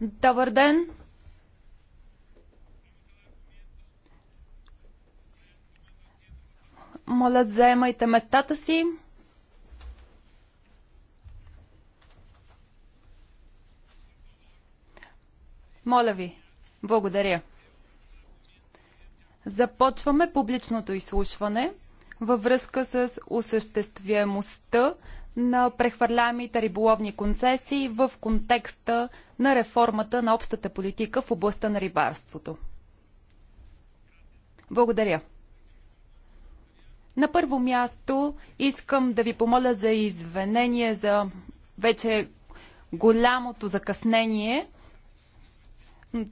Добър ден! Моля, заемайте местата си. Моля ви. Благодаря. Започваме публичното изслушване във връзка с осъществяемостта на прехвърлямите риболовни концесии в контекста на реформата на общата политика в областта на рибарството. Благодаря. На първо място искам да ви помоля за извинение за вече голямото закъснение.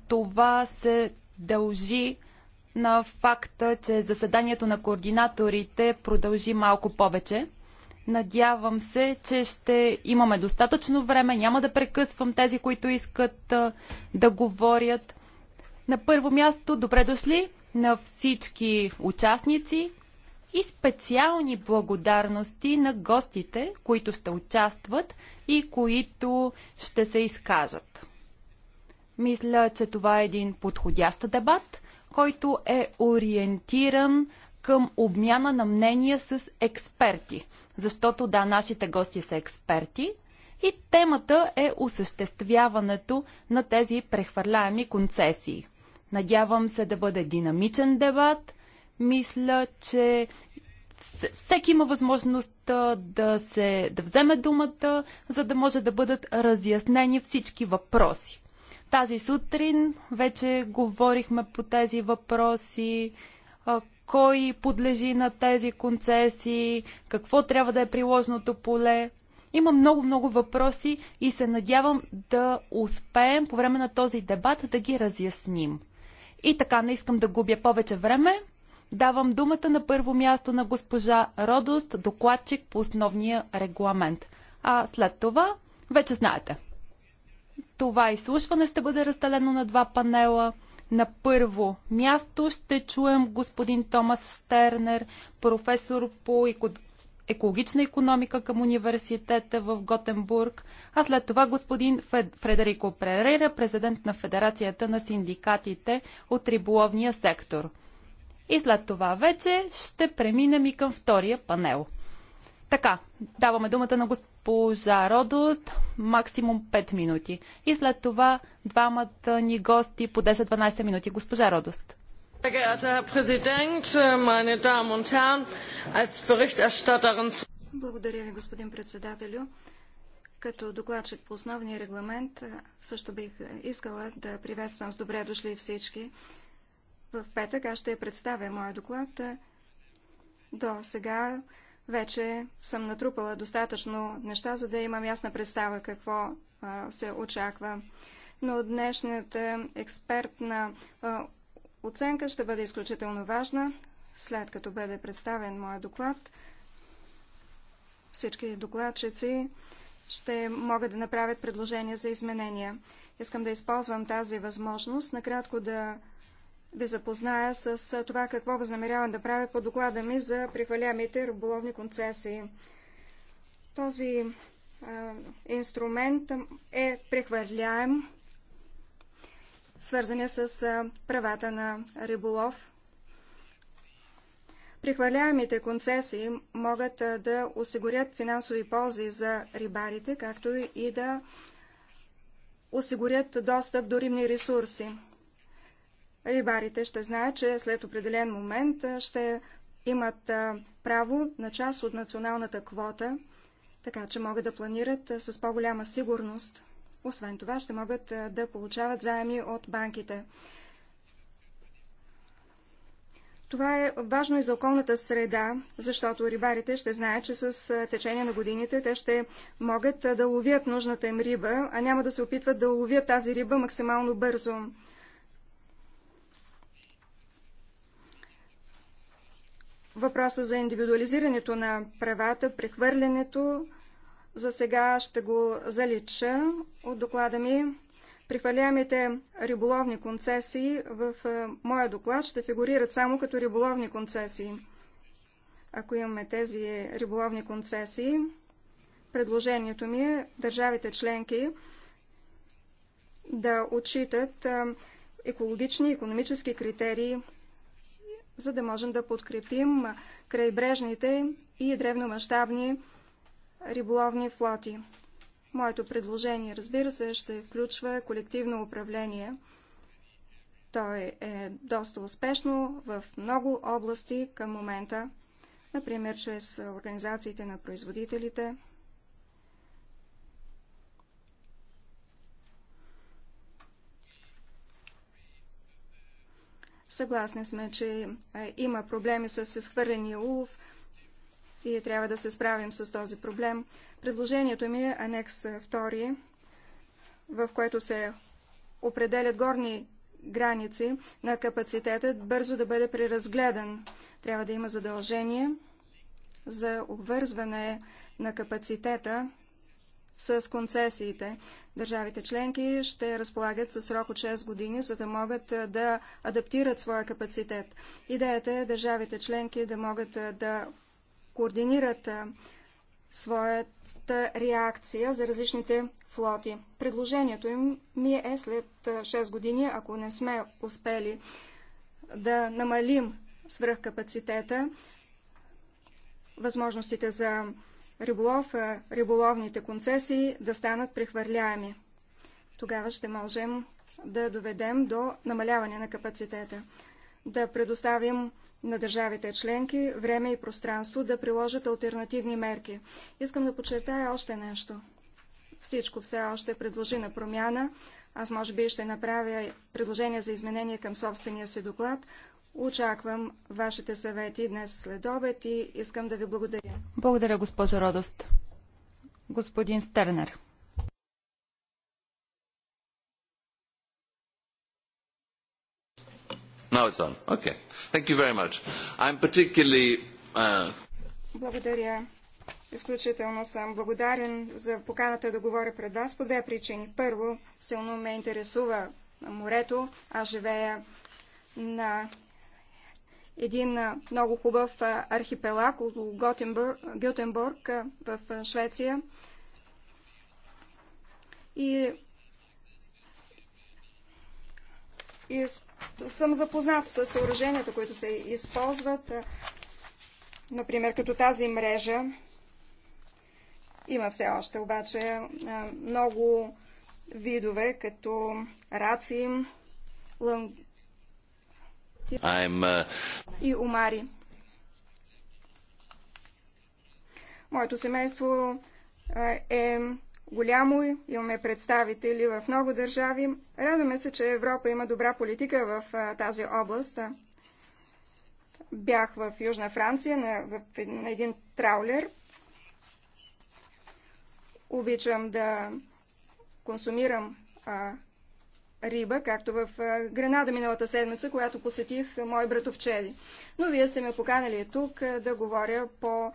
Това се дължи на факта, че заседанието на координаторите продължи малко повече. Надявам се, че ще имаме достатъчно време. Няма да прекъсвам тези, които искат да говорят. На първо място, добре дошли на всички участници и специални благодарности на гостите, които ще участват и които ще се изкажат. Мисля, че това е един подходящ дебат, който е ориентиран към обмяна на мнения с експерти. Защото да, нашите гости са експерти и темата е осъществяването на тези прехвърляеми концесии. Надявам се да бъде динамичен дебат. Мисля, че всеки има възможност да, се, да вземе думата, за да може да бъдат разяснени всички въпроси. Тази сутрин вече говорихме по тези въпроси кой подлежи на тези концесии, какво трябва да е приложното поле. Има много-много въпроси и се надявам да успеем по време на този дебат да ги разясним. И така, не искам да губя повече време. Давам думата на първо място на госпожа Родост, докладчик по основния регламент. А след това, вече знаете, това изслушване ще бъде разделено на два панела – на първо място ще чуем господин Томас Стернер, професор по екологична економика към университета в Готенбург, а след това господин Фед... Фредерико Пререра, президент на Федерацията на синдикатите от риболовния сектор. И след това вече ще преминем и към втория панел – така, даваме думата на госпожа Родост, максимум 5 минути. И след това двамата ни гости по 10-12 минути. Госпожа Родост. благодаря ви, господин председателю. Като докладчик по основния регламент, също бих искала да приветствам с добре дошли всички. В петък аз ще представя моя доклад. До сега вече съм натрупала достатъчно неща, за да имам ясна представа какво а, се очаква. Но днешната експертна а, оценка ще бъде изключително важна, след като бъде представен моят доклад. Всички докладчици ще могат да направят предложения за изменения. Искам да използвам тази възможност накратко да ви запозная с това какво възнамерявам да правя по доклада ми за прехвалямите риболовни концесии. Този а, инструмент е прехвърляем, свързан е с а, правата на риболов. Прехвърляемите концесии могат а, да осигурят финансови ползи за рибарите, както и да осигурят достъп до римни ресурси рибарите ще знаят, че след определен момент ще имат право на част от националната квота, така че могат да планират с по-голяма сигурност. Освен това, ще могат да получават заеми от банките. Това е важно и за околната среда, защото рибарите ще знаят, че с течение на годините те ще могат да ловят нужната им риба, а няма да се опитват да ловят тази риба максимално бързо. Въпроса за индивидуализирането на правата, прехвърлянето, за сега ще го залича от доклада ми. Прехвърляемите риболовни концесии в е, моя доклад ще фигурират само като риболовни концесии. Ако имаме тези риболовни концесии, предложението ми е държавите членки да отчитат е, екологични и економически критерии за да можем да подкрепим крайбрежните и древномащабни риболовни флоти. Моето предложение, разбира се, ще включва колективно управление. Той е доста успешно в много области към момента, например чрез организациите на производителите – Съгласни сме, че е, има проблеми с изхвърления улов и трябва да се справим с този проблем. Предложението ми е анекс 2, е, в което се определят горни граници на капацитета, бързо да бъде преразгледан. Трябва да има задължение за обвързване на капацитета с концесиите. Държавите членки ще разполагат със срок от 6 години, за да могат да адаптират своя капацитет. Идеята е държавите членки да могат да координират своята реакция за различните флоти. Предложението им ми е след 6 години, ако не сме успели да намалим свръхкапацитета, възможностите за риболов, риболовните концесии да станат прехвърляеми. Тогава ще можем да доведем до намаляване на капацитета, да предоставим на държавите членки време и пространство да приложат альтернативни мерки. Искам да подчертая още нещо. Всичко все още предложи на промяна. Аз може би ще направя предложение за изменение към собствения си доклад, Очаквам вашите съвети днес след обед и искам да ви благодаря. Благодаря, госпожа Родост. Господин Стернер. Okay. Particularly... Uh... Благодаря. Изключително съм благодарен за поканата да говоря пред вас по две причини. Първо, силно ме интересува морето. Аз живея на един много хубав архипелаг от Гютенбург в Швеция. И, и съм запознат с съоръженията, които се използват, например като тази мрежа. Има все още обаче много видове, като раци, лънг, Uh, и умари. Моето семейство е голямо, имаме представители в много държави. Радваме се, че Европа има добра политика в тази област. Бях в Южна Франция на, в, на един траулер. Обичам да консумирам а, Риба, както в Гренада миналата седмица, която посетих мои братовчеди. Но вие сте ме поканали тук да говоря по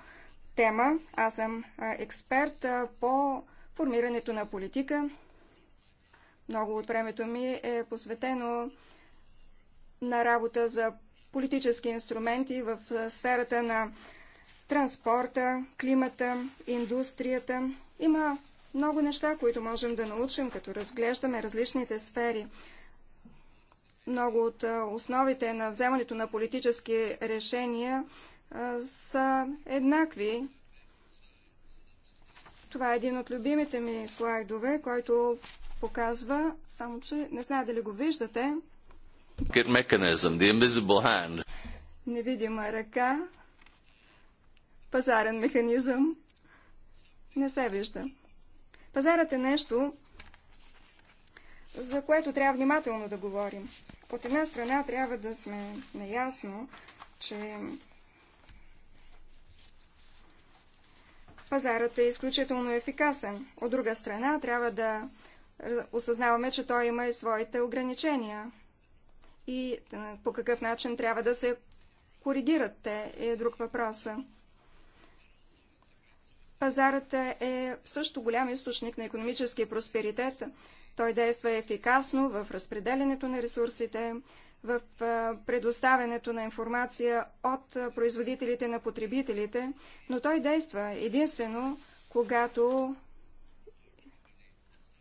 тема. Аз съм експерт по формирането на политика. Много от времето ми е посветено на работа за политически инструменти в сферата на транспорта, климата, индустрията. Има много неща, които можем да научим, като разглеждаме различните сфери. Много от основите на вземането на политически решения са еднакви. Това е един от любимите ми слайдове, който показва, само че не знае дали го виждате. Невидима ръка, пазарен механизъм, не се вижда. Пазарът е нещо, за което трябва внимателно да говорим. От една страна трябва да сме наясно, че пазарът е изключително ефикасен. От друга страна трябва да осъзнаваме, че той има и своите ограничения и по какъв начин трябва да се коригират те е друг въпроса. Пазарът е също голям източник на економически просперитет. Той действа ефикасно в разпределянето на ресурсите, в предоставянето на информация от производителите на потребителите, но той действа единствено, когато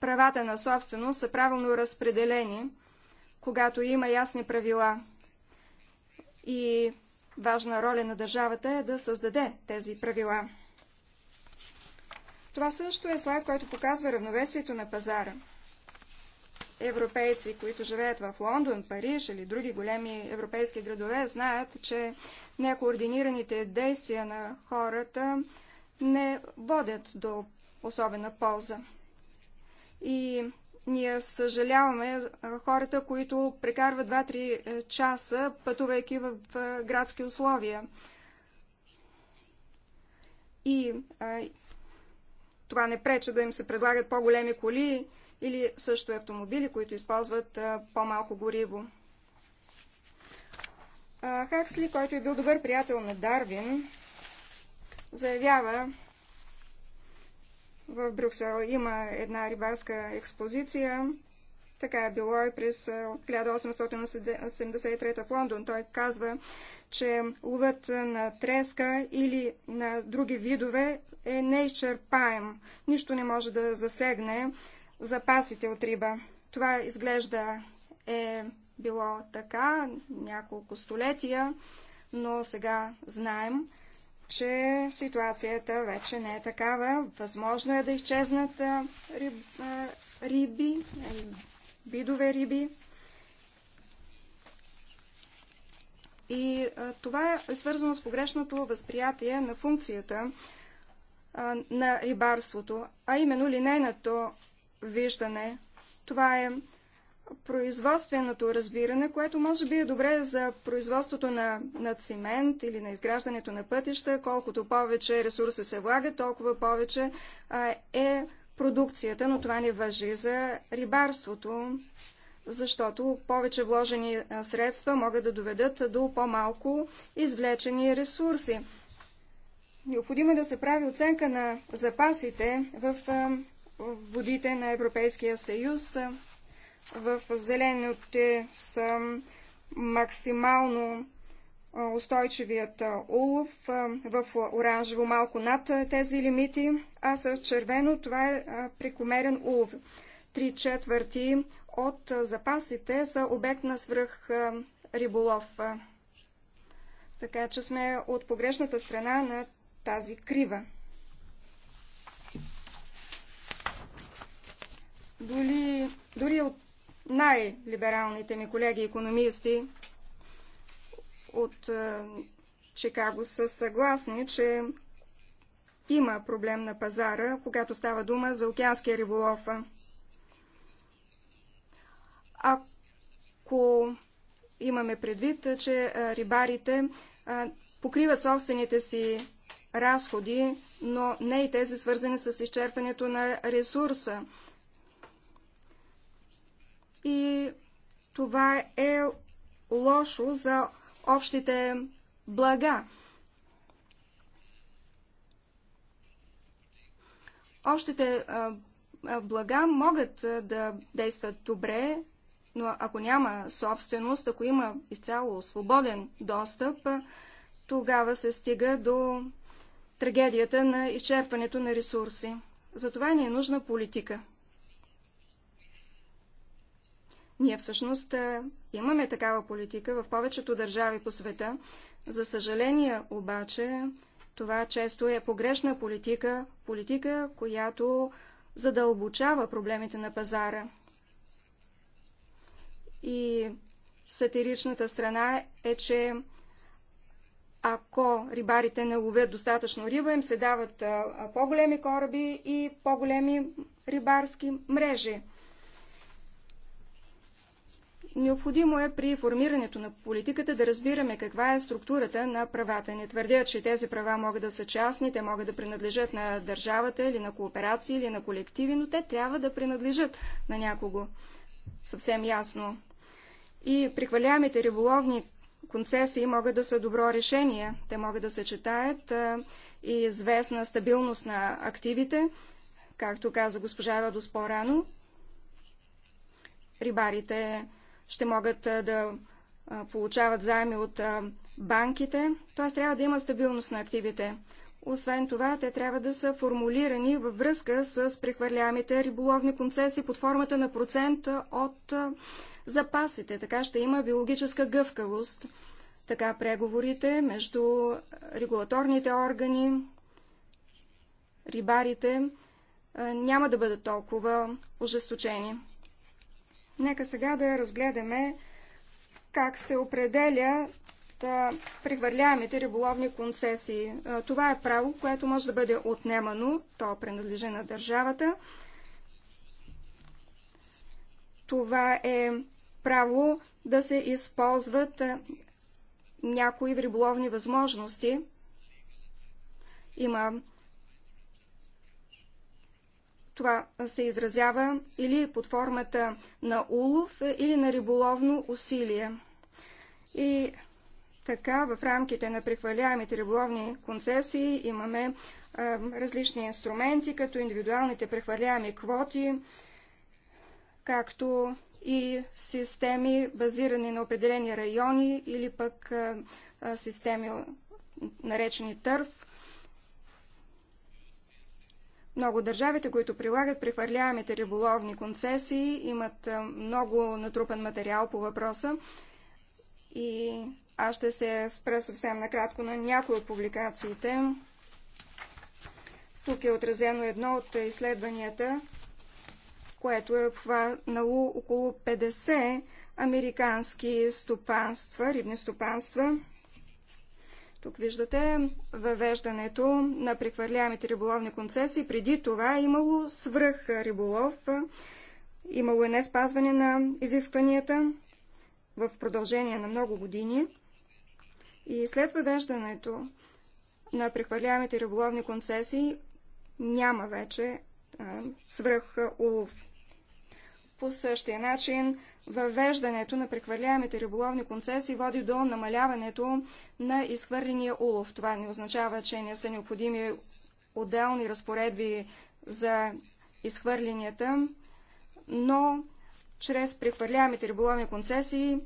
правата на собственост са правилно разпределени, когато има ясни правила. И важна роля на държавата е да създаде тези правила. Това също е слайд, който показва равновесието на пазара. Европейци, които живеят в Лондон, Париж или други големи европейски градове, знаят, че некоординираните действия на хората не водят до особена полза. И ние съжаляваме хората, които прекарват 2-3 е, часа, пътувайки в е, градски условия. И а, това не преча да им се предлагат по-големи коли или също автомобили, които използват по-малко гориво. Хаксли, който е бил добър приятел на Дарвин, заявява в Брюксел има една рибарска експозиция. Така е било и през 1873 в Лондон. Той казва, че ловът на треска или на други видове е неизчерпаем. Нищо не може да засегне запасите от риба. Това изглежда е било така няколко столетия, но сега знаем, че ситуацията вече не е такава. Възможно е да изчезнат риб, риби, видове риби. И това е свързано с погрешното възприятие на функцията на рибарството, а именно линейното виждане. Това е производственото разбиране, което може би е добре за производството на, на цимент или на изграждането на пътища. Колкото повече ресурси се влагат, толкова повече а, е продукцията, но това не въжи за рибарството, защото повече вложени средства могат да доведат до по-малко извлечени ресурси. Необходимо е да се прави оценка на запасите в водите на Европейския съюз. В зелените са максимално устойчивият улов, в оранжево малко над тези лимити, а с червено това е прекомерен улов. Три четвърти от запасите са обект на свръх риболов. Така че сме от погрешната страна на тази крива. Дори, дори от най-либералните ми колеги економисти от е, Чикаго са съгласни, че има проблем на пазара, когато става дума за океанския риболов. Ако имаме предвид, че е, рибарите е, покриват собствените си разходи, но не и тези свързани с изчерпването на ресурса. И това е лошо за общите блага. Общите блага могат да действат добре, но ако няма собственост, ако има изцяло свободен достъп, тогава се стига до трагедията на изчерпването на ресурси. Затова ни е нужна политика. Ние всъщност имаме такава политика в повечето държави по света. За съжаление обаче, това често е погрешна политика, политика, която задълбочава проблемите на пазара. И сатиричната страна е, че ако рибарите не ловят достатъчно риба, им се дават по-големи кораби и по-големи рибарски мрежи. Необходимо е при формирането на политиката да разбираме каква е структурата на правата. Не твърдят, че тези права могат да са частни, те могат да принадлежат на държавата или на кооперации или на колективи, но те трябва да принадлежат на някого. Съвсем ясно. И прихвалямите риболовни концесии могат да са добро решение. Те могат да съчетаят и известна стабилност на активите, както каза госпожа Радос по-рано. Рибарите ще могат да получават заеми от банките, т.е. трябва да има стабилност на активите. Освен това, те трябва да са формулирани във връзка с прехвърлямите риболовни концесии под формата на процент от запасите. Така ще има биологическа гъвкавост. Така преговорите между регулаторните органи, рибарите няма да бъдат толкова ожесточени. Нека сега да разгледаме как се определя прехвърляемите риболовни концесии. Това е право, което може да бъде отнемано, то принадлежи на държавата. Това е право да се използват някои риболовни възможности. Има това се изразява или под формата на улов, или на риболовно усилие. И така, в рамките на прехваляемите риболовни концесии имаме а, различни инструменти, като индивидуалните прехваляеми квоти, както и системи базирани на определени райони или пък системи наречени търф. Много държавите, които прилагат прехвърляемите риболовни концесии, имат много натрупан материал по въпроса и аз ще се спра съвсем накратко на някои от публикациите. Тук е отразено едно от изследванията, което е обхванало около 50 американски стопанства, рибни стопанства. Тук виждате въвеждането на прехвърлямите риболовни концесии. Преди това е имало свръх риболов, имало е не спазване на изискванията в продължение на много години. И след въвеждането на прехвърлямите риболовни концесии няма вече свръх улов. По същия начин въвеждането на прехвърляемите риболовни концесии води до намаляването на изхвърления улов. Това не означава, че не са необходими отделни разпоредби за изхвърленията, но чрез прехвърляемите риболовни концесии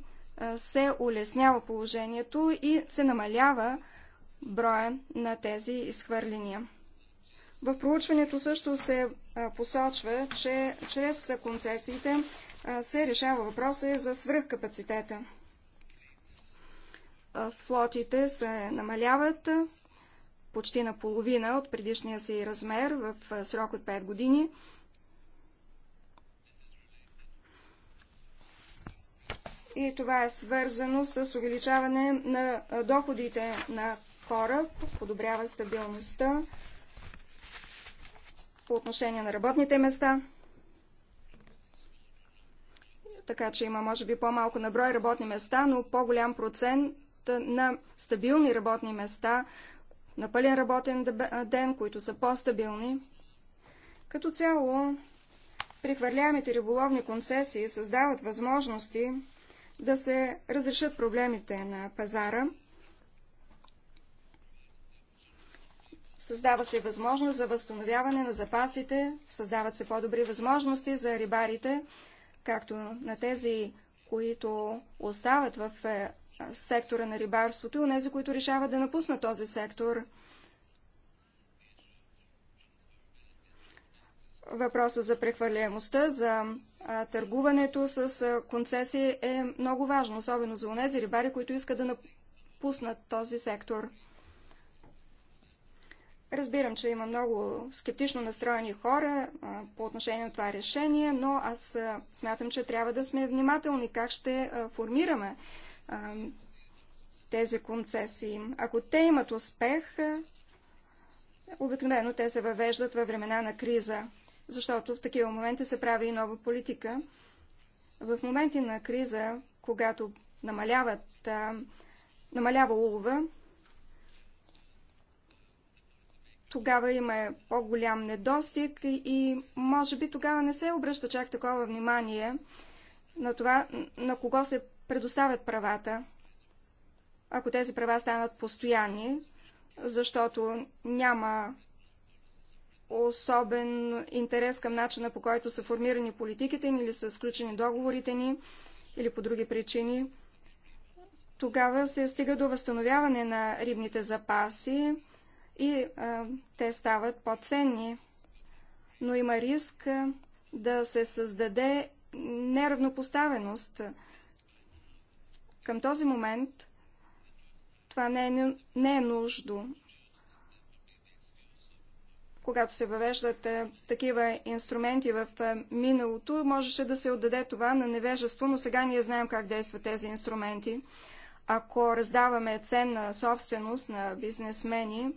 се улеснява положението и се намалява броя на тези изхвърления. В проучването също се посочва, че чрез концесиите се решава въпроса за свръхкапацитета. Флотите се намаляват почти на половина от предишния си размер в срок от 5 години. И това е свързано с увеличаване на доходите на хора, подобрява стабилността, по отношение на работните места. Така че има, може би, по-малко на брой работни места, но по-голям процент на стабилни работни места, на пълен работен ден, които са по-стабилни. Като цяло, прехвърляемите риболовни концесии създават възможности да се разрешат проблемите на пазара – Създава се възможност за възстановяване на запасите, създават се по-добри възможности за рибарите, както на тези, които остават в е, сектора на рибарството и тези, които решават да напуснат този сектор. Въпросът за прехвърляемостта, за търгуването с концесии е много важно, особено за тези рибари, които искат да напуснат този сектор. Разбирам, че има много скептично настроени хора а, по отношение на това решение, но аз а, смятам, че трябва да сме внимателни как ще а, формираме тези концесии. Ако те имат успех, обикновено те се въвеждат във времена на криза, защото в такива моменти се прави и нова политика. В моменти на криза, когато намаляват, намалява улова, тогава има по-голям недостиг и може би тогава не се обръща чак такова внимание на това, на кого се предоставят правата, ако тези права станат постоянни, защото няма особен интерес към начина по който са формирани политиките ни или са сключени договорите ни или по други причини. Тогава се стига до възстановяване на рибните запаси, и а, те стават по-ценни. Но има риск да се създаде неравнопоставеност. Към този момент това не е, не е нуждо. Когато се въвеждат а, такива инструменти в а, миналото, можеше да се отдаде това на невежество, но сега ние знаем как действат тези инструменти ако раздаваме ценна собственост на бизнесмени,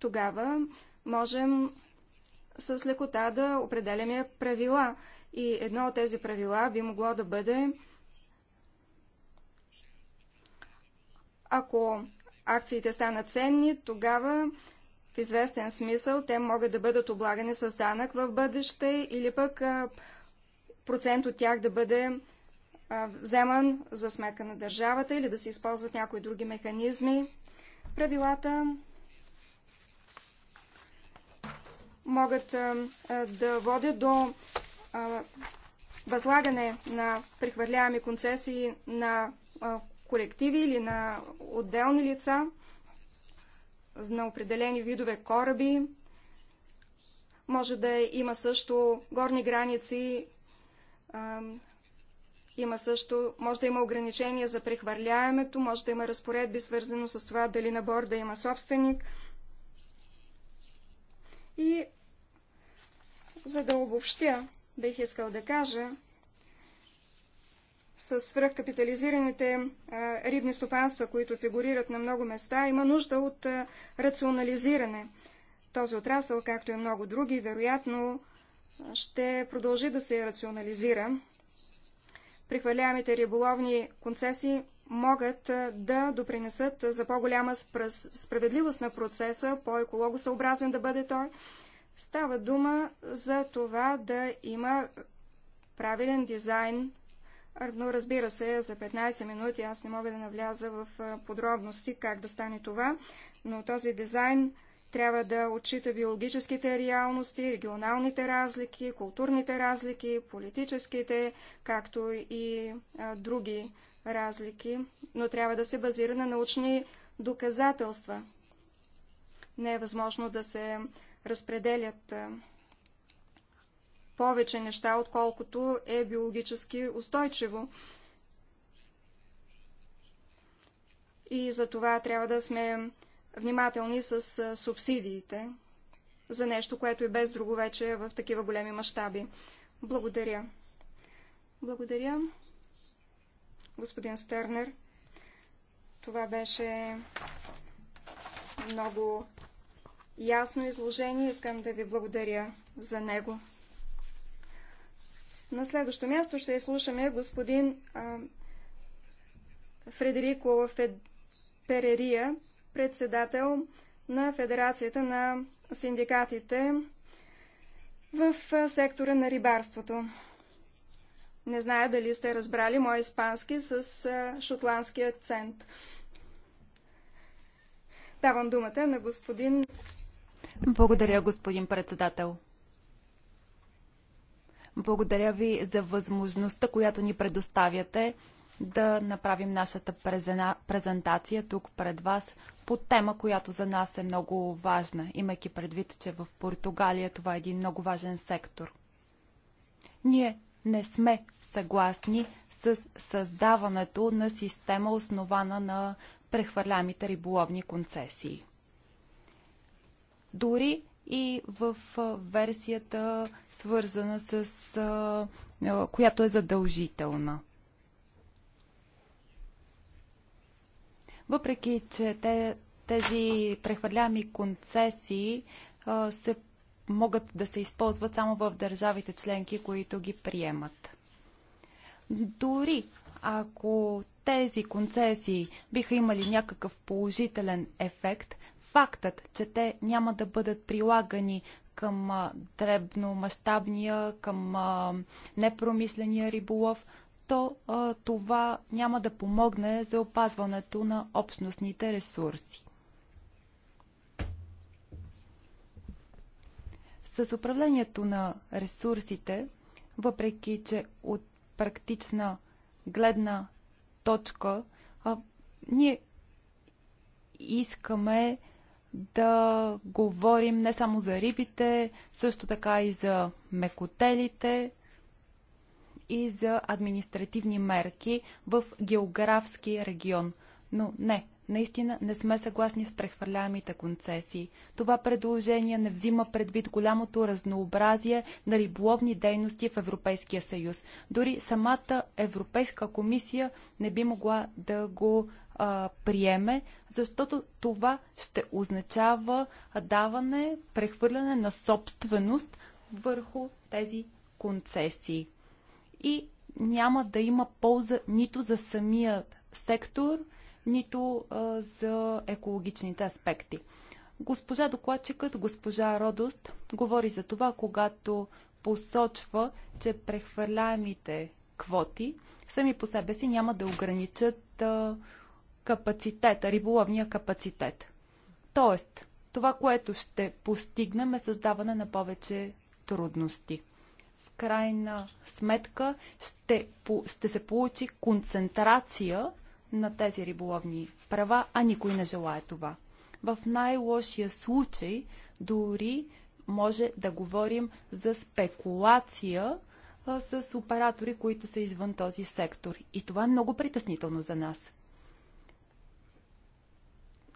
тогава можем с лекота да определяме правила. И едно от тези правила би могло да бъде, ако акциите станат ценни, тогава в известен смисъл те могат да бъдат облагани с данък в бъдеще или пък процент от тях да бъде вземан за сметка на държавата или да се използват някои други механизми. Правилата могат да водят до възлагане на прехвърляеми концесии на колективи или на отделни лица, на определени видове кораби. Може да има също горни граници, има също, може да има ограничения за прехвърляемето, може да има разпоредби, свързано с това дали на борда има собственик, и за да обобщя, бих искал да кажа, с свръхкапитализираните рибни стопанства, които фигурират на много места, има нужда от рационализиране. Този отрасъл, както и много други, вероятно ще продължи да се рационализира. Прихвърляемите риболовни концесии могат да допринесат за по-голяма справедливост на процеса, по-екологосъобразен да бъде той. Става дума за това да има правилен дизайн. Но разбира се, за 15 минути аз не мога да навляза в подробности как да стане това, но този дизайн трябва да отчита биологическите реалности, регионалните разлики, културните разлики, политическите, както и а, други разлики, но трябва да се базира на научни доказателства. Не е възможно да се разпределят повече неща, отколкото е биологически устойчиво. И за това трябва да сме внимателни с субсидиите за нещо, което и без друго вече е в такива големи мащаби. Благодаря. Благодаря господин Стърнер. Това беше много ясно изложение. Искам да ви благодаря за него. На следващо място ще изслушаме господин а, Фредерико Фед... Перерия, председател на Федерацията на синдикатите в сектора на рибарството. Не зная дали сте разбрали мой испански с шотландски акцент. Давам думата на господин. Благодаря, господин председател. Благодаря ви за възможността, която ни предоставяте да направим нашата презентация тук пред вас по тема, която за нас е много важна, имайки предвид, че в Португалия това е един много важен сектор. Ние не сме съгласни с създаването на система основана на прехвърлямите риболовни концесии. Дори и в версията свързана с която е задължителна. Въпреки, че те, тези прехвърлями концесии се могат да се използват само в държавите членки, които ги приемат. Дори ако тези концесии биха имали някакъв положителен ефект, фактът, че те няма да бъдат прилагани към дребномащабния, към непромисления риболов, то това няма да помогне за опазването на общностните ресурси. С управлението на ресурсите, въпреки че от практична гледна точка, а, ние искаме да говорим не само за рибите, също така и за мекотелите и за административни мерки в географски регион. Но не, Наистина не сме съгласни с прехвърляемите концесии. Това предложение не взима предвид голямото разнообразие на риболовни дейности в Европейския съюз. Дори самата Европейска комисия не би могла да го а, приеме, защото това ще означава даване, прехвърляне на собственост върху тези концесии. И няма да има полза нито за самия сектор, нито а, за екологичните аспекти. Госпожа докладчикът, госпожа Родост, говори за това, когато посочва, че прехвърляемите квоти сами по себе си няма да ограничат а, капацитета, риболовния капацитет. Тоест, това, което ще постигнем е създаване на повече трудности. В крайна сметка ще, ще се получи концентрация на тези риболовни права, а никой не желая това. В най-лошия случай дори може да говорим за спекулация а, с оператори, които са извън този сектор. И това е много притеснително за нас.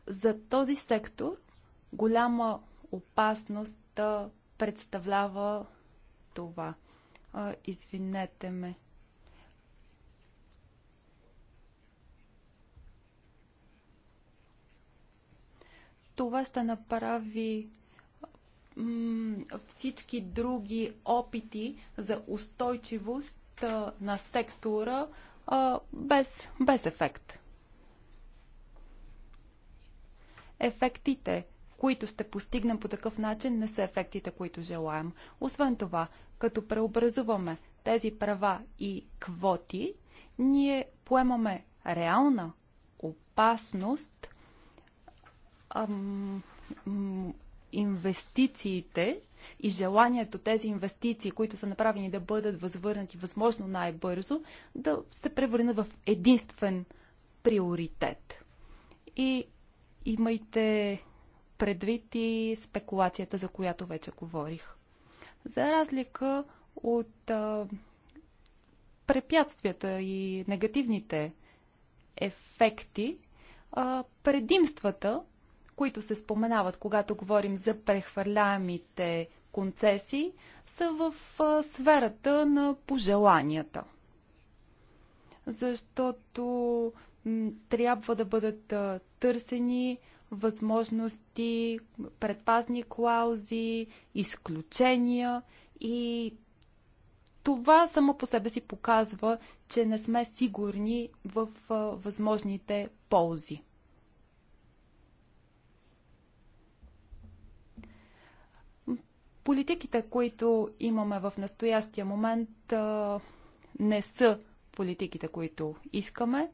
За този сектор голяма опасност представлява това. А, извинете ме. Това ще направи всички други опити за устойчивост на сектора без, без ефект. Ефектите, които ще постигнем по такъв начин, не са ефектите, които желаем. Освен това, като преобразуваме тези права и квоти, ние поемаме реална опасност инвестициите и желанието тези инвестиции, които са направени да бъдат възвърнати възможно най-бързо, да се превърнат в единствен приоритет. И имайте предвид и спекулацията, за която вече говорих. За разлика от а, препятствията и негативните ефекти, а, предимствата които се споменават, когато говорим за прехвърляемите концесии, са в сферата на пожеланията. Защото трябва да бъдат търсени възможности, предпазни клаузи, изключения и това само по себе си показва, че не сме сигурни в възможните ползи. Политиките, които имаме в настоящия момент, не са политиките, които искаме,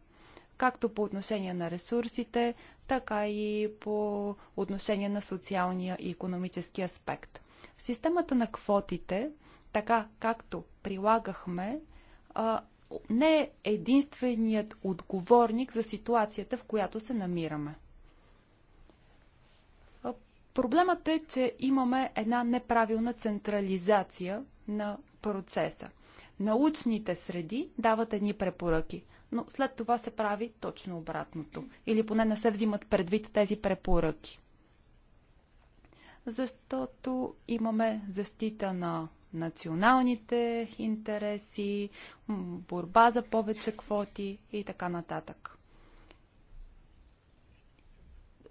както по отношение на ресурсите, така и по отношение на социалния и економически аспект. Системата на квотите, така както прилагахме, не е единственият отговорник за ситуацията, в която се намираме. Проблемът е, че имаме една неправилна централизация на процеса. Научните среди дават едни препоръки, но след това се прави точно обратното. Или поне не се взимат предвид тези препоръки. Защото имаме защита на националните интереси, борба за повече квоти и така нататък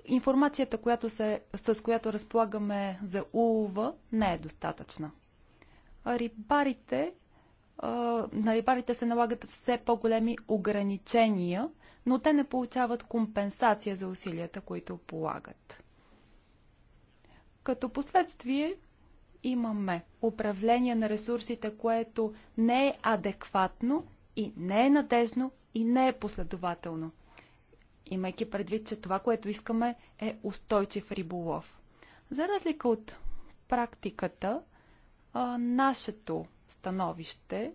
информацията, която се, с която разполагаме за улова, не е достатъчна. А рибарите, а, на рибарите се налагат все по-големи ограничения, но те не получават компенсация за усилията, които полагат. Като последствие имаме управление на ресурсите, което не е адекватно и не е надежно и не е последователно имайки предвид, че това, което искаме е устойчив риболов. За разлика от практиката, а, нашето становище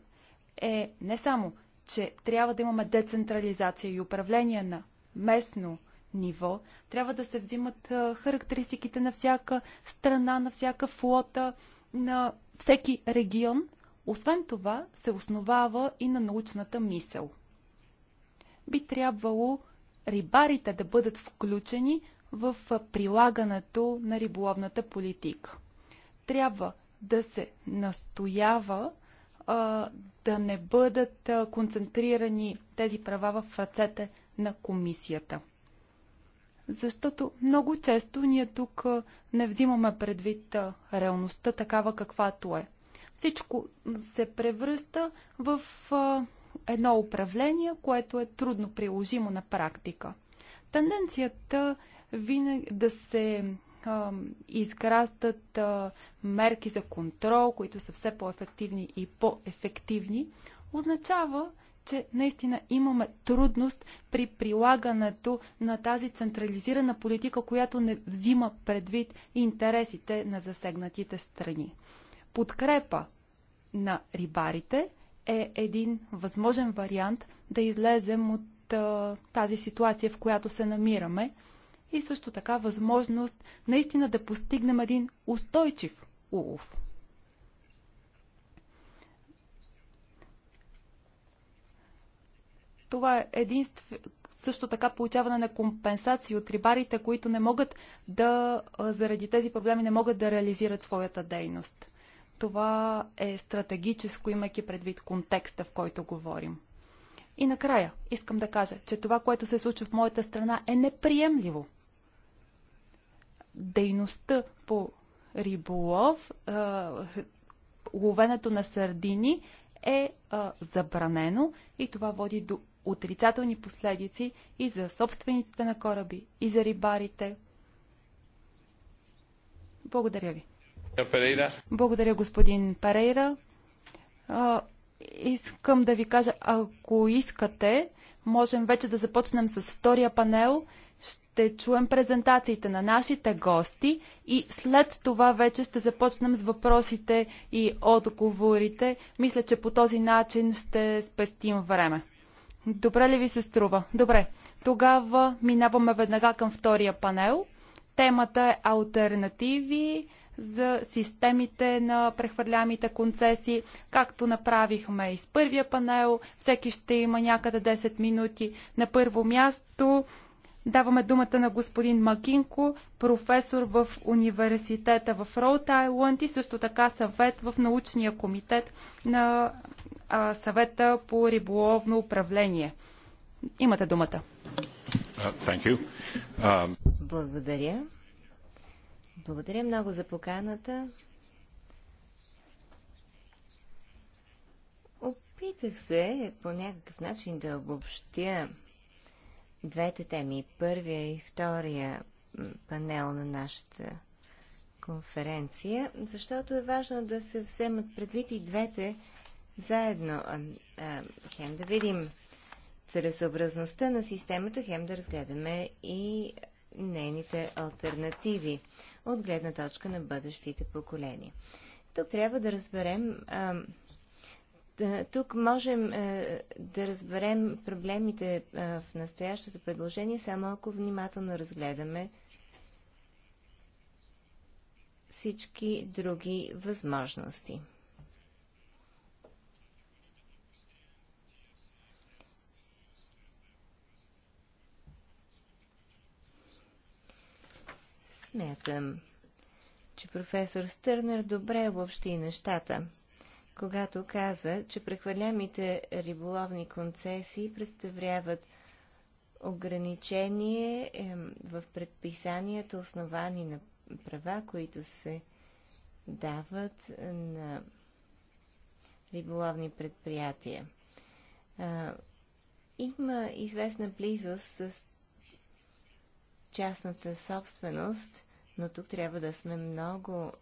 е не само, че трябва да имаме децентрализация и управление на местно ниво, трябва да се взимат а, характеристиките на всяка страна, на всяка флота, на всеки регион. Освен това, се основава и на научната мисъл. Би трябвало рибарите да бъдат включени в прилагането на риболовната политика. Трябва да се настоява а, да не бъдат а, концентрирани тези права в ръцете на комисията. Защото много често ние тук а, не взимаме предвид а, реалността такава каквато е. Всичко се превръща в а, едно управление, което е трудно приложимо на практика. Тенденцията винаги да се а, изграждат а, мерки за контрол, които са все по-ефективни и по-ефективни, означава, че наистина имаме трудност при прилагането на тази централизирана политика, която не взима предвид интересите на засегнатите страни. Подкрепа на рибарите – е един възможен вариант да излезем от а, тази ситуация, в която се намираме и също така възможност наистина да постигнем един устойчив улов. Това е единствено също така получаване на компенсации от рибарите, които не могат да, заради тези проблеми, не могат да реализират своята дейност. Това е стратегическо, имайки предвид контекста, в който говорим. И накрая искам да кажа, че това, което се случва в моята страна е неприемливо. Дейността по риболов, ловенето на сардини е забранено и това води до отрицателни последици и за собствениците на кораби, и за рибарите. Благодаря ви. Благодаря, господин Перейра. Искам да ви кажа, ако искате, можем вече да започнем с втория панел. Ще чуем презентациите на нашите гости и след това вече ще започнем с въпросите и отговорите. Мисля, че по този начин ще спестим време. Добре ли ви се струва? Добре. Тогава минаваме веднага към втория панел. Темата е альтернативи за системите на прехвърлямите концесии, както направихме и с първия панел. Всеки ще има някъде 10 минути. На първо място даваме думата на господин Макинко, професор в университета в Роуд Айланд и също така съвет в научния комитет на а, съвета по риболовно управление. Имате думата. Uh, uh Благодаря. Благодаря много за поканата. Опитах се по някакъв начин да обобщя двете теми, първия и втория панел на нашата конференция, защото е важно да се вземат предвид и двете заедно. хем да видим целесообразността на системата, хем да разгледаме и нейните альтернативи от гледна точка на бъдещите поколения. Тук трябва да разберем. тук можем да разберем проблемите в настоящото предложение, само ако внимателно разгледаме всички други възможности. Смятам, че професор Стърнер добре обобщи нещата, когато каза, че прехвърлямите риболовни концесии представляват ограничение в предписанията, основани на права, които се дават на риболовни предприятия. има известна близост с частната собственост, но тук трябва да сме много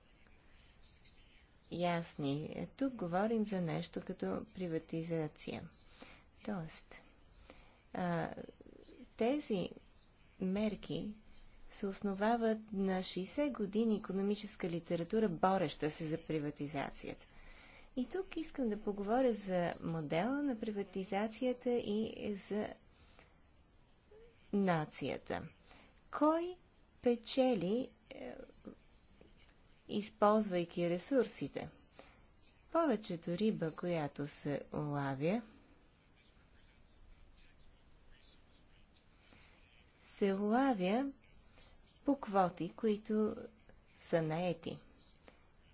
ясни. Е, тук говорим за нещо като приватизация. Тоест, а, тези мерки се основават на 60 години економическа литература, бореща се за приватизацията. И тук искам да поговоря за модела на приватизацията и за нацията. Кой печели, е, използвайки ресурсите? Повечето риба, която се улавя, се улавя по квоти, които са наети.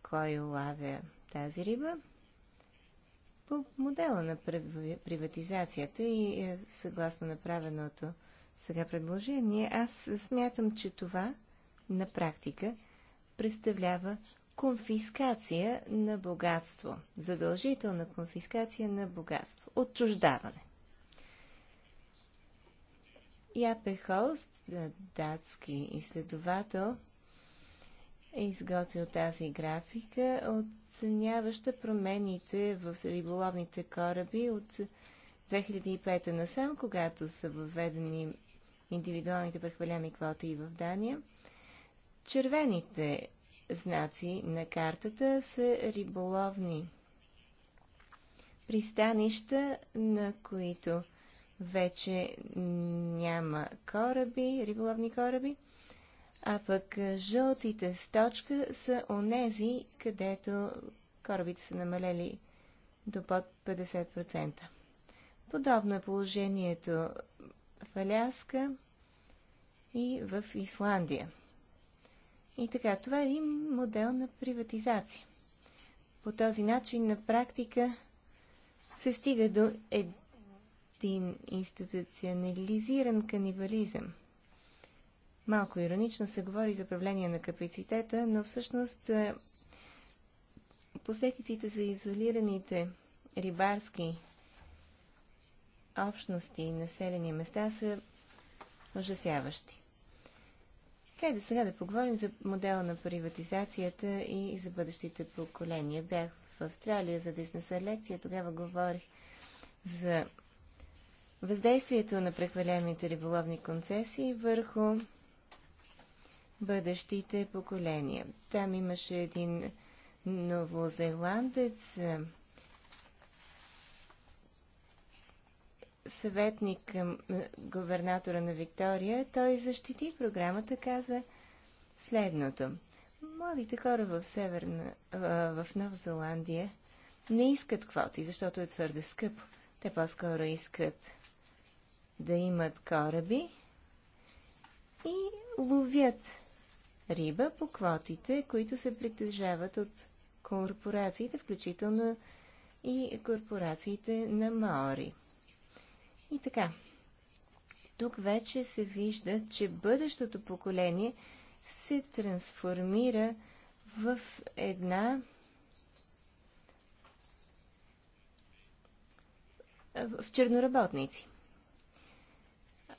Кой улавя тази риба? По модела на приватизацията и е, съгласно направеното сега предложение, аз смятам, че това на практика представлява конфискация на богатство, задължителна конфискация на богатство, отчуждаване. Япе Холст, датски изследовател, е изготвил тази графика, оценяваща промените в риболовните кораби от 2005 насам, когато са въведени индивидуалните прехвърлями квоти и в Дания. Червените знаци на картата са риболовни пристанища, на които вече няма кораби, риболовни кораби, а пък жълтите с точка са онези, където корабите са намалели до под 50%. Подобно е положението в Аляска и в Исландия. И така, това е един модел на приватизация. По този начин на практика се стига до един институционализиран канибализъм. Малко иронично се говори за управление на капацитета, но всъщност е, последиците за изолираните рибарски общности и населени места са ужасяващи. Хайде сега да поговорим за модела на приватизацията и за бъдещите поколения. Бях в Австралия за да изнеса лекция, тогава говорих за въздействието на прехвалямите риболовни концесии върху бъдещите поколения. Там имаше един новозеландец, съветник към е, губернатора на Виктория, той защити програмата, каза следното. Младите хора в, Северна, в Нова Зеландия не искат квоти, защото е твърде скъпо. Те по-скоро искат да имат кораби и ловят риба по квотите, които се притежават от корпорациите, включително и корпорациите на Маори. И така, тук вече се вижда, че бъдещото поколение се трансформира в една в черноработници.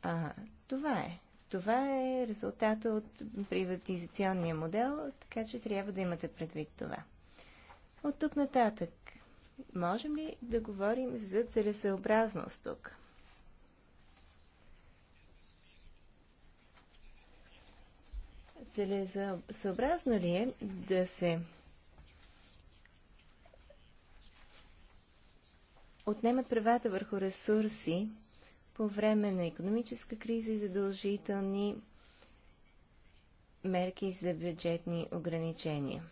А, това е. Това е резултата от приватизационния модел, така че трябва да имате предвид това. От тук нататък, можем ли да говорим за целесъобразност тук? целесъобразно ли е да се отнемат правата върху ресурси по време на економическа криза и задължителни мерки за бюджетни ограничения.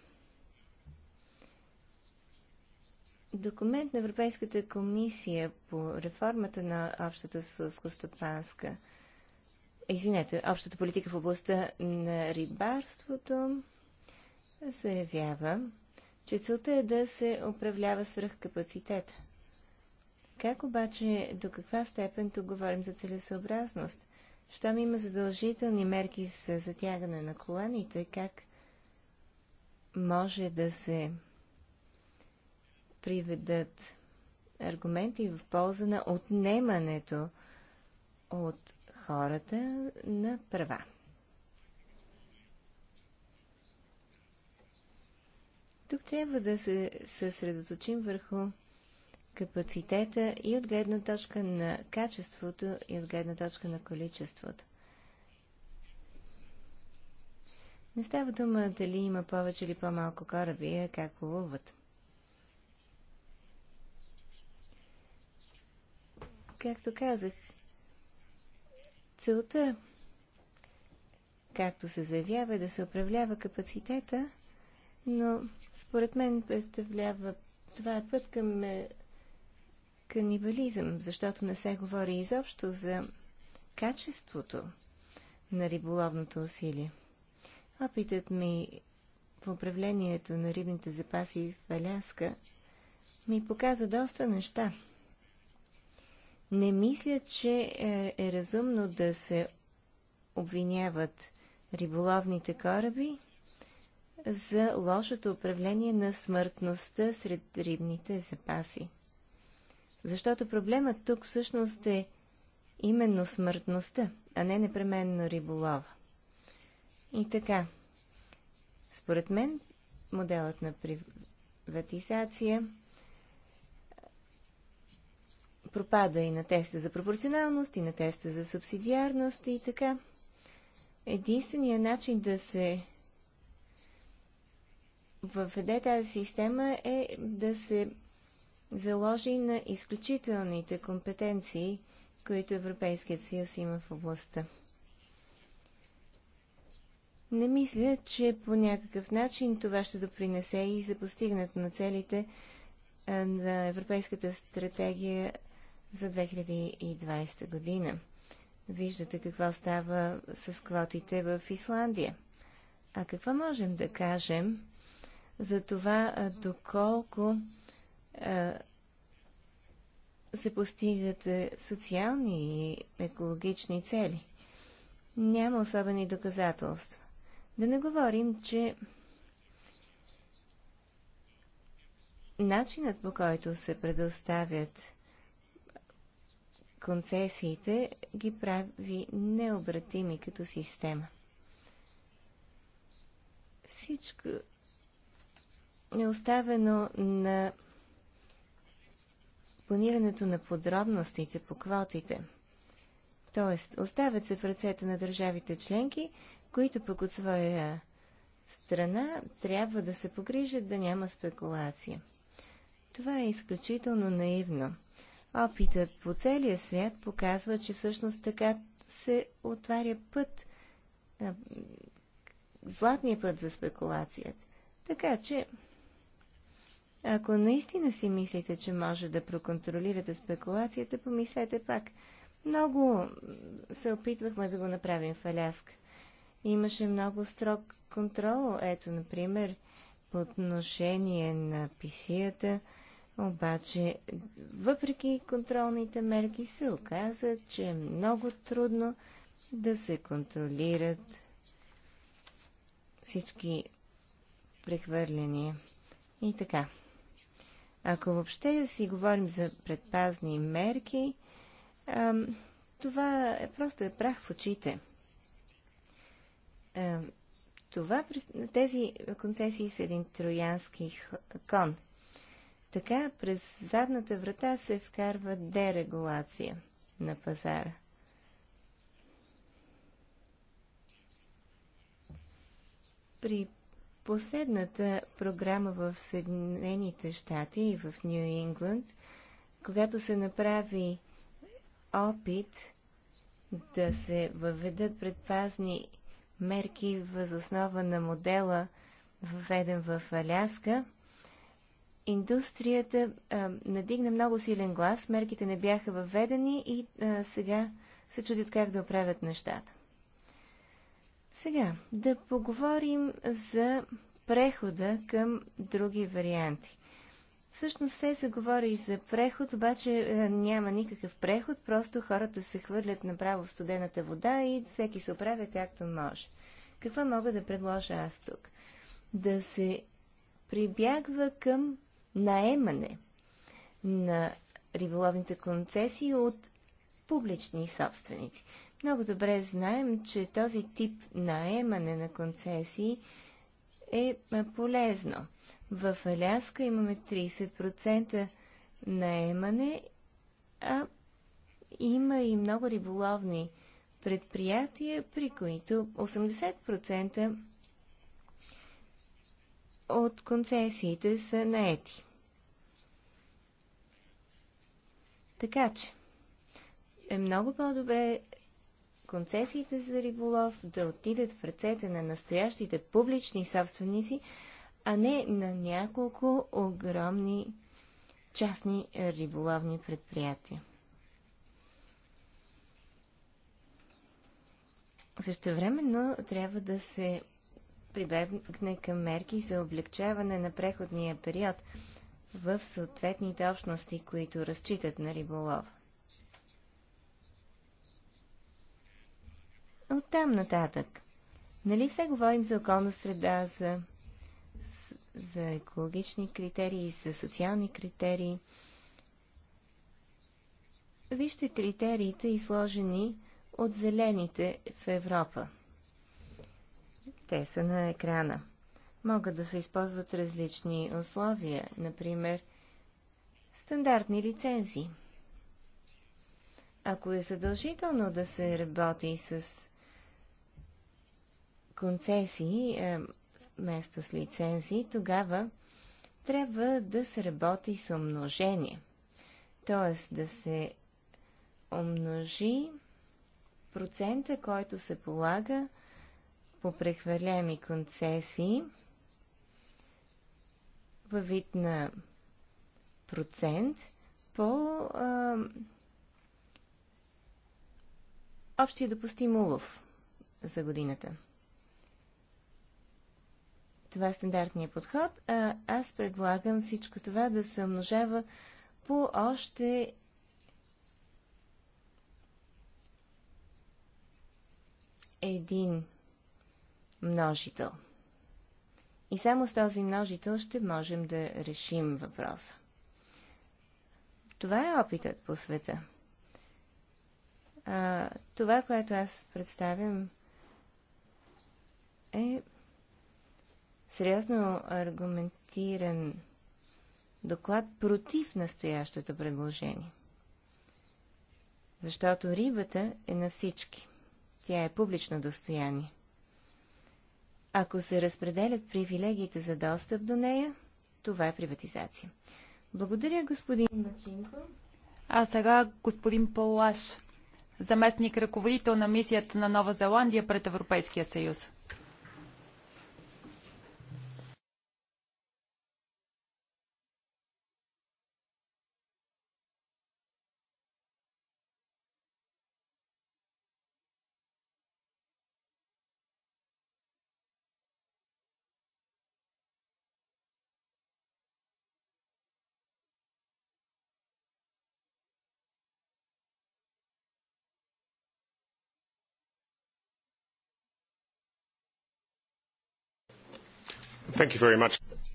Документ на Европейската комисия по реформата на общата сълско-стопанска извинете, общата политика в областта на рибарството заявява, че целта е да се управлява свръхкапацитет. Как обаче, до каква степен тук говорим за целесообразност? Щом има задължителни мерки за затягане на коланите, как може да се приведат аргументи в полза на отнемането от хората на права. Тук трябва да се съсредоточим върху капацитета и от гледна точка на качеството и от гледна точка на количеството. Не става дума дали има повече или по-малко кораби, а как ловуват. Както казах, Целта, както се заявява, е да се управлява капацитета, но според мен представлява това е път към е, канибализъм, защото не се говори изобщо за качеството на риболовното усилие. Опитът ми в управлението на рибните запаси в Аляска ми показа доста неща – не мисля, че е, е разумно да се обвиняват риболовните кораби за лошото управление на смъртността сред рибните запаси. Защото проблемът тук всъщност е именно смъртността, а не непременно риболова. И така, според мен, моделът на приватизация пропада и на теста за пропорционалност, и на теста за субсидиарност и така. Единственият начин да се въведе тази система е да се заложи на изключителните компетенции, които Европейският съюз има в областта. Не мисля, че по някакъв начин това ще допринесе и за постигането на целите на Европейската стратегия за 2020 година. Виждате какво става с квотите в Исландия. А какво можем да кажем за това, доколко а, се постигат е, социални и екологични цели? Няма особени доказателства. Да не говорим, че начинът по който се предоставят концесиите ги прави необратими като система. Всичко е оставено на планирането на подробностите по квотите. Тоест, оставят се в ръцете на държавите членки, които пък от своя страна трябва да се погрижат да няма спекулация. Това е изключително наивно – Опитът по целия свят показва, че всъщност така се отваря път, златния път за спекулацията. Така че, ако наистина си мислите, че може да проконтролирате спекулацията, помислете пак. Много се опитвахме да го направим в Аляска. Имаше много строг контрол. Ето, например, по отношение на писията – обаче, въпреки контролните мерки, се оказа, че е много трудно да се контролират всички прехвърляния. И така. Ако въобще да си говорим за предпазни мерки, ам, това е просто е прах в очите. Ам, това, тези концесии са един троянски кон – така през задната врата се вкарва дерегулация на пазара. При последната програма в Съединените щати и в Нью Ингланд, когато се направи опит да се въведат предпазни мерки възоснова на модела, въведен в Аляска – индустрията а, надигна много силен глас, мерките не бяха въведени и а, сега се чудят как да оправят нещата. Сега да поговорим за прехода към други варианти. Всъщност се заговори за преход, обаче няма никакъв преход, просто хората се хвърлят направо в студената вода и всеки се оправя както може. Какво мога да предложа аз тук? Да се прибягва към наемане на риболовните концесии от публични собственици. Много добре знаем, че този тип наемане на концесии е полезно. В Аляска имаме 30% наемане, а има и много риболовни предприятия, при които 80% от концесиите са наети. Така че е много по-добре концесиите за риболов да отидат в ръцете на настоящите публични собственици, а не на няколко огромни частни риболовни предприятия. Същевременно трябва да се прибегне към мерки за облегчаване на преходния период в съответните общности, които разчитат на риболов. Оттам нататък. Нали все говорим за околна среда, за, за екологични критерии, за социални критерии? Вижте критериите, изложени от зелените в Европа. Те са на екрана могат да се използват различни условия, например стандартни лицензии. Ако е задължително да се работи с концесии е, вместо с лицензии, тогава трябва да се работи с умножение. Т.е. да се умножи процента, който се полага по прехвърляеми концесии – във вид на процент по а, общия допустим улов за годината. Това е стандартният подход, а аз предлагам всичко това да се умножава по още един множител – и само с този множител ще можем да решим въпроса. Това е опитът по света. А, това, което аз представям, е сериозно аргументиран доклад против настоящото предложение. Защото рибата е на всички. Тя е публично достояние. Ако се разпределят привилегиите за достъп до нея, това е приватизация. Благодаря, господин Мачинко. А сега господин Полаш, заместник ръководител на мисията на Нова Зеландия пред Европейския съюз.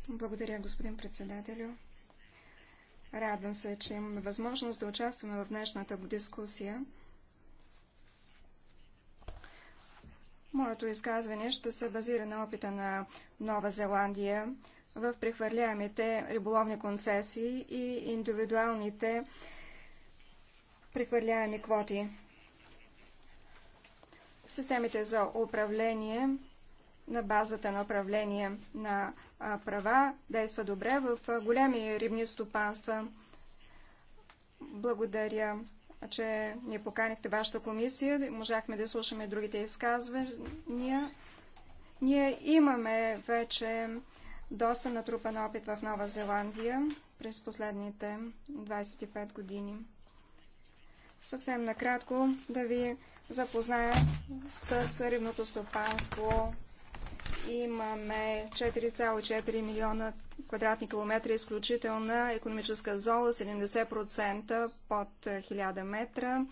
Благодаря, господин председателю. Радвам се, че имаме възможност да участваме в днешната дискусия. Моето изказване ще се базира на опита на Нова Зеландия в прехвърляемите риболовни концесии и индивидуалните прехвърляеми квоти. Системите за управление на базата на управление на права действа добре в големи рибни стопанства. Благодаря, че ни поканихте вашата комисия. Можахме да слушаме другите изказвания. Ние имаме вече доста натрупан опит в Нова Зеландия през последните 25 години. Съвсем накратко да ви запозная с рибното стопанство имаме 4,4 милиона квадратни километра изключителна економическа зона, 70% под 1000 метра.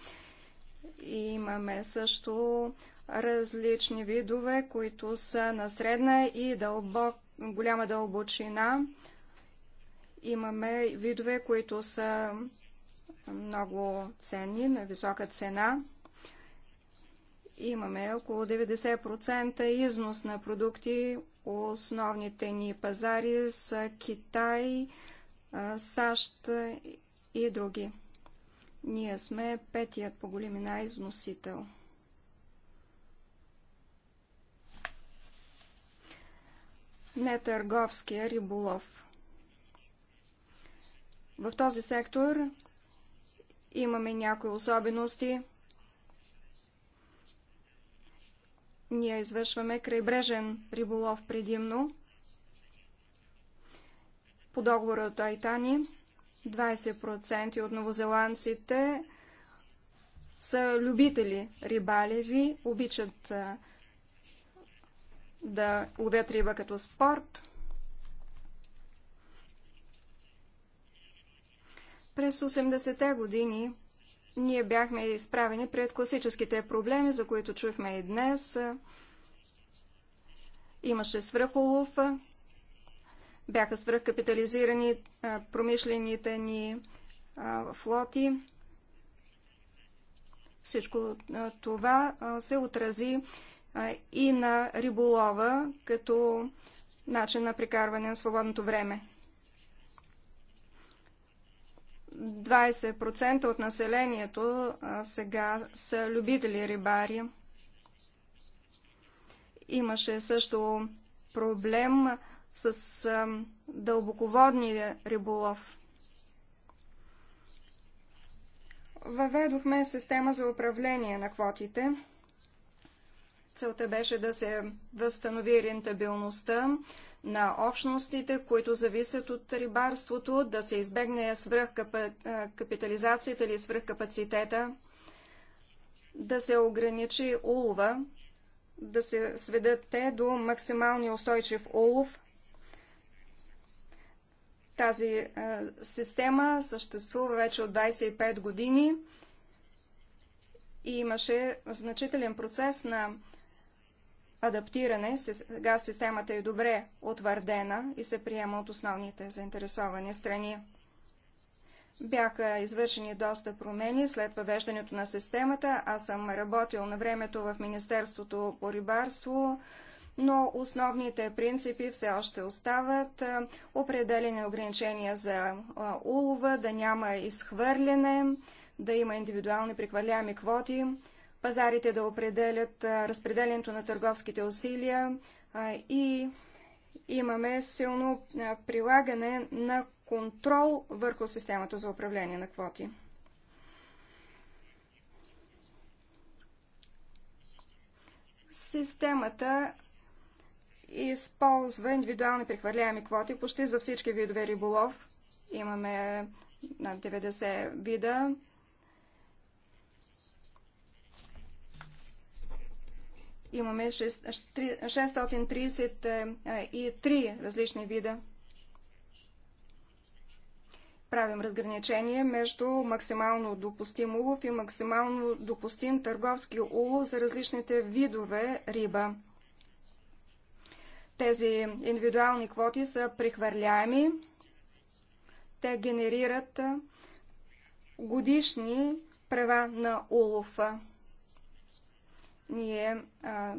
имаме също различни видове, които са на средна и дълбок, голяма дълбочина. Имаме видове, които са много ценни, на висока цена имаме около 90% износ на продукти. Основните ни пазари са Китай, САЩ и други. Ние сме петият по големина износител. Нетърговския риболов. В този сектор имаме някои особености. Ние извършваме крайбрежен риболов предимно. По договора от Айтани 20% от новозеландците са любители рибалеви, обичат да ловят риба като спорт. През 80-те години ние бяхме изправени пред класическите проблеми, за които чухме и днес. Имаше свръхолов, бяха свръхкапитализирани промишлените ни флоти. Всичко това се отрази и на риболова като начин на прикарване на свободното време. 20% от населението сега са любители рибари. Имаше също проблем с дълбоководния риболов. Въведохме система за управление на квотите – Целта беше да се възстанови рентабилността на общностите, които зависят от рибарството, да се избегне свръхкапитализацията или свръхкапацитета, да се ограничи улова, да се сведат те до максимални устойчив улов. Тази е, система съществува вече от 25 години и имаше значителен процес на адаптиране. Сега системата е добре утвърдена и се приема от основните заинтересовани страни. Бяха извършени доста промени след въвеждането на системата. Аз съм работил на времето в Министерството по рибарство, но основните принципи все още остават. Определени ограничения за улова, да няма изхвърляне, да има индивидуални прехвърляеми квоти пазарите да определят разпределението на търговските усилия и имаме силно прилагане на контрол върху системата за управление на квоти. Системата използва индивидуални прехвърляеми квоти почти за всички видове риболов. Имаме над 90 вида Имаме 633 различни вида. Правим разграничение между максимално допустим улов и максимално допустим търговски улов за различните видове риба. Тези индивидуални квоти са прехвърляеми. Те генерират годишни права на улова ние а,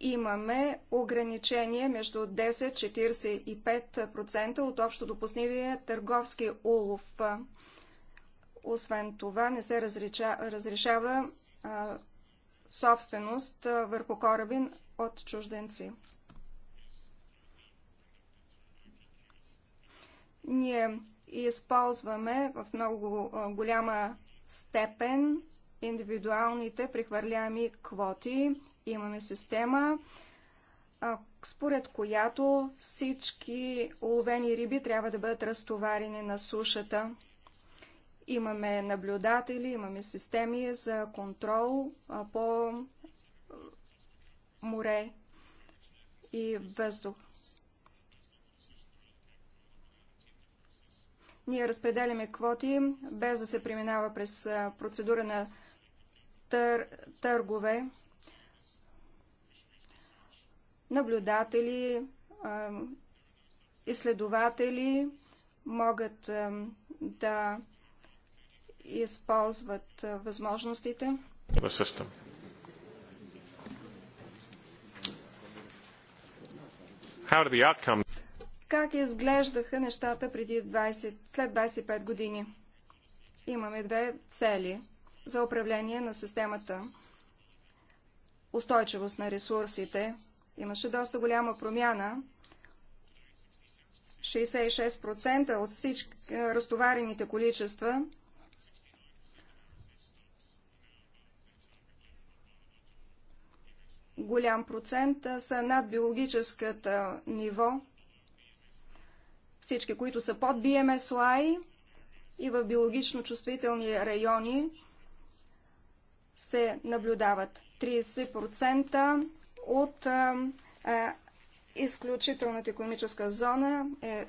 имаме ограничение между 10-45% от общо допустимия търговски улов. Освен това, не се разрича, разрешава а, собственост а, върху корабин от чужденци. Ние използваме в много голяма степен индивидуалните прехвърлями квоти. Имаме система, според която всички уловени риби трябва да бъдат разтоварени на сушата. Имаме наблюдатели, имаме системи за контрол по море и въздух. Ние разпределяме квоти, без да се преминава през процедура на тър, търгове, наблюдатели, изследователи могат да използват възможностите. Как изглеждаха нещата преди 20, след 25 години? Имаме две цели – за управление на системата, устойчивост на ресурсите. Имаше доста голяма промяна. 66% от всички е, разтоварените количества голям процент е, са над биологическата ниво. Всички, които са под BMSY и в биологично чувствителни райони, се наблюдават. 30% от изключителната економическа зона е, е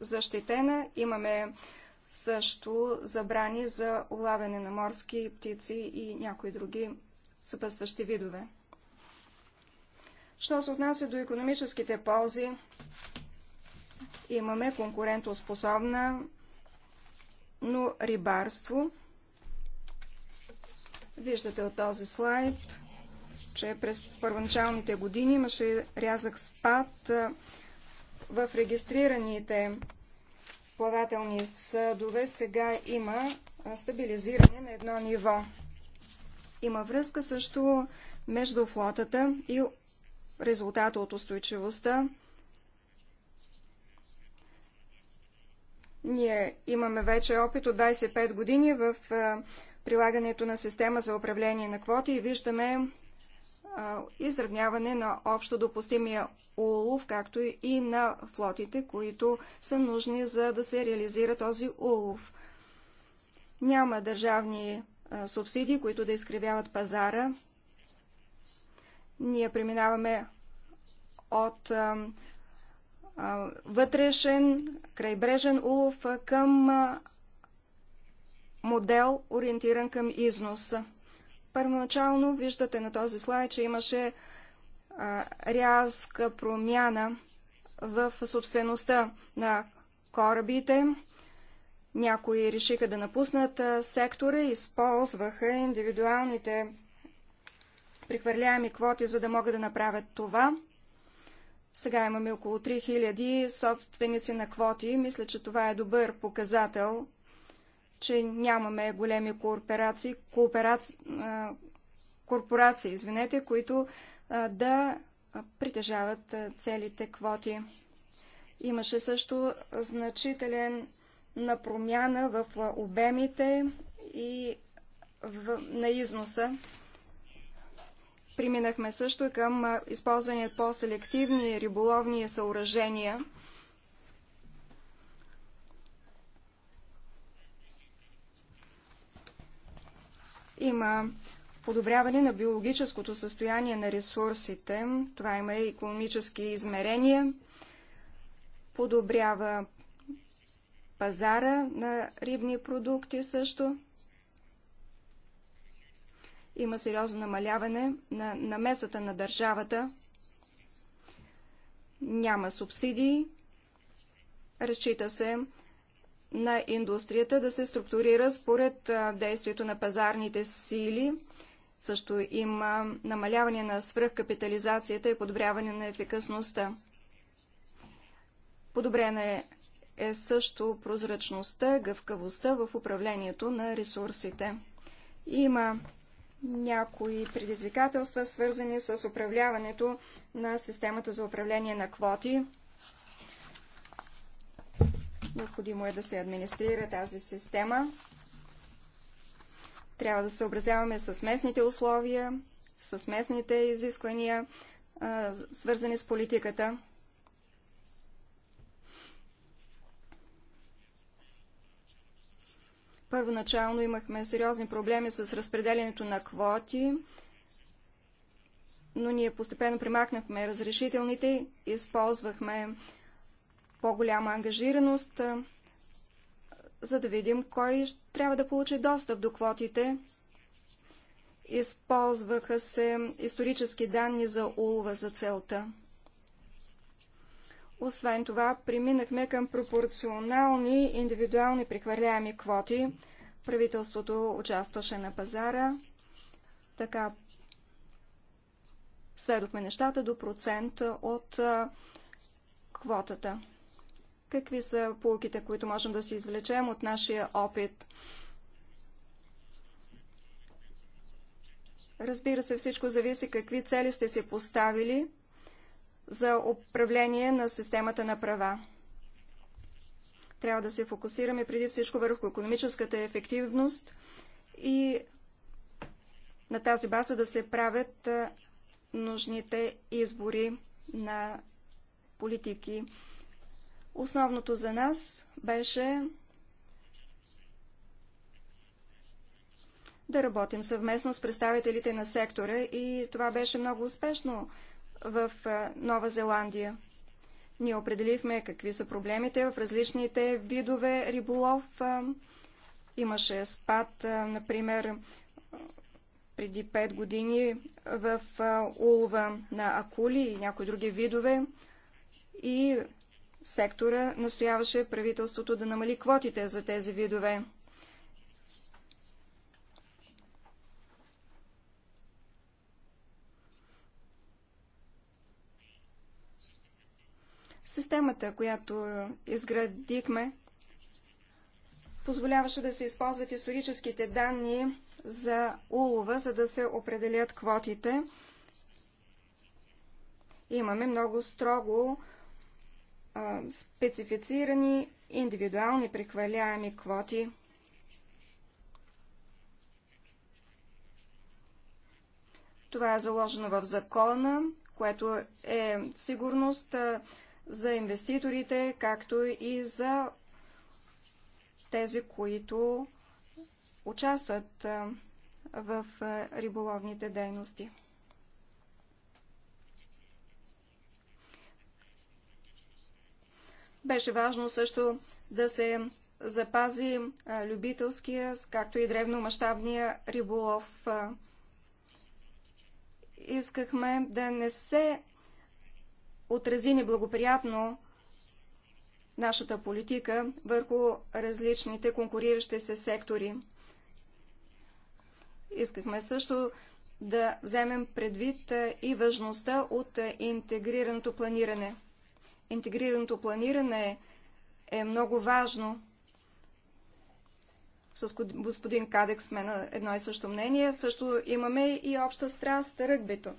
защитена. Имаме също забрани за улавяне на морски птици и някои други съпъстващи видове. Що се отнася до економическите ползи, имаме конкурентоспособна но рибарство. Виждате от този слайд, че през първоначалните години имаше рязък спад в регистрираните плавателни съдове. Сега има стабилизиране на едно ниво. Има връзка също между флотата и резултата от устойчивостта. Ние имаме вече опит от 25 години в прилагането на система за управление на квоти и виждаме а, изравняване на общо допустимия улов, както и на флотите, които са нужни за да се реализира този улов. Няма държавни а, субсидии, които да изкривяват пазара. Ние преминаваме от а, вътрешен крайбрежен улов към модел, ориентиран към износа. Първоначално виждате на този слайд, че имаше а, рязка промяна в собствеността на корабите. Някои решиха да напуснат сектора сектора, използваха индивидуалните прехвърляеми квоти, за да могат да направят това. Сега имаме около 3000 собственици на квоти. Мисля, че това е добър показател че нямаме големи кооперации, корпорации, извинете, които да притежават целите квоти. Имаше също значителен на промяна в обемите и в, на износа. Приминахме също и към използване по-селективни риболовни съоръжения – Има подобряване на биологическото състояние на ресурсите. Това има и економически измерения. Подобрява пазара на рибни продукти също. Има сериозно намаляване на намесата на държавата. Няма субсидии. Разчита се на индустрията да се структурира според действието на пазарните сили. Също има намаляване на свръхкапитализацията и подобряване на ефикасността. Подобрена е, е също прозрачността, гъвкавостта в управлението на ресурсите. Има някои предизвикателства, свързани с управляването на системата за управление на квоти, Необходимо е да се администрира тази система. Трябва да съобразяваме с местните условия, с местните изисквания, свързани с политиката. Първоначално имахме сериозни проблеми с разпределянето на квоти, но ние постепенно примахнахме разрешителните, използвахме по-голяма ангажираност, за да видим кой трябва да получи достъп до квотите. Използваха се исторически данни за улва за целта. Освен това, преминахме към пропорционални индивидуални прехвърляеми квоти. Правителството участваше на пазара. Така сведохме нещата до процент от квотата. Какви са полуките, които можем да си извлечем от нашия опит? Разбира се, всичко зависи какви цели сте си поставили за управление на системата на права. Трябва да се фокусираме преди всичко върху економическата ефективност и на тази база да се правят нужните избори на политики Основното за нас беше да работим съвместно с представителите на сектора и това беше много успешно в Нова Зеландия. Ние определихме какви са проблемите в различните видове риболов. Имаше спад, например, преди 5 години в улова на акули и някои други видове. И сектора настояваше правителството да намали квотите за тези видове. Системата, която изградихме, позволяваше да се използват историческите данни за улова, за да се определят квотите. Имаме много строго специфицирани индивидуални прехвърляеми квоти. Това е заложено в закона, което е сигурност за инвеститорите, както и за тези, които участват в риболовните дейности. Беше важно също да се запази любителския, както и древномащабния риболов. Искахме да не се отрази неблагоприятно нашата политика върху различните конкуриращи се сектори. Искахме също да вземем предвид и важността от интегрираното планиране. Интегрираното планиране е много важно. С господин Кадек сме на едно и също мнение. Също имаме и обща страст ръгбито.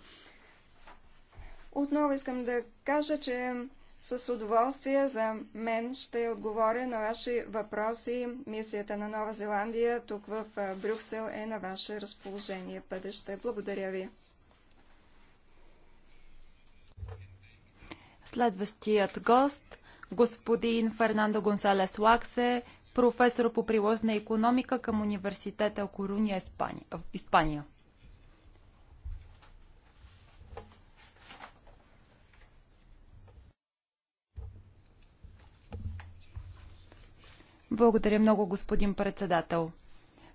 Отново искам да кажа, че с удоволствие за мен ще отговоря на ваши въпроси. Мисията на Нова Зеландия тук в Брюксел е на ваше разположение бъдеще. Благодаря ви. Следващият гост, господин Фернандо Гонсалес Лаксе, професор по приложна економика към университета Коруния, Испания. Испания. Благодаря много, господин председател.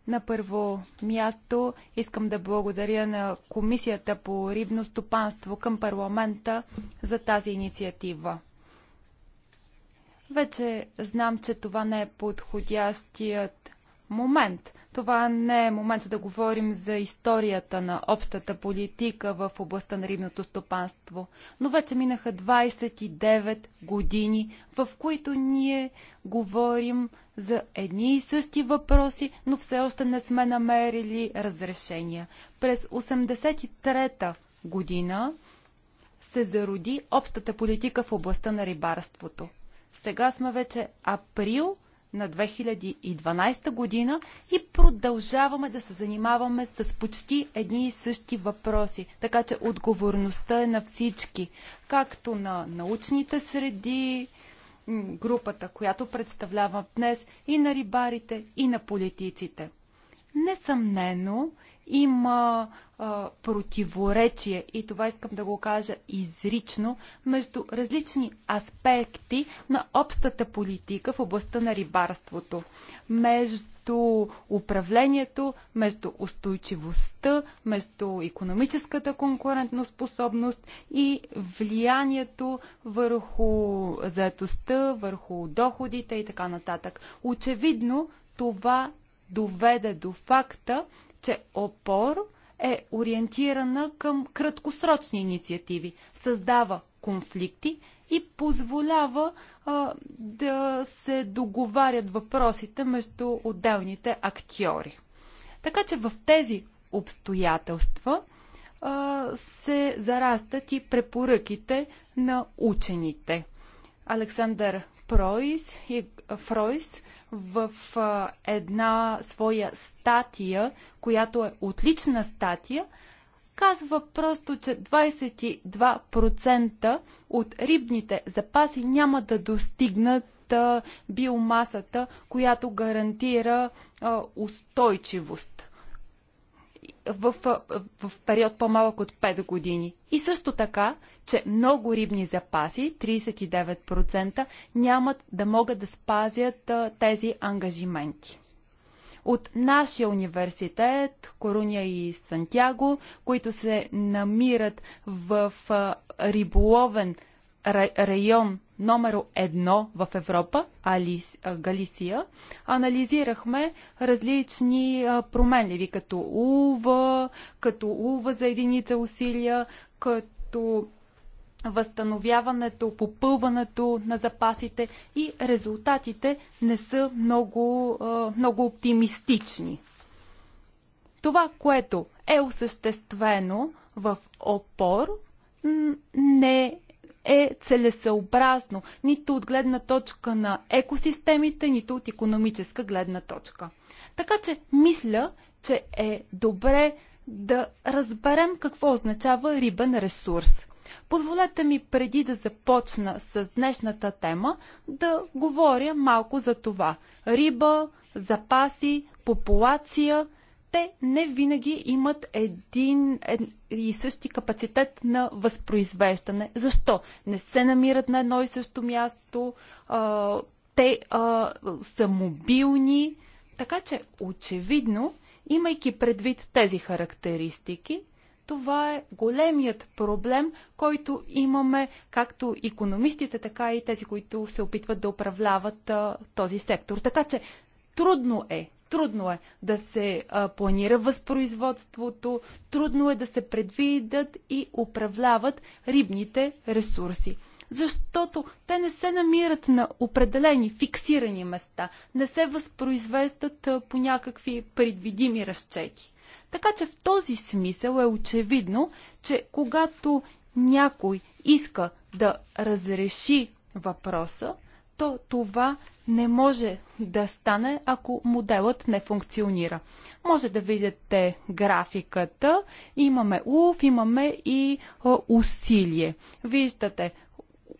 На първо място искам да благодаря на Комисията по рибно стопанство към парламента за тази инициатива. Вече знам, че това не е подходящият момент. Това не е момент да говорим за историята на общата политика в областта на рибното стопанство, но вече минаха 29 години, в които ние говорим за едни и същи въпроси, но все още не сме намерили разрешения. През 83-та година се зароди общата политика в областта на рибарството. Сега сме вече април на 2012 година и продължаваме да се занимаваме с почти едни и същи въпроси. Така че отговорността е на всички, както на научните среди, групата, която представлявам днес, и на рибарите, и на политиците. Несъмнено, има а, противоречие, и това искам да го кажа изрично, между различни аспекти на общата политика в областта на рибарството. Между управлението, между устойчивостта, между економическата конкурентоспособност и влиянието върху заетостта, върху доходите и така нататък. Очевидно, това доведе до факта, че опор е ориентирана към краткосрочни инициативи, създава конфликти и позволява а, да се договарят въпросите между отделните актьори. Така че в тези обстоятелства а, се зарастат и препоръките на учените. Александър Пройс и Фройс в а, една своя статия, която е отлична статия, казва просто, че 22% от рибните запаси няма да достигнат а, биомасата, която гарантира а, устойчивост в, в период по-малък от 5 години. И също така, че много рибни запаси, 39%, нямат да могат да спазят тези ангажименти. От нашия университет, Коруния и Сантяго, които се намират в риболовен район номер едно в Европа, Алис, Галисия, анализирахме различни променливи, като УВА, като УВА за единица усилия, като възстановяването, попълването на запасите и резултатите не са много, много оптимистични. Това, което е осъществено в опор, не е целесъобразно, нито от гледна точка на екосистемите, нито от економическа гледна точка. Така че мисля, че е добре да разберем какво означава рибен ресурс. Позволете ми преди да започна с днешната тема да говоря малко за това. Риба, запаси, популация – те не винаги имат един, ед, и същи капацитет на възпроизвеждане. Защо? Не се намират на едно и също място, а, те а, са мобилни. Така че, очевидно, имайки предвид тези характеристики, това е големият проблем, който имаме както економистите, така и тези, които се опитват да управляват а, този сектор. Така че трудно е Трудно е да се а, планира възпроизводството, трудно е да се предвидят и управляват рибните ресурси. Защото те не се намират на определени фиксирани места, не се възпроизвеждат а, по някакви предвидими разчети. Така че в този смисъл е очевидно, че когато някой иска да разреши въпроса, то това не може да стане, ако моделът не функционира. Може да видите графиката. Имаме улов, имаме и усилие. Виждате,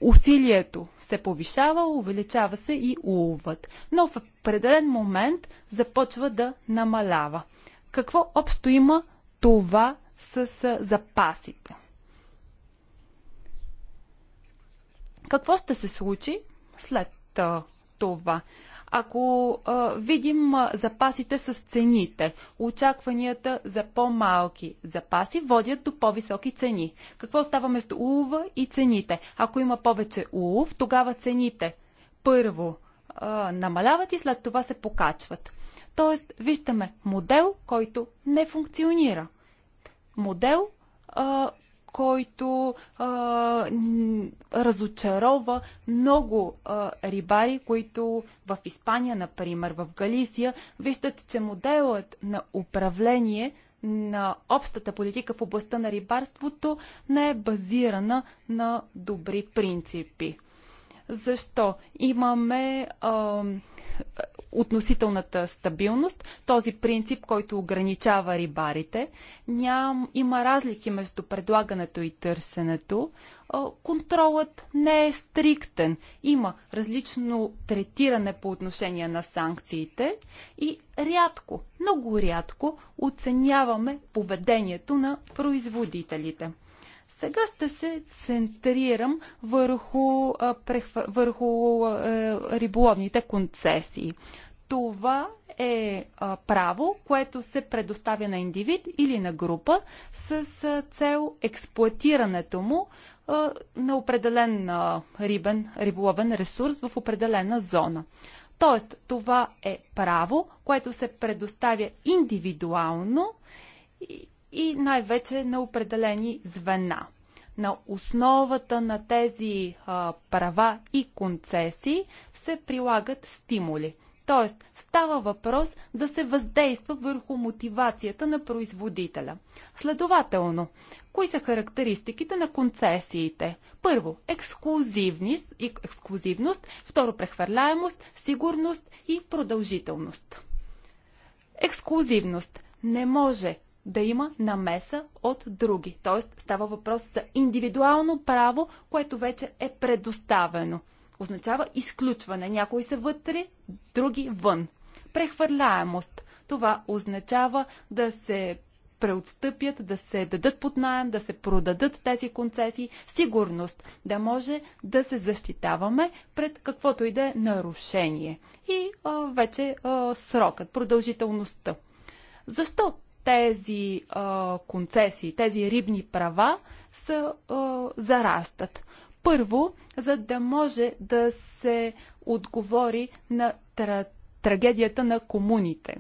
усилието се повишава, увеличава се и уловът. Но в определен момент започва да намалява. Какво общо има това с запасите? Какво ще се случи след това. Ако а, видим а, запасите с цените, очакванията за по-малки запаси водят до по-високи цени. Какво става между улова и цените? Ако има повече улов, тогава цените първо а, намаляват и след това се покачват. Тоест, виждаме модел, който не функционира. Модел, а, който а, разочарова много а, рибари, които в Испания, например, в Галисия, виждат, че моделът на управление на общата политика в областта на рибарството не е базирана на добри принципи. Защо? Имаме а, относителната стабилност, този принцип, който ограничава рибарите. Ням, има разлики между предлагането и търсенето. Контролът не е стриктен. Има различно третиране по отношение на санкциите и рядко, много рядко оценяваме поведението на производителите. Сега ще се центрирам върху, върху, върху риболовните концесии това е а, право, което се предоставя на индивид или на група с а, цел експлуатирането му а, на определен а, рибен, риболовен ресурс в определена зона. Тоест, това е право, което се предоставя индивидуално и, и най-вече на определени звена. На основата на тези а, права и концесии се прилагат стимули – т.е. става въпрос да се въздейства върху мотивацията на производителя. Следователно, кои са характеристиките на концесиите? Първо, ексклюзивност, ексклюзивност второ, прехвърляемост, сигурност и продължителност. Ексклюзивност. Не може да има намеса от други. Т.е. става въпрос за индивидуално право, което вече е предоставено означава изключване. Някои са вътре, други вън. Прехвърляемост. Това означава да се преотстъпят, да се дадат под найем, да се продадат тези концесии, сигурност, да може да се защитаваме пред каквото и да е нарушение. И а, вече а, срокът, продължителността. Защо тези а, концесии, тези рибни права са а, зарастат? Първо, за да може да се отговори на тра- трагедията на комуните.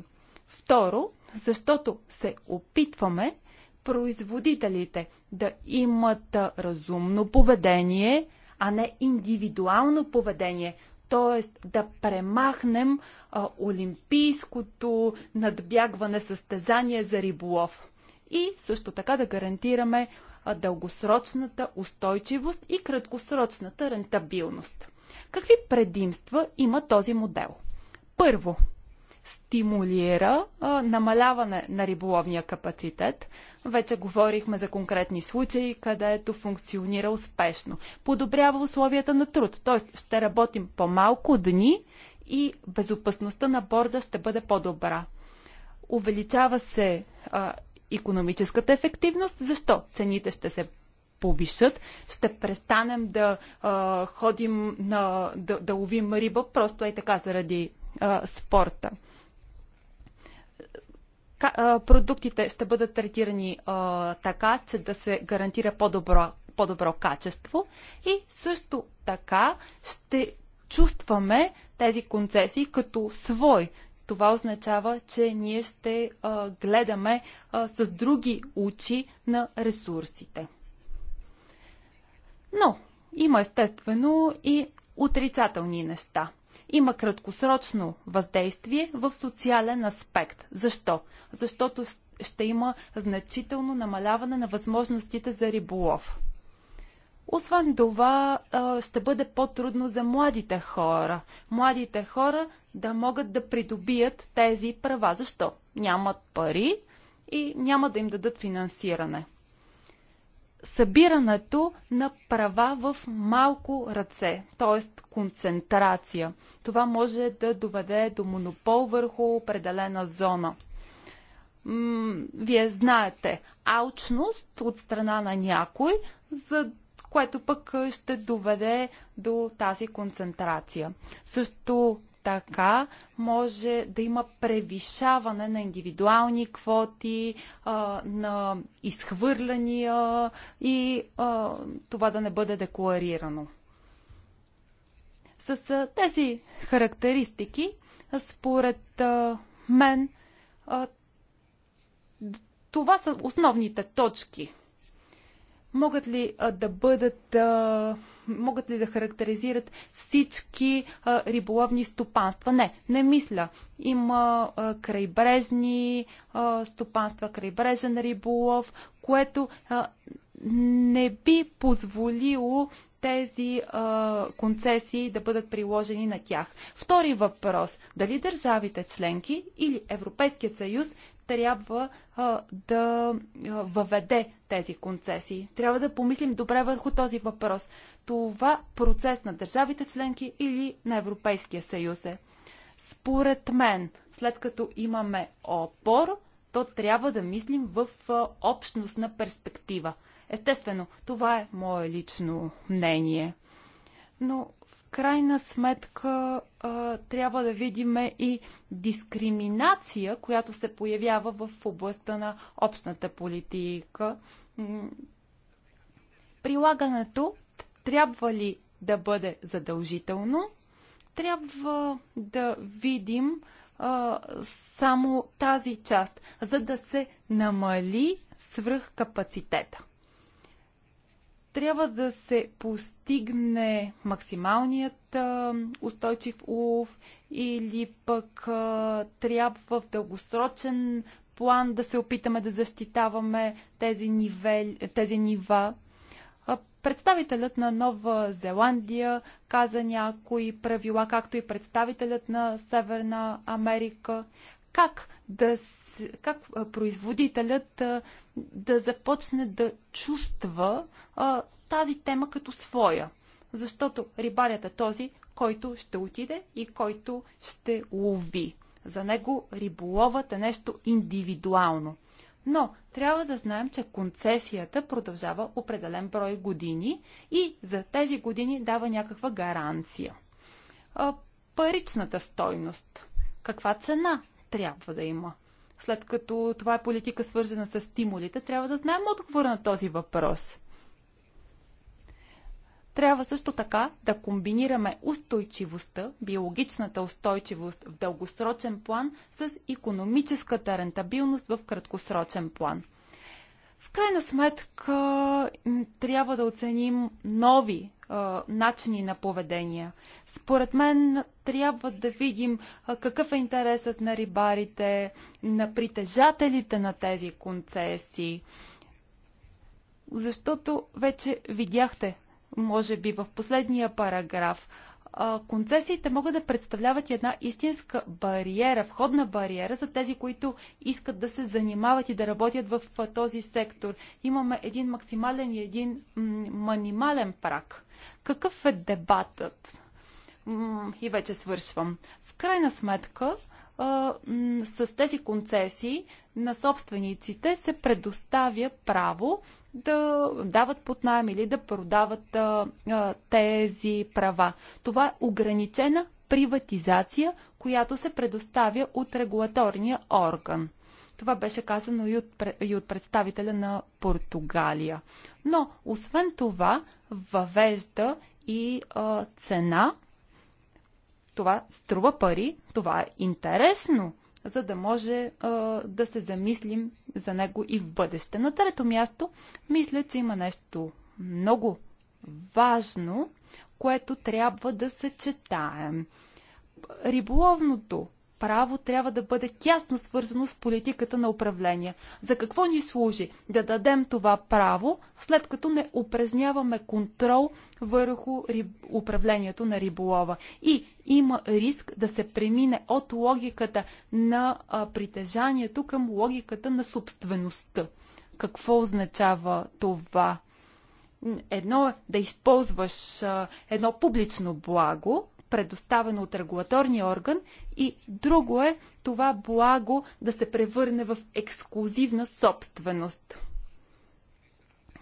Второ, защото се опитваме производителите да имат разумно поведение, а не индивидуално поведение, т.е. да премахнем а, олимпийското надбягване състезание за риболов. И също така да гарантираме дългосрочната устойчивост и краткосрочната рентабилност. Какви предимства има този модел? Първо, стимулира а, намаляване на риболовния капацитет. Вече говорихме за конкретни случаи, където функционира успешно. Подобрява условията на труд, т.е. ще работим по-малко дни и безопасността на борда ще бъде по-добра. Увеличава се а, економическата ефективност. Защо? Цените ще се повишат, ще престанем да а, ходим на, да, да ловим риба, просто е така заради а, спорта. Ка, а, продуктите ще бъдат третирани а, така, че да се гарантира по-добро, по-добро качество и също така ще чувстваме тези концесии като свой това означава, че ние ще а, гледаме а, с други очи на ресурсите. Но има естествено и отрицателни неща. Има краткосрочно въздействие в социален аспект. Защо? Защото ще има значително намаляване на възможностите за риболов. Освен това, ще бъде по-трудно за младите хора. Младите хора да могат да придобият тези права. Защо? Нямат пари и няма да им дадат финансиране. Събирането на права в малко ръце, т.е. концентрация. Това може да доведе до монопол върху определена зона вие знаете, алчност от страна на някой, за което пък ще доведе до тази концентрация. Също така може да има превишаване на индивидуални квоти, а, на изхвърляния и а, това да не бъде декларирано. С а, тези характеристики, според а, мен, а, това са основните точки могат ли а, да бъдат, а, могат ли да характеризират всички а, риболовни стопанства? Не, не мисля. Има а, крайбрежни а, стопанства, крайбрежен риболов, което а, не би позволило тези а, концесии да бъдат приложени на тях. Втори въпрос. Дали държавите членки или Европейският съюз трябва а, да въведе тези концесии. Трябва да помислим добре върху този въпрос. Това процес на държавите членки или на Европейския съюз е. Според мен, след като имаме опор, то трябва да мислим в общностна перспектива. Естествено, това е мое лично мнение. Но крайна сметка а, трябва да видим и дискриминация, която се появява в областта на общната политика. Прилагането трябва ли да бъде задължително? Трябва да видим а, само тази част, за да се намали свръхкапацитета трябва да се постигне максималният устойчив улов или пък трябва в дългосрочен план да се опитаме да защитаваме тези, нивели, тези нива. Представителят на Нова Зеландия каза някои правила, както и представителят на Северна Америка как, да, как производителят да започне да чувства а, тази тема като своя. Защото рибарят е този, който ще отиде и който ще лови. За него риболовът е нещо индивидуално. Но трябва да знаем, че концесията продължава определен брой години и за тези години дава някаква гаранция. А, паричната стойност. Каква цена трябва да има. След като това е политика свързана с стимулите, трябва да знаем отговора на този въпрос. Трябва също така да комбинираме устойчивостта, биологичната устойчивост в дългосрочен план с економическата рентабилност в краткосрочен план. В крайна сметка трябва да оценим нови а, начини на поведение. Според мен трябва да видим какъв е интересът на рибарите, на притежателите на тези концесии. Защото вече видяхте, може би в последния параграф, концесиите могат да представляват една истинска бариера, входна бариера за тези, които искат да се занимават и да работят в този сектор. Имаме един максимален и един манимален прак. Какъв е дебатът? И вече свършвам. В крайна сметка, с тези концесии на собствениците се предоставя право да дават под найем или да продават а, а, тези права. Това е ограничена приватизация, която се предоставя от регулаторния орган. Това беше казано и от, и от представителя на Португалия. Но, освен това, въвежда и а, цена. Това струва пари, това е интересно за да може а, да се замислим за него и в бъдеще. На трето място, мисля, че има нещо много важно, което трябва да съчетаем. Риболовното право трябва да бъде тясно свързано с политиката на управление. За какво ни служи да дадем това право, след като не упражняваме контрол върху риб... управлението на риболова? И има риск да се премине от логиката на а, притежанието към логиката на собствеността. Какво означава това? Едно е да използваш а, едно публично благо, предоставено от регулаторния орган и друго е това благо да се превърне в ексклюзивна собственост.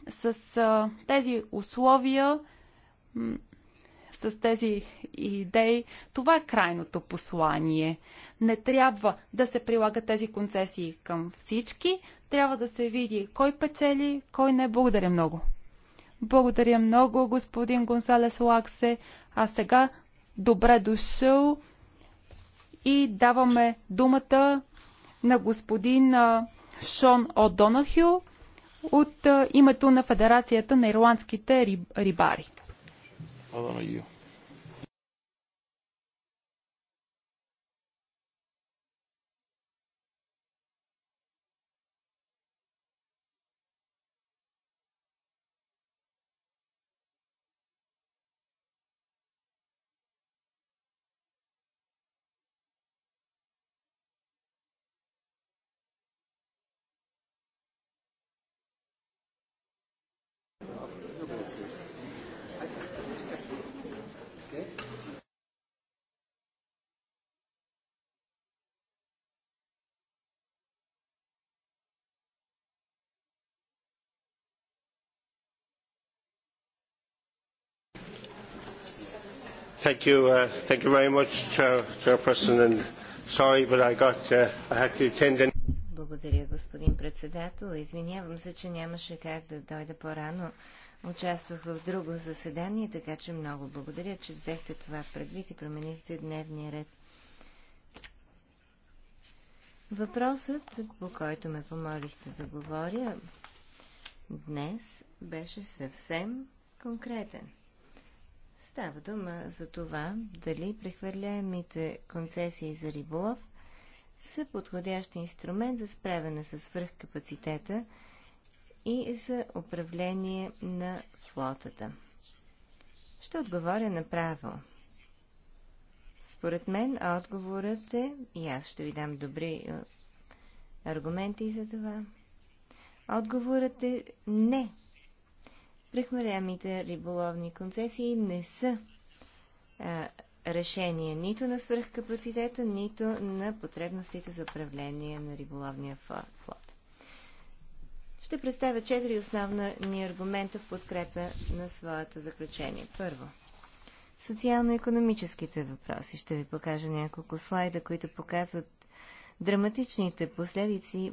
С а, тези условия, с тези идеи, това е крайното послание. Не трябва да се прилагат тези концесии към всички, трябва да се види кой печели, кой не. Благодаря много. Благодаря много, господин Гонсалес Лаксе. А сега добре дошъл и даваме думата на господин Шон О'Донахю от името на Федерацията на ирландските рибари. Thank you, uh, thank you very much, Chair, Chairperson, and sorry, but I got, uh, I had to attend. Благодаря, господин председател. Извинявам се, че нямаше как да дойда по-рано. Участвах в друго заседание, така че много благодаря, че взехте това предвид и променихте дневния ред. Въпросът, по който ме помолихте да говоря днес, беше съвсем конкретен – Става дума за това дали прехвърляемите концесии за риболов са подходящ инструмент за справяне с свръхкапацитета и за управление на флотата. Ще отговоря направо. Според мен отговорът е, и аз ще ви дам добри е, аргументи за това, отговорът е не прехмерямите риболовни концесии не са а, решение нито на свръхкапацитета, нито на потребностите за управление на риболовния флот. Ще представя четири основни аргумента в подкрепа на своето заключение. Първо, социално-економическите въпроси. Ще ви покажа няколко слайда, които показват драматичните последици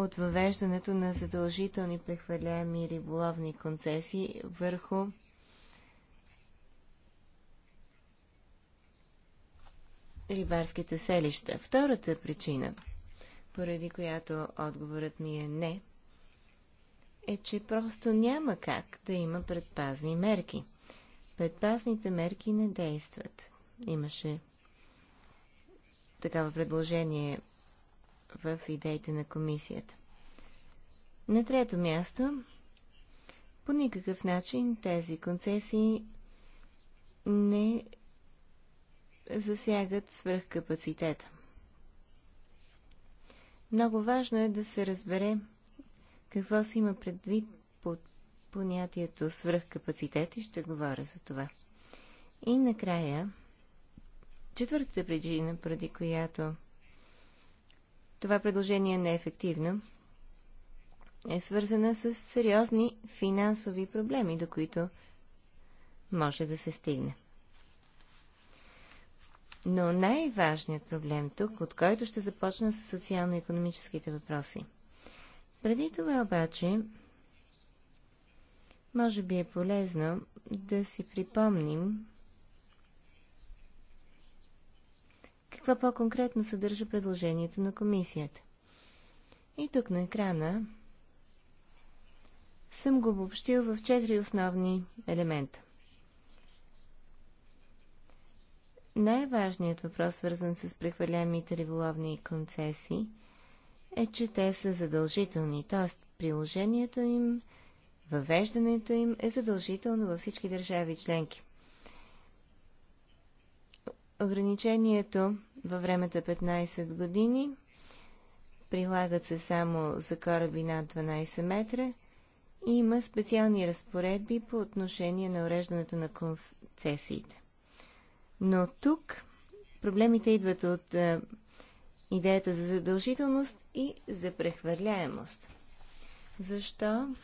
от въвеждането на задължителни прехвърляеми риболовни концесии върху рибарските селища. Втората причина, поради която отговорът ми е не, е, че просто няма как да има предпазни мерки. Предпазните мерки не действат. Имаше такава предложение в идеите на комисията. На трето място, по никакъв начин тези концесии не засягат свръхкапацитета. Много важно е да се разбере какво се има предвид под понятието свръхкапацитет и ще говоря за това. И накрая, четвъртата причина, преди която това предложение не е ефективно, е свързана с сериозни финансови проблеми, до които може да се стигне. Но най-важният проблем тук, от който ще започна с социално-економическите въпроси. Преди това обаче, може би е полезно да си припомним какво по-конкретно съдържа предложението на комисията. И тук на екрана съм го обобщил в четири основни елемента. Най-важният въпрос, свързан с прехвърляемите риболовни концесии, е, че те са задължителни, т.е. приложението им, въвеждането им е задължително във всички държави членки. Ограничението във времето е 15 години. Прилагат се само за кораби над 12 метра. И има специални разпоредби по отношение на уреждането на концесиите. Но тук проблемите идват от е, идеята за задължителност и за прехвърляемост. Защо?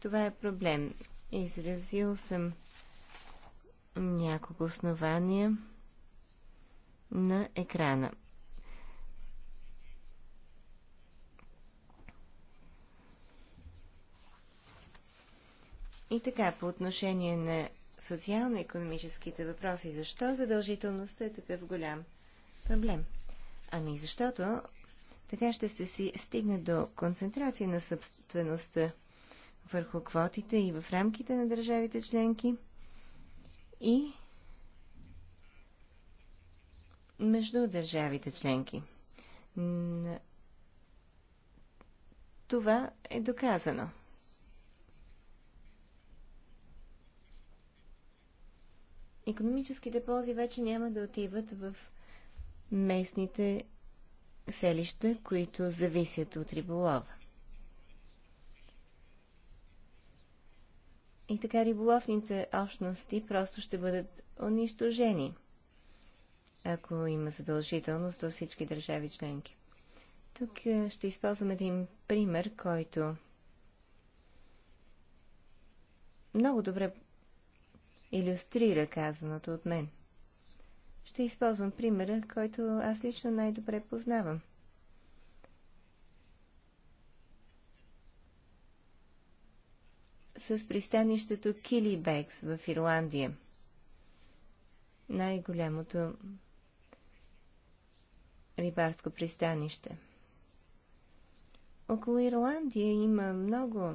Това е проблем. Изразил съм няколко основания на екрана. И така, по отношение на социално-економическите въпроси, защо задължителността е такъв голям проблем? Ами защото така ще се си стигне до концентрация на собствеността върху квотите и в рамките на държавите членки – и между държавите членки. Това е доказано. Економическите ползи вече няма да отиват в местните селища, които зависят от риболова. И така риболовните общности просто ще бъдат унищожени, ако има задължителност във всички държави членки. Тук е, ще използвам един пример, който много добре иллюстрира казаното от мен. Ще използвам примера, който аз лично най-добре познавам – с пристанището Килибекс в Ирландия. Най-голямото рибарско пристанище. Около Ирландия има много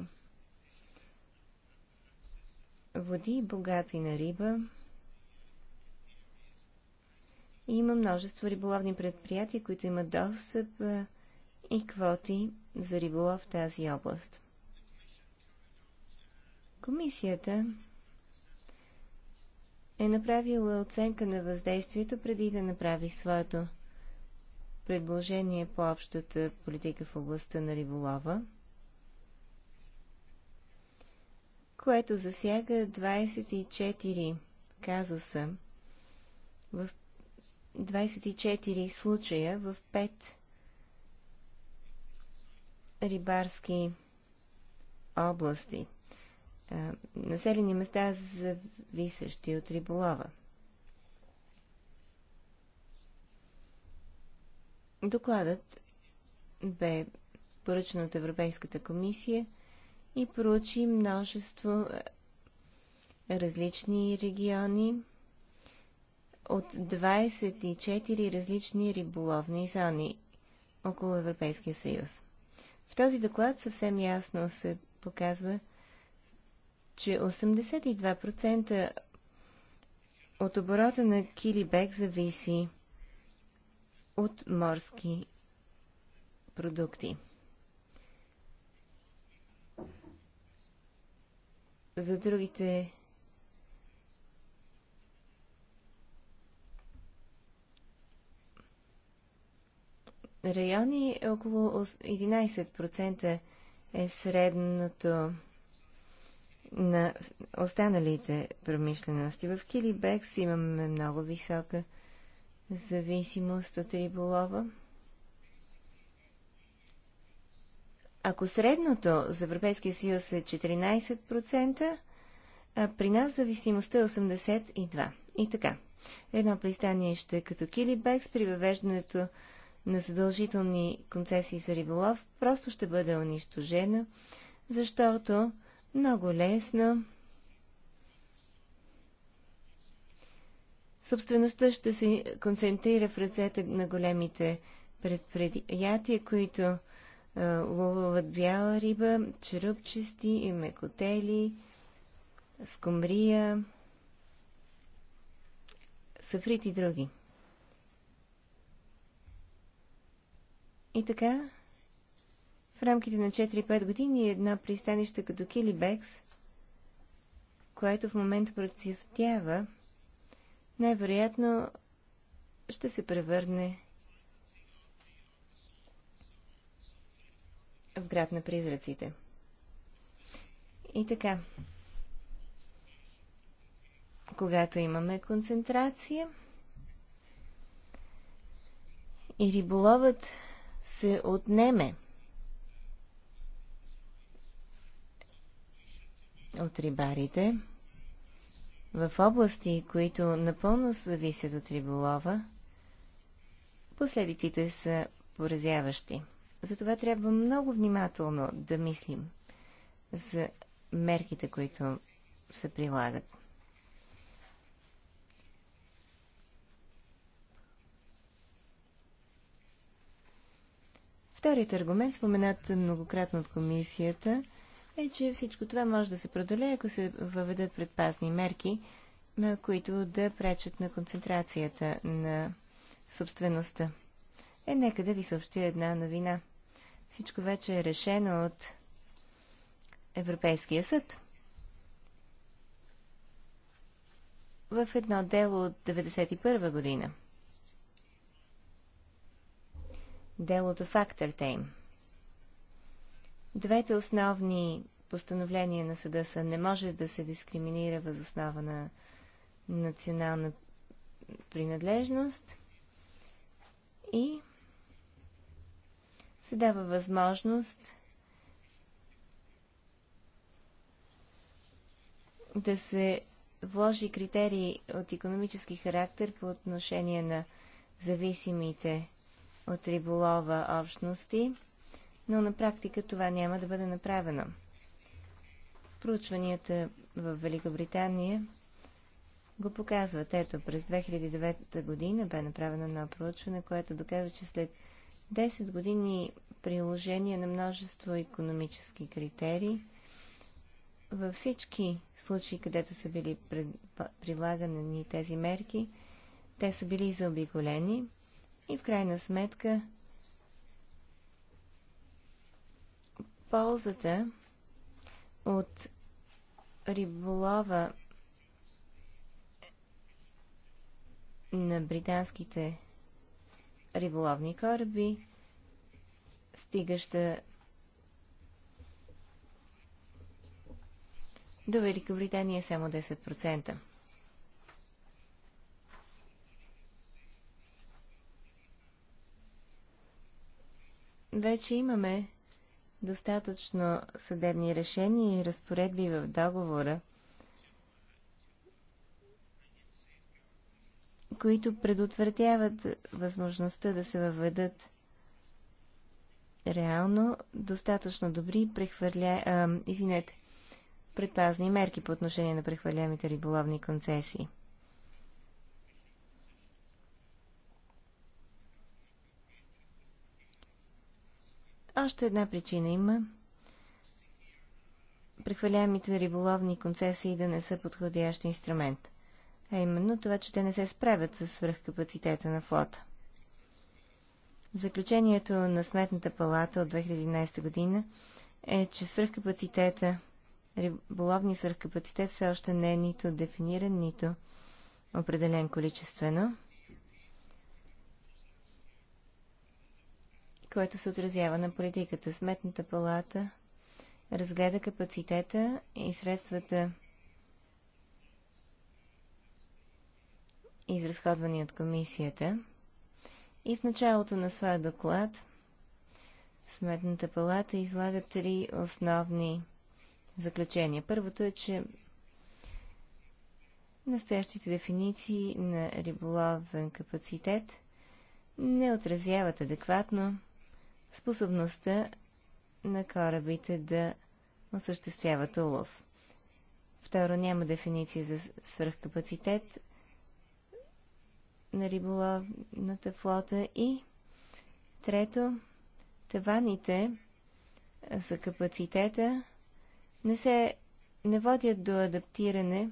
води, богати на риба. И има множество риболовни предприятия, които имат достъп и квоти за риболов в тази област. Комисията е направила оценка на въздействието преди да направи своето предложение по общата политика в областта на риболова, което засяга 24 казуса в 24 случая в 5 рибарски области – населени места, зависещи от риболова. Докладът бе поръчен от Европейската комисия и проучи множество различни региони от 24 различни риболовни зони около Европейския съюз. В този доклад съвсем ясно се показва, че 82% от оборота на Килибек зависи от морски продукти. За другите райони около 11% е средното на останалите промишлености. В Килибекс имаме много висока зависимост от риболова. Ако средното за Европейския съюз е 14%, а при нас зависимостта е 82%. И така, едно пристание ще е като Килибекс при въвеждането на задължителни концесии за риболов просто ще бъде унищожено, защото много лесно. Собствеността ще се концентрира в ръцете на големите предприятия, които е, ловуват бяла риба, черупчести и мекотели, скумрия, сафрит и други. И така, в рамките на 4-5 години е едно пристанище като Килибекс, което в момента процъфтява, най-вероятно ще се превърне в град на призраците. И така, когато имаме концентрация и риболовът се отнеме, от рибарите в области, които напълно зависят от риболова, последиците са поразяващи. Затова трябва много внимателно да мислим за мерките, които се прилагат. Вторият аргумент, споменат многократно от комисията – е, че всичко това може да се продолее, ако се въведат предпазни мерки, които да пречат на концентрацията на собствеността. Е, нека да ви съобщя една новина. Всичко вече е решено от Европейския съд. В едно дело от 1991 година. Делото Factor Tame. Двете основни постановления на съда са не може да се дискриминира въз основа на национална принадлежност и се дава възможност да се вложи критерии от економически характер по отношение на зависимите от риболова общности – но на практика това няма да бъде направено. Проучванията в Великобритания го показват. Ето, през 2009 година бе направено едно проучване, което доказва, че след 10 години приложение на множество економически критерии, във всички случаи, където са били прилагани тези мерки, те са били заобиколени и в крайна сметка ползата от риболова на британските риболовни кораби, стигаща до Великобритания само 10%. Вече имаме достатъчно съдебни решения и разпоредби в договора, които предотвратяват възможността да се въведат реално достатъчно добри прехвърля... а, извинете, предпазни мерки по отношение на прехвърляемите риболовни концесии. Още една причина има. Прехваляемите риболовни концесии да не са подходящ инструмент. А именно това, че те не се справят с свръхкапацитета на флота. Заключението на Сметната палата от 2011 година е, че свръхкапацитета, риболовни свръхкапацитет все още не е нито дефиниран, нито определен количествено. което се отразява на политиката. Сметната палата разгледа капацитета и средствата, изразходвани от комисията. И в началото на своя доклад Сметната палата излага три основни заключения. Първото е, че настоящите дефиниции на риболовен капацитет не отразяват адекватно способността на корабите да осъществяват улов. Второ, няма дефиниция за свръхкапацитет на риболовната флота. И трето, таваните за капацитета не се не водят до адаптиране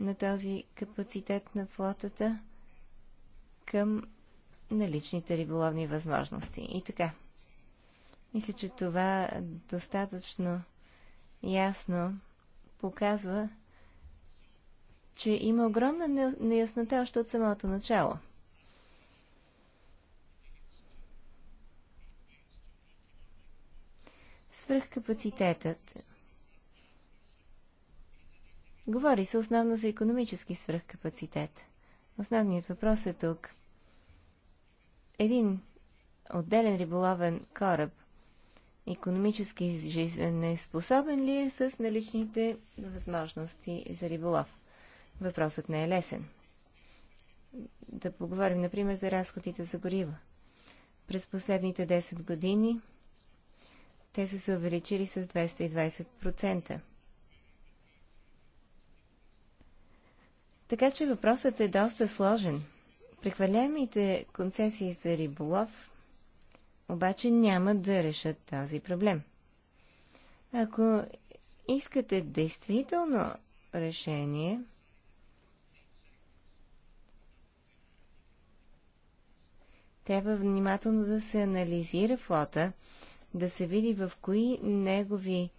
на този капацитет на флотата към наличните риболовни възможности. И така. Мисля, че това достатъчно ясно показва, че има огромна неяснота още от самото начало. Свръхкапацитетът. Говори се основно за економически свръхкапацитет. Основният въпрос е тук – един отделен риболовен кораб економически жизнеспособен ли е с наличните възможности за риболов? Въпросът не е лесен. Да поговорим, например, за разходите за горива. През последните 10 години те са се увеличили с 220%. Така че въпросът е доста сложен – Прехвърляемите концесии за риболов обаче няма да решат този проблем. Ако искате действително решение, трябва внимателно да се анализира флота, да се види в кои негови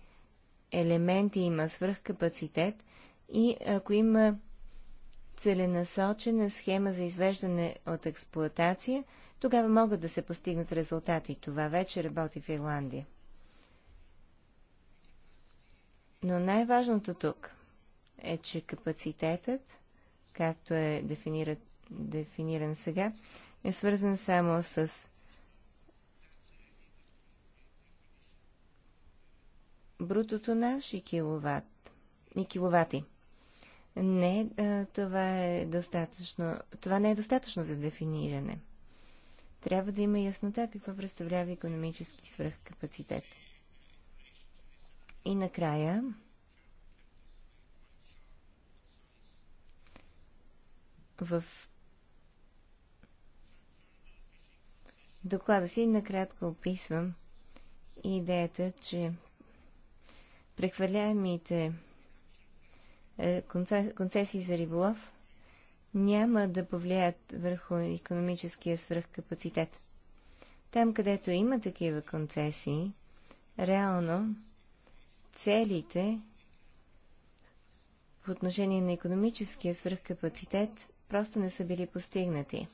елементи има свръхкапацитет и ако има целенасочена схема за извеждане от експлоатация, тогава могат да се постигнат резултати. Това вече работи в Ирландия. Но най-важното тук е, че капацитетът, както е дефинират, дефиниран сега, е свързан само с брутото наш и киловат, и киловати. Не, това е достатъчно. Това не е достатъчно за дефиниране. Трябва да има яснота какво представлява економически свръхкапацитет. И накрая, в доклада си накратко описвам идеята, че прехвърляемите е, концесии за риболов няма да повлияят върху економическия свръхкапацитет. Там, където има такива концесии, реално целите в отношение на економическия свръхкапацитет просто не са били постигнати.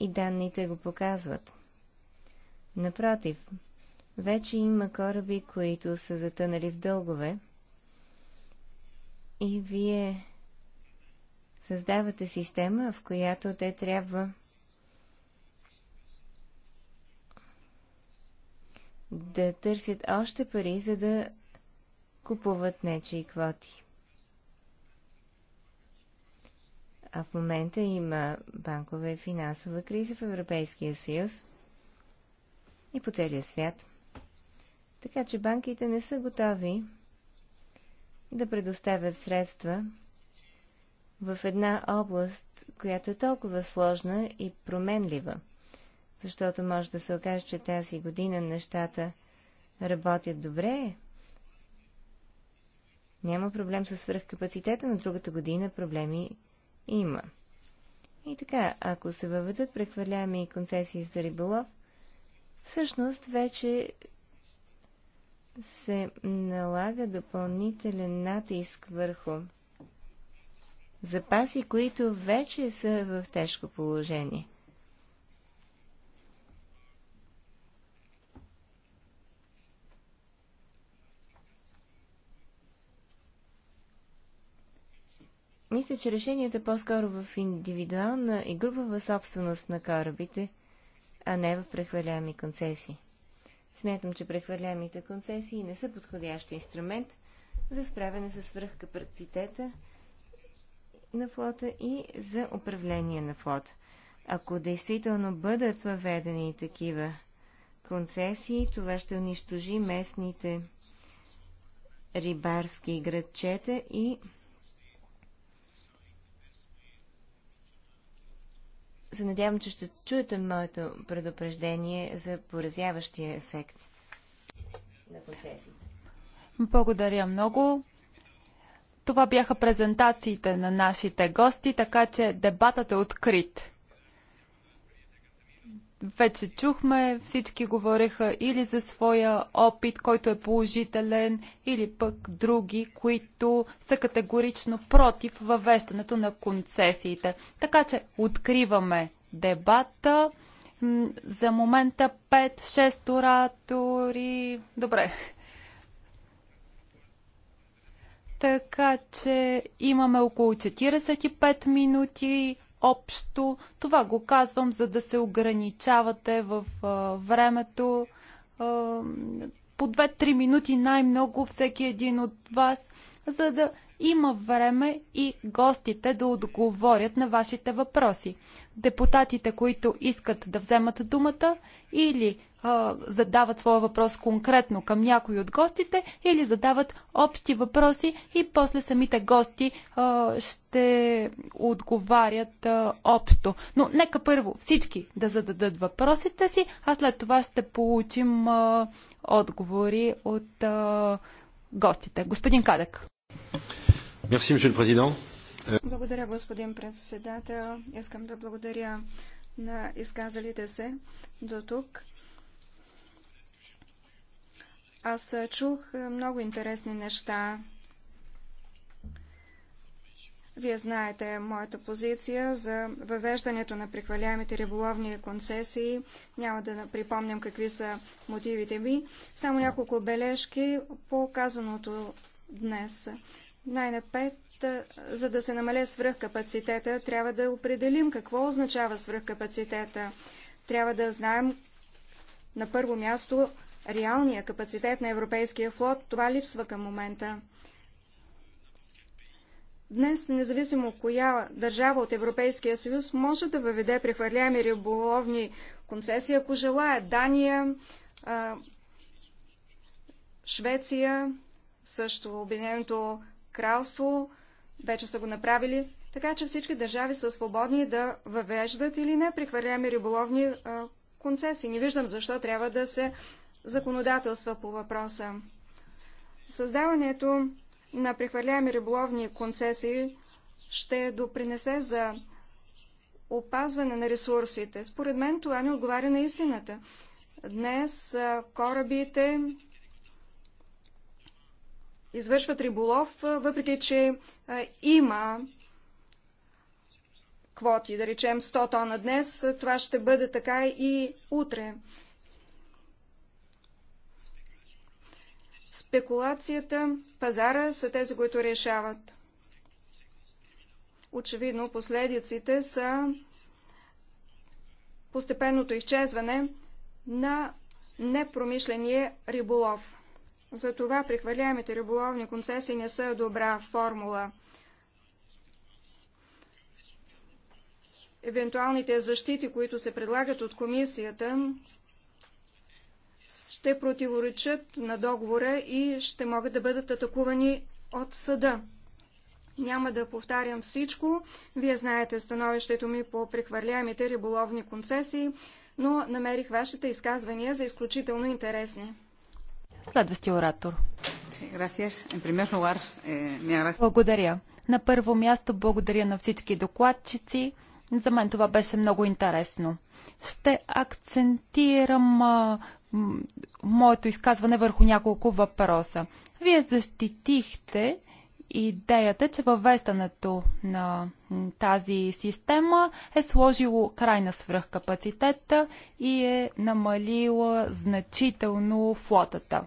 И данните го показват. Напротив, вече има кораби, които са затънали в дългове, и вие създавате система, в която те трябва да търсят още пари, за да купуват нечи квоти. А в момента има банкова и финансова криза в Европейския съюз и по целия свят. Така че банките не са готови да предоставят средства в една област, която е толкова сложна и променлива, защото може да се окаже, че тази година нещата работят добре. Няма проблем с свръхкапацитета, на другата година проблеми има. И така, ако се въведат прехвърляеми концесии за риболов, всъщност вече се налага допълнителен натиск върху запаси, които вече са в тежко положение. Мисля, че решението е по-скоро в индивидуална и групова собственост на корабите, а не в прехваляеми концесии. Смятам, че прехвърлямите концесии не са подходящ инструмент за справяне с свръхкапацитета на флота и за управление на флота. Ако действително бъдат въведени такива концесии, това ще унищожи местните рибарски градчета и се надявам, че ще чуете моето предупреждение за поразяващия ефект на концесиите. Благодаря много. Това бяха презентациите на нашите гости, така че дебатът е открит. Вече чухме, всички говореха или за своя опит, който е положителен, или пък други, които са категорично против въвеждането на концесиите. Така че откриваме дебата. За момента 5-6 оратори. Добре. Така че имаме около 45 минути общо. Това го казвам, за да се ограничавате в времето. по 2-3 минути най-много всеки един от вас, за да има време и гостите да отговорят на вашите въпроси. Депутатите, които искат да вземат думата или а, задават своя въпрос конкретно към някой от гостите, или задават общи въпроси и после самите гости а, ще отговарят а, общо. Но нека първо всички да зададат въпросите си, а след това ще получим а, отговори от а, гостите. Господин Кадък. Благодаря, господин председател. Искам да благодаря на изказалите се до тук. Аз чух много интересни неща. Вие знаете моята позиция за въвеждането на прехваляемите риболовни концесии. Няма да припомням какви са мотивите ми. Само няколко бележки по казаното днес. Най-напред, за да се намале свръхкапацитета, трябва да определим какво означава свръхкапацитета. Трябва да знаем на първо място реалния капацитет на европейския флот. Това липсва към момента. Днес, независимо коя държава от Европейския съюз, може да въведе прехвърляеми риболовни концесии, ако желая. Дания, Швеция, също Обединеното кралство вече са го направили, така че всички държави са свободни да въвеждат или не прехвърляме риболовни а, концесии. Не виждам защо трябва да се законодателства по въпроса. Създаването на прехвърляеми риболовни концесии ще допринесе за опазване на ресурсите. Според мен това не отговаря на истината. Днес корабите извършват риболов, въпреки че има квоти, да речем 100 тона днес, това ще бъде така и утре. Спекулацията, пазара са тези, които решават. Очевидно, последиците са постепенното изчезване на непромишления риболов. Затова прехвърляемите риболовни концесии не са добра формула. Евентуалните защити, които се предлагат от комисията, ще противоречат на договора и ще могат да бъдат атакувани от съда. Няма да повтарям всичко. Вие знаете становището ми по прехвърляемите риболовни концесии, но намерих вашите изказвания за изключително интересни. Следващия оратор. Eh, благодаря. На първо място благодаря на всички докладчици. За мен това беше много интересно. Ще акцентирам а, моето изказване върху няколко въпроса. Вие защитихте идеята, че въвеждането на тази система е сложило край на свръхкапацитета и е намалила значително флотата.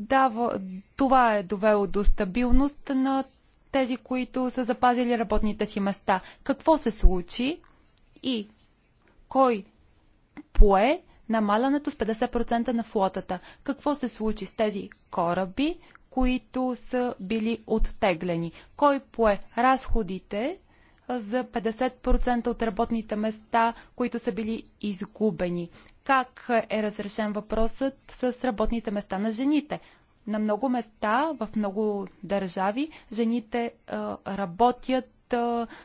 Дава, това е довело до стабилност на тези, които са запазили работните си места. Какво се случи и кой пое намалянето с 50% на флотата? Какво се случи с тези кораби, които са били оттеглени. Кой пое разходите за 50% от работните места, които са били изгубени? Как е разрешен въпросът с работните места на жените? На много места, в много държави, жените работят,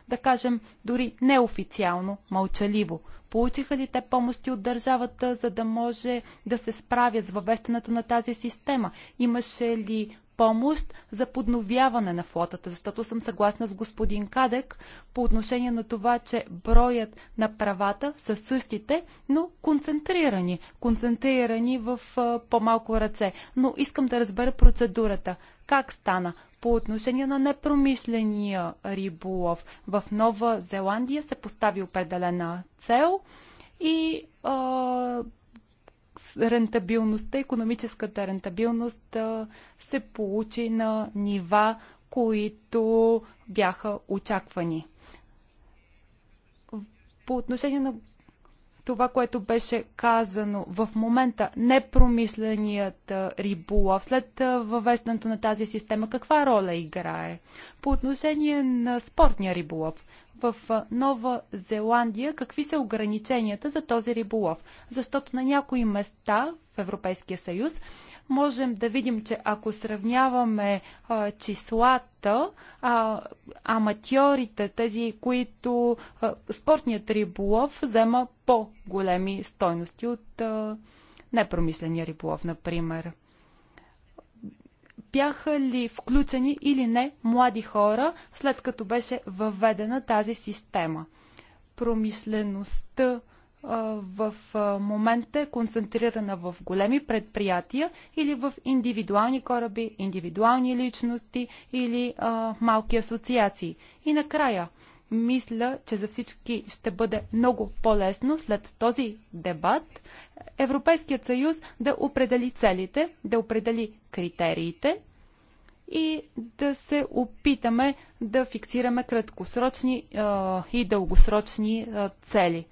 да кажем, дори неофициално, мълчаливо. Получиха ли те помощи от държавата, за да може да се справят с въвеждането на тази система? Имаше ли помощ за подновяване на флотата, защото съм съгласна с господин Кадек по отношение на това, че броят на правата са същите, но концентрирани. Концентрирани в по-малко ръце. Но искам да разбера процедурата. Как стана? по отношение на непромисления риболов. В Нова Зеландия се постави определена цел и а, рентабилността, економическата рентабилност а, се получи на нива, които бяха очаквани. По отношение на това, което беше казано в момента, непромисленият риболов след въвеждането на тази система, каква роля играе по отношение на спортния риболов? В Нова Зеландия какви са ограниченията за този риболов? Защото на някои места в Европейския съюз можем да видим, че ако сравняваме а, числата, а, аматьорите, тези, които а, спортният риболов взема по-големи стойности от а, непромисления риболов, например бяха ли включени или не млади хора, след като беше въведена тази система. Промишлеността в момента е концентрирана в големи предприятия или в индивидуални кораби, индивидуални личности или а, малки асоциации. И накрая, мисля, че за всички ще бъде много по-лесно след този дебат Европейският съюз да определи целите, да определи критериите и да се опитаме да фиксираме краткосрочни а, и дългосрочни а, цели.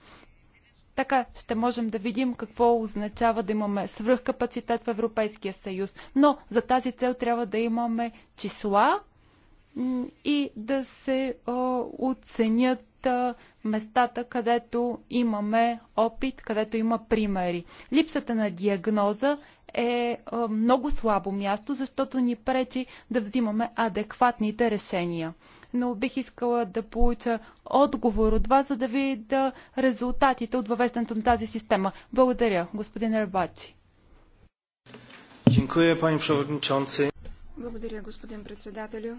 Така ще можем да видим какво означава да имаме свръхкапацитет в Европейския съюз. Но за тази цел трябва да имаме числа и да се оценят местата, където имаме опит, където има примери. Липсата на диагноза е много слабо място, защото ни пречи да взимаме адекватните решения но бих искала да получа отговор от вас, за да видя резултатите от въвеждането на тази система. Благодаря, господин Рабачи. Благодаря, господин председателю.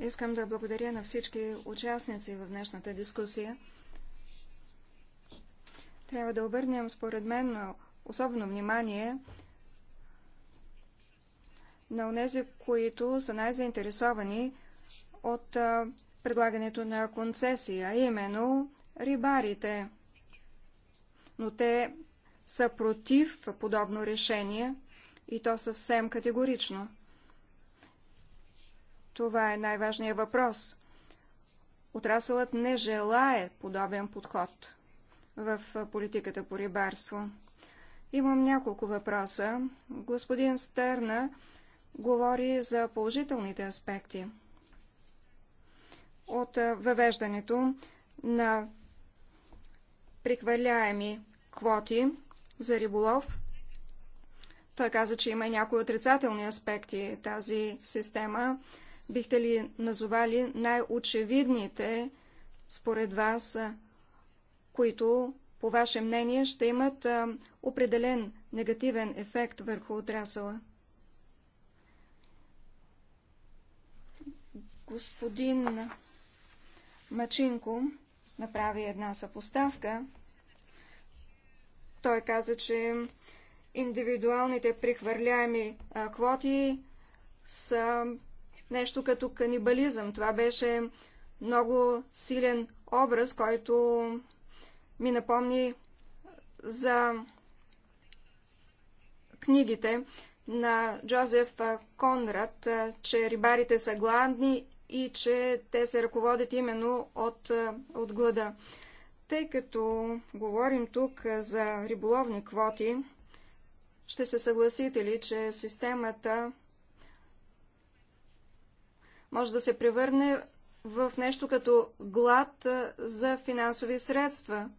Искам да благодаря на всички участници в днешната дискусия. Трябва да обърнем, според мен, особено внимание на тези, които са най-заинтересовани от предлагането на концесия, именно рибарите. Но те са против подобно решение и то съвсем категорично. Това е най-важният въпрос. Отрасълът не желае подобен подход в политиката по рибарство. Имам няколко въпроса. Господин Стерна говори за положителните аспекти – от въвеждането на прехвърляеми квоти за риболов. Той каза, че има и някои отрицателни аспекти тази система. Бихте ли назовали най-очевидните според вас, които, по ваше мнение, ще имат определен негативен ефект върху отрасъла? Господин Мачинко направи една съпоставка. Той каза, че индивидуалните прихвърляеми квоти са нещо като канибализъм. Това беше много силен образ, който ми напомни за книгите на Джозеф Конрад, че рибарите са гладни и че те се ръководят именно от, е, от глада. Тъй като говорим тук е, за риболовни квоти, ще се съгласите ли, че системата може да се превърне в нещо като глад е, за финансови средства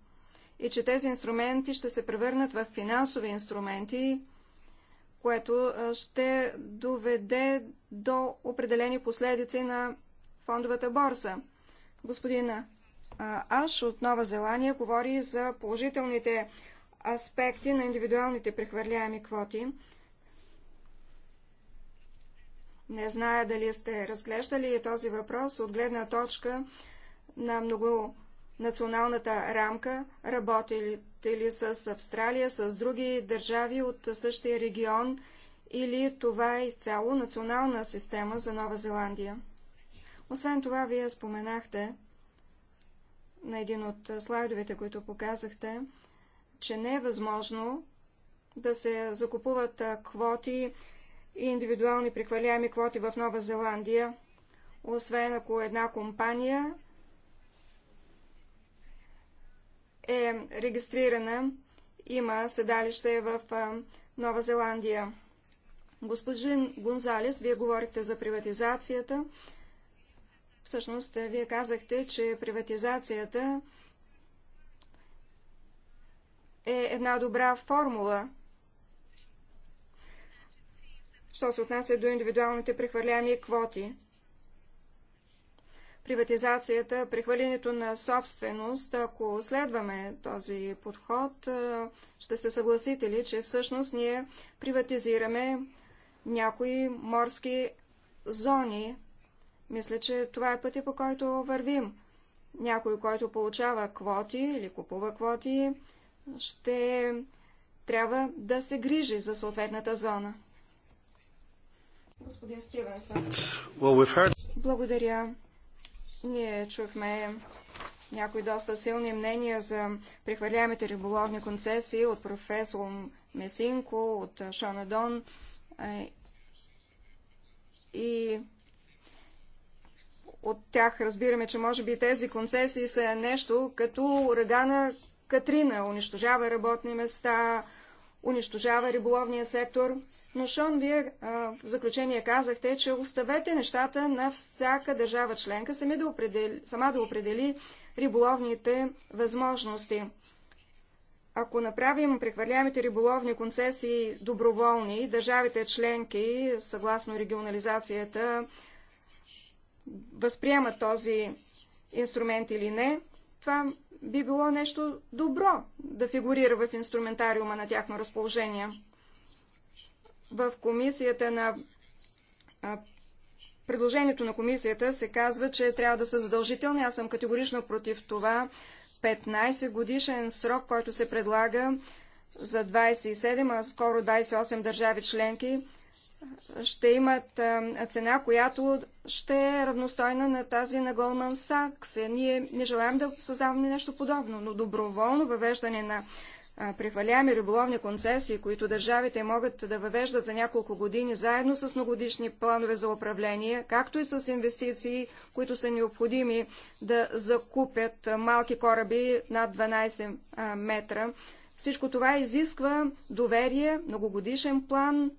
и че тези инструменти ще се превърнат в финансови инструменти, което ще доведе до определени последици на фондовата борса. Господин Аш от Нова Зеландия говори за положителните аспекти на индивидуалните прехвърляеми квоти. Не зная дали сте разглеждали този въпрос от гледна точка на много националната рамка, работите ли с Австралия, с други държави от същия регион или това е изцяло национална система за Нова Зеландия. Освен това, вие споменахте на един от слайдовете, които показахте, че не е възможно да се закупуват квоти и индивидуални прехвърляеми квоти в Нова Зеландия, освен ако една компания е регистрирана, има седалище в Нова Зеландия. Господин Гонзалес, вие говорихте за приватизацията. Всъщност, вие казахте, че приватизацията е една добра формула, що се отнася до индивидуалните прехвърляеми квоти приватизацията, прехвалянето на собственост, ако следваме този подход, ще се съгласите ли, че всъщност ние приватизираме някои морски зони. Мисля, че това е пътя, по който вървим. Някой, който получава квоти или купува квоти, ще трябва да се грижи за съответната зона. Господин Стивенсън. Благодаря. Ние чухме някои доста силни мнения за прехвърляемите риболовни концесии от професор Месинко, от Шанадон. и от тях разбираме, че може би тези концесии са нещо като урагана Катрина, унищожава работни места, унищожава риболовния сектор. Но, Шон, вие а, в заключение казахте, че оставете нещата на всяка държава членка сами да определи, сама да определи риболовните възможности. Ако направим прехвърляемите риболовни концесии доброволни, държавите членки, съгласно регионализацията, възприемат този инструмент или не, това би било нещо добро да фигурира в инструментариума на тяхно разположение. В комисията на предложението на комисията се казва, че трябва да са задължителни. Аз съм категорично против това. 15 годишен срок, който се предлага за 27, а скоро 28 държави членки, ще имат цена, която ще е равностойна на тази на Голман Сакс. Ние не желаем да създаваме нещо подобно, но доброволно въвеждане на прехваляеми риболовни концесии, които държавите могат да въвеждат за няколко години, заедно с многодишни планове за управление, както и с инвестиции, които са необходими да закупят малки кораби над 12 метра. Всичко това изисква доверие, многогодишен план,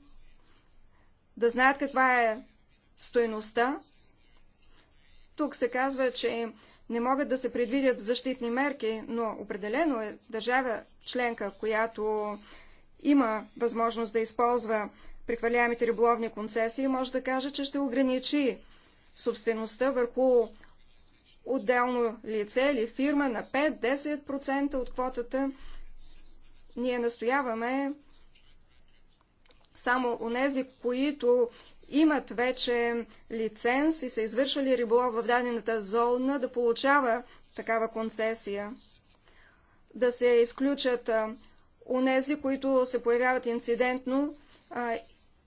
да знаят каква е стоеността. Тук се казва, че не могат да се предвидят защитни мерки, но определено е държава членка, която има възможност да използва прехвърляемите риболовни концесии, може да каже, че ще ограничи собствеността върху отделно лице или фирма на 5-10% от квотата. Ние настояваме само онези, които имат вече лиценз и са извършвали риболов в дадената зона, да получава такава концесия. Да се изключат онези, които се появяват инцидентно а,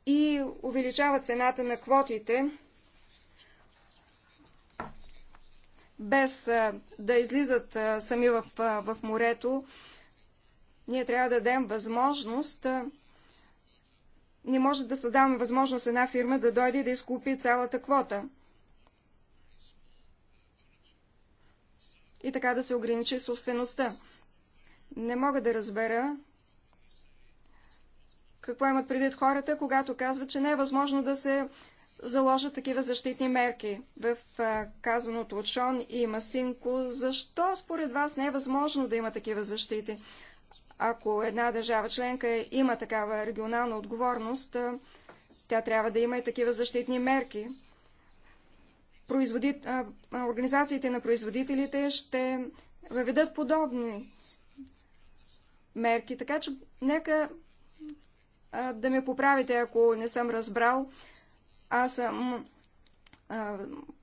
и увеличават цената на квотите, без а, да излизат а, сами в, в морето. Ние трябва да дадем възможност не може да създаваме възможност една фирма да дойде да изкупи цялата квота. И така да се ограничи собствеността. Не мога да разбера какво имат предвид хората, когато казват, че не е възможно да се заложат такива защитни мерки. В казаното от Шон и Масинко, защо според вас не е възможно да има такива защити? Ако една държава членка има такава регионална отговорност, тя трябва да има и такива защитни мерки. Производи... Организациите на производителите ще въведат подобни мерки. Така че нека да ме поправите, ако не съм разбрал. Аз съм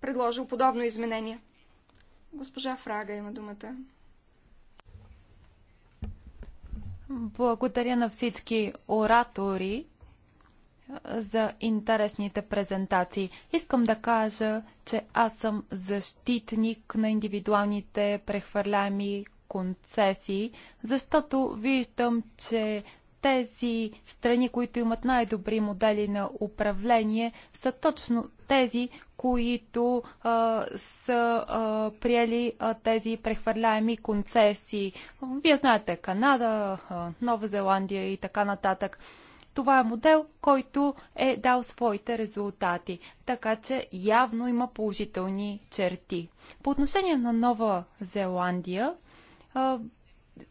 предложил подобно изменение. Госпожа Фрага има думата. Благодаря на всички оратори за интересните презентации. Искам да кажа, че аз съм защитник на индивидуалните прехвърляеми концесии, защото виждам, че тези страни, които имат най-добри модели на управление, са точно тези, които а, са а, приели а, тези прехвърляеми концесии. Вие знаете Канада, а, Нова Зеландия и така нататък. Това е модел, който е дал своите резултати, така че явно има положителни черти. По отношение на Нова Зеландия,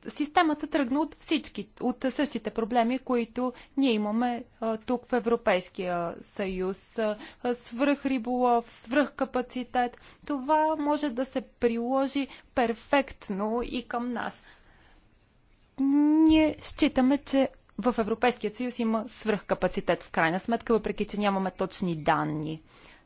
Системата тръгна от всички, от същите проблеми, които ние имаме тук в Европейския съюз. риболов, свръхриболов, свръхкапацитет. Това може да се приложи перфектно и към нас. Ние считаме, че в Европейския съюз има свръхкапацитет в крайна сметка, въпреки че нямаме точни данни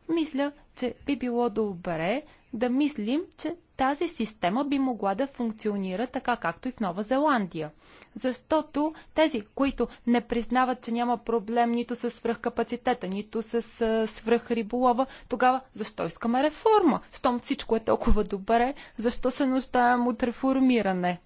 мисля, че би било добре да мислим, че тази система би могла да функционира така, както и в Нова Зеландия. Защото тези, които не признават, че няма проблем нито с свръхкапацитета, нито с свръхриболова, тогава защо искаме реформа? Щом всичко е толкова добре, защо се нуждаем от реформиране?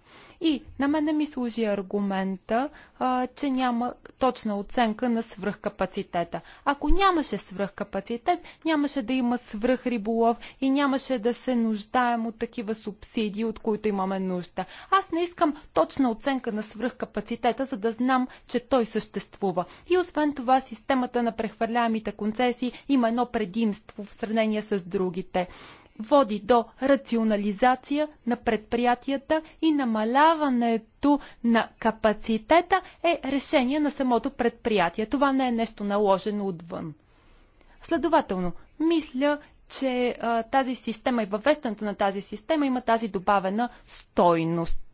И на мен не ми служи аргумента, а, че няма точна оценка на свръхкапацитета. Ако нямаше свръхкапацитет, нямаше да има свръхриболов и нямаше да се нуждаем от такива субсидии, от които имаме нужда. Аз не искам точна оценка на свръхкапацитета, за да знам, че той съществува. И освен това, системата на прехвърляемите концесии има едно предимство в сравнение с другите води до рационализация на предприятията и намаляването на капацитета е решение на самото предприятие. Това не е нещо наложено отвън. Следователно, мисля, че а, тази система и въвеждането на тази система има тази добавена стойност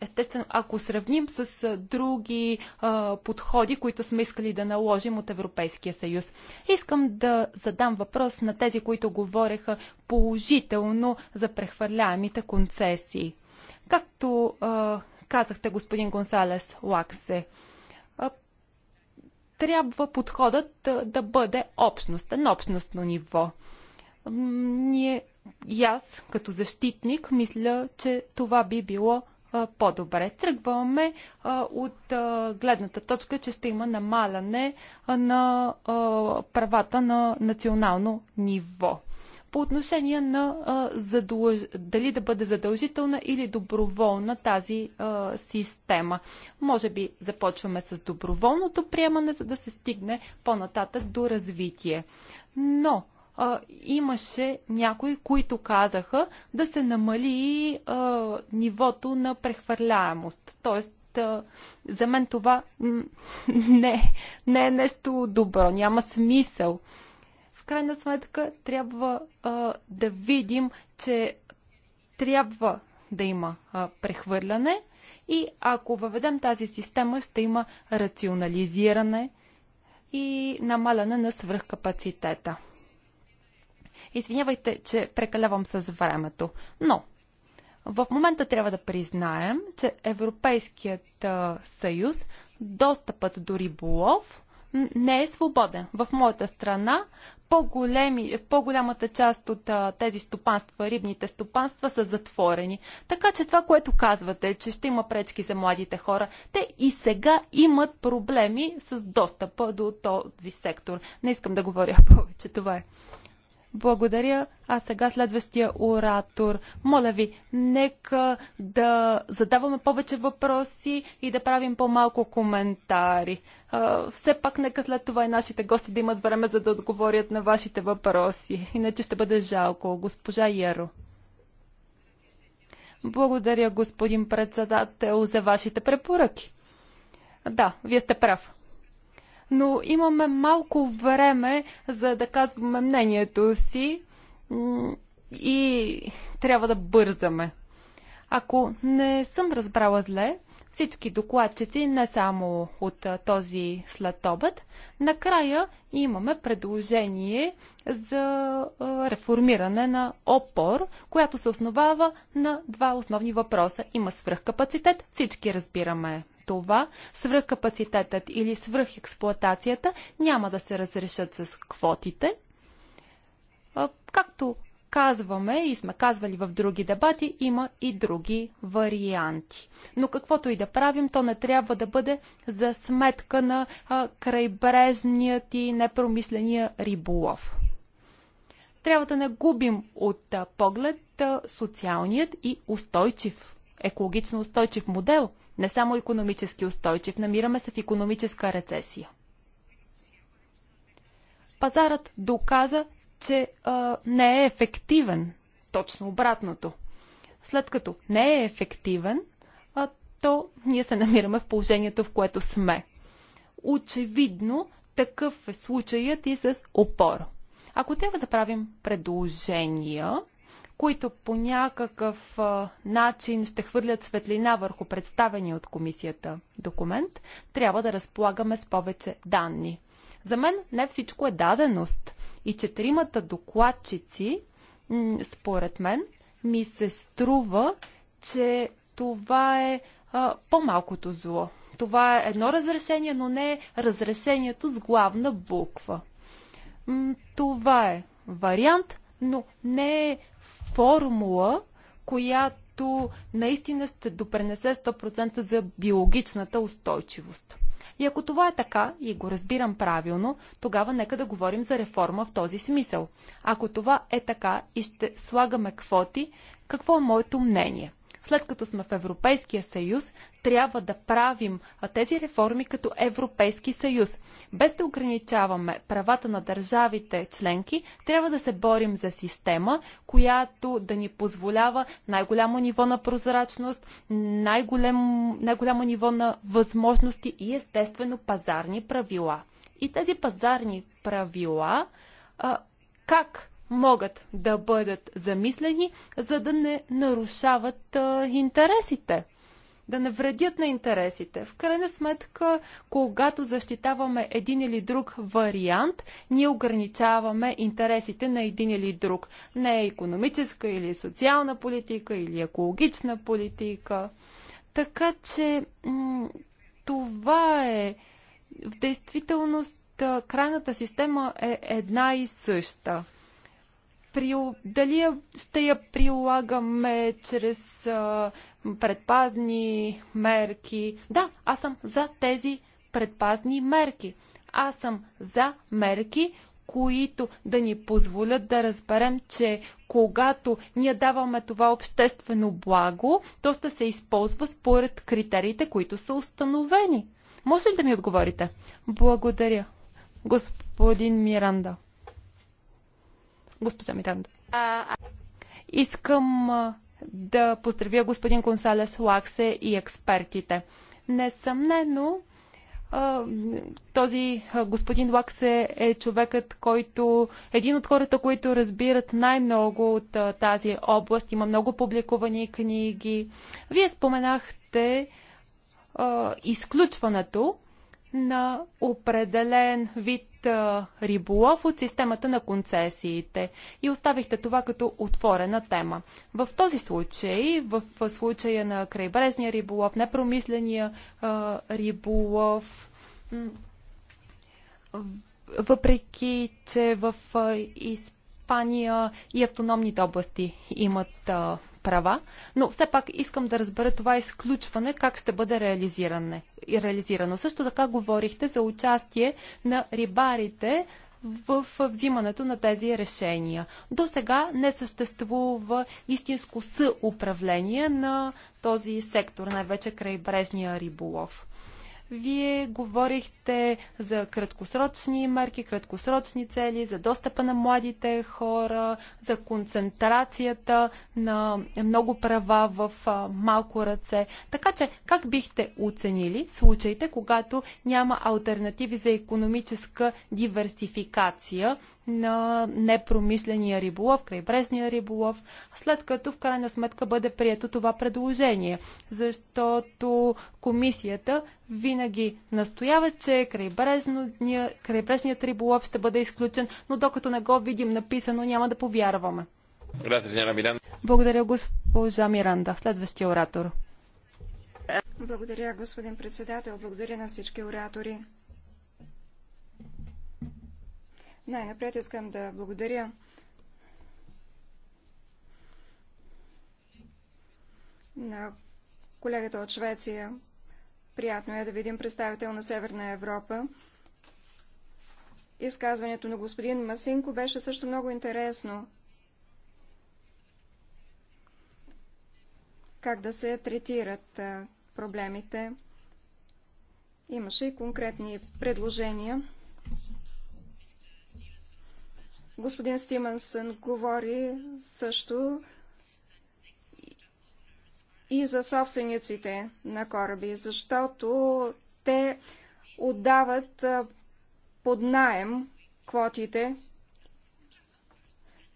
естествено, ако сравним с други а, подходи, които сме искали да наложим от Европейския съюз. Искам да задам въпрос на тези, които говореха положително за прехвърляемите концесии. Както а, казахте, господин Гонсалес Лаксе, трябва подходът да бъде общностен, общностно ниво. Ние и аз, като защитник, мисля, че това би било по-добре. Тръгваме от гледната точка, че ще има намаляне на правата на национално ниво. По отношение на задълж... дали да бъде задължителна или доброволна тази а, система. Може би започваме с доброволното приемане, за да се стигне по-нататък до развитие. Но а, имаше някои, които казаха да се намали а, нивото на прехвърляемост. Тоест, а, за мен това не, не е нещо добро, няма смисъл. В крайна сметка трябва а, да видим, че трябва да има а, прехвърляне и ако въведем тази система, ще има рационализиране и намаляне на свръхкапацитета. Извинявайте, че прекалявам с времето, но в момента трябва да признаем, че Европейският съюз, достъпът до риболов не е свободен. В моята страна по-големи, по-голямата част от а, тези стопанства, рибните стопанства са затворени. Така че това, което казвате, че ще има пречки за младите хора, те и сега имат проблеми с достъпа до този сектор. Не искам да говоря повече, това е. Благодаря. А сега следващия оратор. Моля ви, нека да задаваме повече въпроси и да правим по-малко коментари. А, все пак нека след това и нашите гости да имат време за да отговорят на вашите въпроси. Иначе ще бъде жалко. Госпожа Яро. Благодаря, господин председател, за вашите препоръки. Да, вие сте прав но имаме малко време за да казваме мнението си и трябва да бързаме. Ако не съм разбрала зле, всички докладчици, не само от този след обед, накрая имаме предложение за реформиране на ОПОР, която се основава на два основни въпроса. Има свръхкапацитет, всички разбираме това свръхкапацитетът или свръхексплоатацията няма да се разрешат с квотите. Както казваме и сме казвали в други дебати, има и други варианти. Но каквото и да правим, то не трябва да бъде за сметка на крайбрежният и непромисления риболов. Трябва да не губим от поглед социалният и устойчив, екологично устойчив модел не само економически устойчив, намираме се в економическа рецесия. Пазарът доказа, че а, не е ефективен. Точно обратното. След като не е ефективен, а, то ние се намираме в положението, в което сме. Очевидно, такъв е случаят и с опора. Ако трябва да правим предложения, които по някакъв начин ще хвърлят светлина върху представени от комисията документ, трябва да разполагаме с повече данни. За мен не всичко е даденост и четиримата докладчици, според мен, ми се струва, че това е по-малкото зло. Това е едно разрешение, но не е разрешението с главна буква. това е вариант, но не е формула, която наистина ще допренесе 100% за биологичната устойчивост. И ако това е така, и го разбирам правилно, тогава нека да говорим за реформа в този смисъл. Ако това е така и ще слагаме квоти, какво е моето мнение? След като сме в Европейския съюз, трябва да правим тези реформи като Европейски съюз. Без да ограничаваме правата на държавите членки, трябва да се борим за система, която да ни позволява най-голямо ниво на прозрачност, най-голям, най-голямо ниво на възможности и естествено пазарни правила. И тези пазарни правила, а, как могат да бъдат замислени, за да не нарушават а, интересите да не вредят на интересите. В крайна сметка, когато защитаваме един или друг вариант, ние ограничаваме интересите на един или друг. Не е економическа или социална политика или екологична политика. Така че това е в действителност крайната система е една и съща дали ще я прилагаме чрез предпазни мерки? Да, аз съм за тези предпазни мерки. Аз съм за мерки, които да ни позволят да разберем, че когато ние даваме това обществено благо, то ще се използва според критериите, които са установени. Може ли да ми отговорите? Благодаря, господин Миранда. Госпожа Миранда. Искам да поздравя господин Консалес Лаксе и експертите. Несъмнено, този господин Лаксе е човекът, който един от хората, които разбират най-много от тази област. Има много публикувани книги. Вие споменахте а, изключването на определен вид риболов от системата на концесиите и оставихте това като отворена тема. В този случай, в случая на крайбрежния риболов, непромисления риболов, въпреки че в Испания и автономните области имат права, но все пак искам да разбера това изключване, как ще бъде реализиране, реализирано. Също така говорихте за участие на рибарите в взимането на тези решения. До сега не съществува истинско съуправление на този сектор, най-вече крайбрежния риболов. Вие говорихте за краткосрочни мерки, краткосрочни цели, за достъпа на младите хора, за концентрацията на много права в малко ръце. Така че, как бихте оценили случаите, когато няма альтернативи за економическа диверсификация на непромисления риболов, крайбрежния риболов, след като в крайна сметка бъде прието това предложение. Защото комисията винаги настоява, че крайбрежният риболов ще бъде изключен, но докато не го видим написано, няма да повярваме. Благодаря, госпожа Миранда. Следващия оратор. Благодаря, господин председател. Благодаря на всички оратори. Най-напред искам да благодаря на колегата от Швеция. Приятно е да видим представител на Северна Европа. Изказването на господин Масинко беше също много интересно. Как да се третират проблемите. Имаше и конкретни предложения. Господин Стимансън говори също и за собствениците на кораби, защото те отдават под найем квотите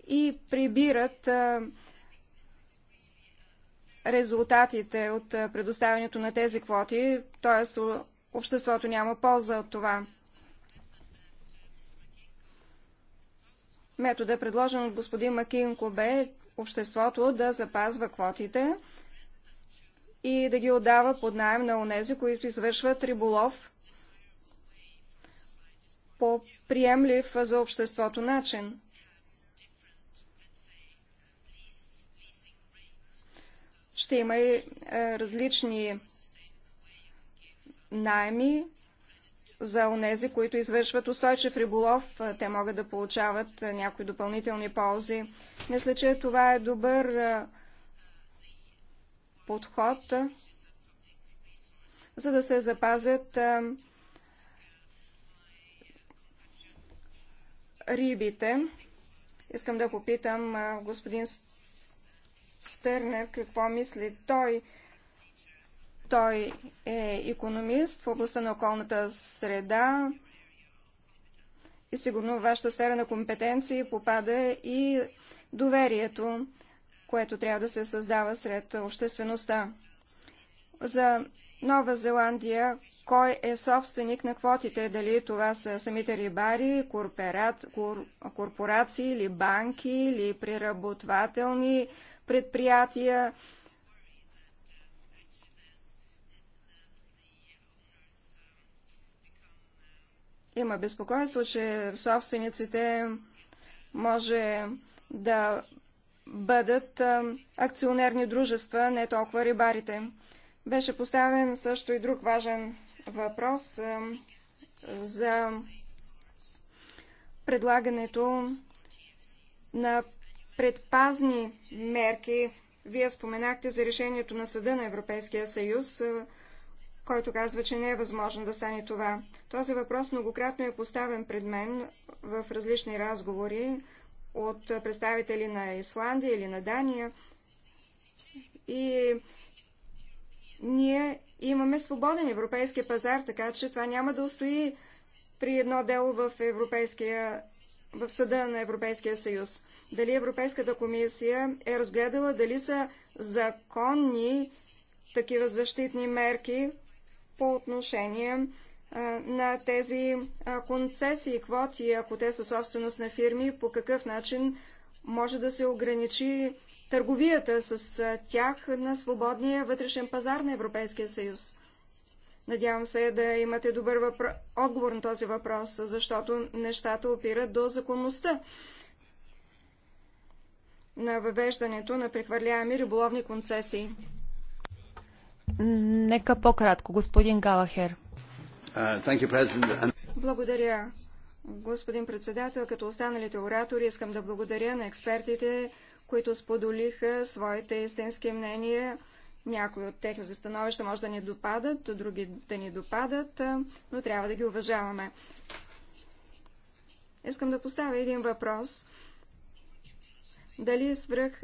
и прибират резултатите от предоставянето на тези квоти, т.е. обществото няма полза от това. Метода, е предложен от господин Макинко, бе обществото да запазва квотите и да ги отдава под найем на онези, които извършват риболов по приемлив за обществото начин. Ще има и е, различни найми, за онези, които извършват устойчив риболов. Те могат да получават някои допълнителни ползи. Мисля, че това е добър подход, за да се запазят рибите. Искам да попитам господин Стърнер какво мисли той той е економист в областта на околната среда и сигурно в вашата сфера на компетенции попада и доверието, което трябва да се създава сред обществеността. За Нова Зеландия, кой е собственик на квотите, дали това са самите рибари, корпорации или банки или преработвателни предприятия, Има безпокойство, че собствениците може да бъдат акционерни дружества, не толкова рибарите. Беше поставен също и друг важен въпрос за предлагането на предпазни мерки. Вие споменахте за решението на Съда на Европейския съюз който казва, че не е възможно да стане това. Този въпрос многократно е поставен пред мен в различни разговори от представители на Исландия или на Дания. И ние имаме свободен европейски пазар, така че това няма да устои при едно дело в, европейския, в съда на Европейския съюз. Дали Европейската комисия е разгледала дали са законни такива защитни мерки по отношение на тези концесии, квоти, ако те са собственост на фирми, по какъв начин може да се ограничи търговията с тях на свободния вътрешен пазар на Европейския съюз. Надявам се да имате добър въпро... отговор на този въпрос, защото нещата опират до законността на въвеждането на прехвърляеми риболовни концесии. Нека по-кратко, господин Галахер. Uh, благодаря, господин председател. Като останалите оратори искам да благодаря на експертите, които сподолиха своите истински мнения. Някои от за становища може да ни допадат, други да ни допадат, но трябва да ги уважаваме. Искам да поставя един въпрос. Дали свръх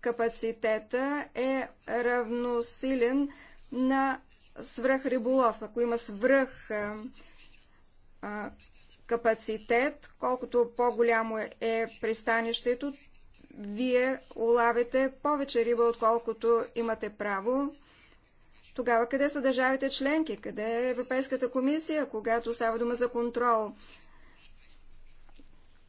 капацитета е равносилен на свръхриболов. Ако има свръх а, капацитет, колкото по-голямо е пристанището, вие улавяте повече риба, отколкото имате право. Тогава къде са държавите членки? Къде е Европейската комисия, когато става дума за контрол?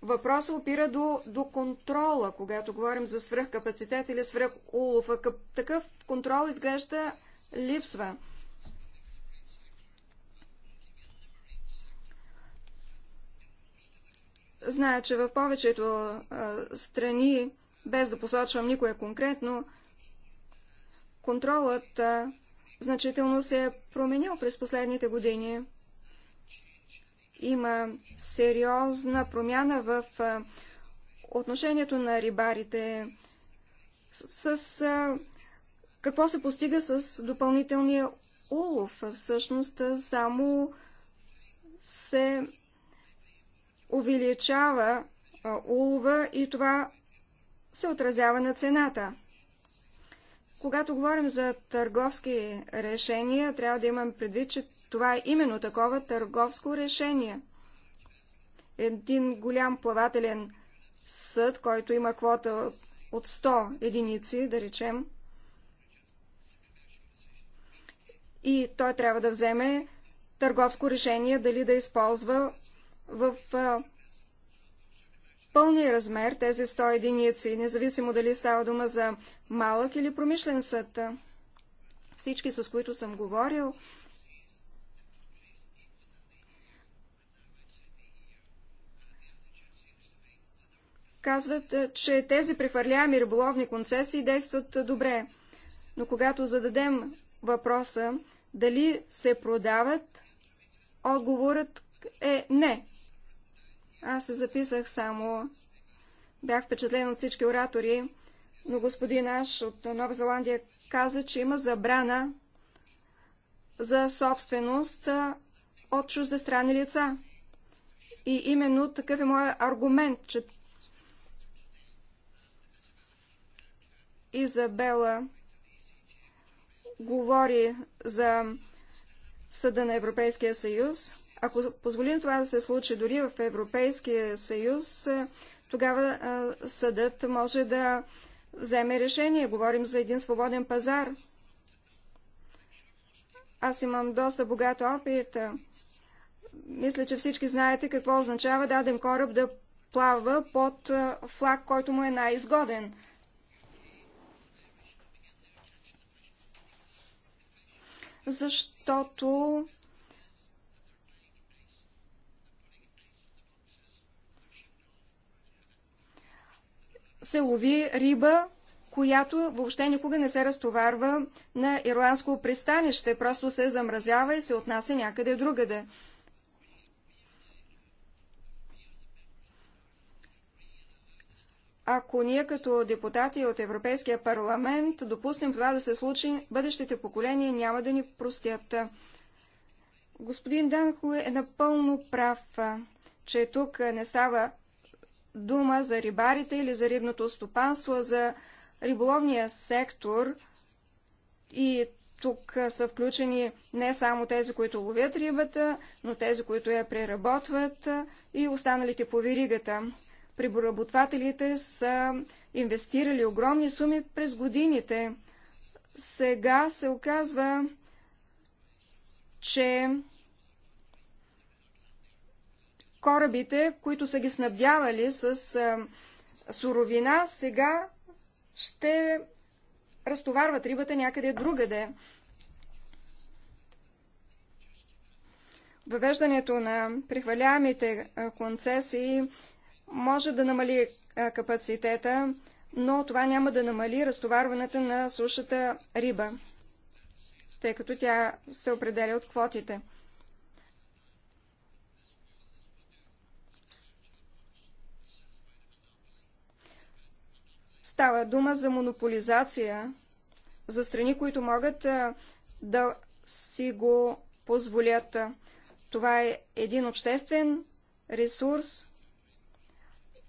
Въпросът опира до, до контрола, когато говорим за свръхкапацитет или свръхулов. Такъв контрол изглежда липсва. Зная, че в повечето а, страни, без да посочвам никое конкретно, контролът а, значително се е променил през последните години има сериозна промяна в отношението на рибарите, с, с какво се постига с допълнителния улов. Всъщност само се увеличава улова и това се отразява на цената. Когато говорим за търговски решения, трябва да имам предвид, че това е именно такова търговско решение. Един голям плавателен съд, който има квота от 100 единици, да речем, и той трябва да вземе търговско решение дали да използва в пълния размер тези 100 единици, независимо дали става дума за малък или промишлен съд. Всички, с които съм говорил, казват, че тези прехвърляеми риболовни концесии действат добре. Но когато зададем въпроса дали се продават, отговорът е не. Аз се записах само, бях впечатлен от всички оратори, но господин Аш от Нова Зеландия каза, че има забрана за собственост от чуждестранни лица. И именно такъв е моят аргумент, че Изабела говори за Съда на Европейския съюз. Ако позволим това да се случи дори в Европейския съюз, е, тогава е, съдът може да вземе решение. Говорим за един свободен пазар. Аз имам доста богат опит. Е, мисля, че всички знаете какво означава даден кораб да плава под флаг, който му е най-изгоден. Защото се лови риба, която въобще никога не се разтоварва на ирландско пристанище, просто се замразява и се отнася някъде другаде. Ако ние като депутати от Европейския парламент допуснем това да се случи, бъдещите поколения няма да ни простят. Господин Данко е напълно прав, че тук не става дума за рибарите или за рибното стопанство, за риболовния сектор. И тук са включени не само тези, които ловят рибата, но тези, които я преработват и останалите по веригата. Прибоработвателите са инвестирали огромни суми през годините. Сега се оказва, че корабите, които са ги снабдявали с суровина, сега ще разтоварват рибата някъде другаде. Въвеждането на прехваляемите концесии може да намали капацитета, но това няма да намали разтоварването на сушата риба, тъй като тя се определя от квотите. Става дума за монополизация, за страни, които могат да си го позволят. Това е един обществен ресурс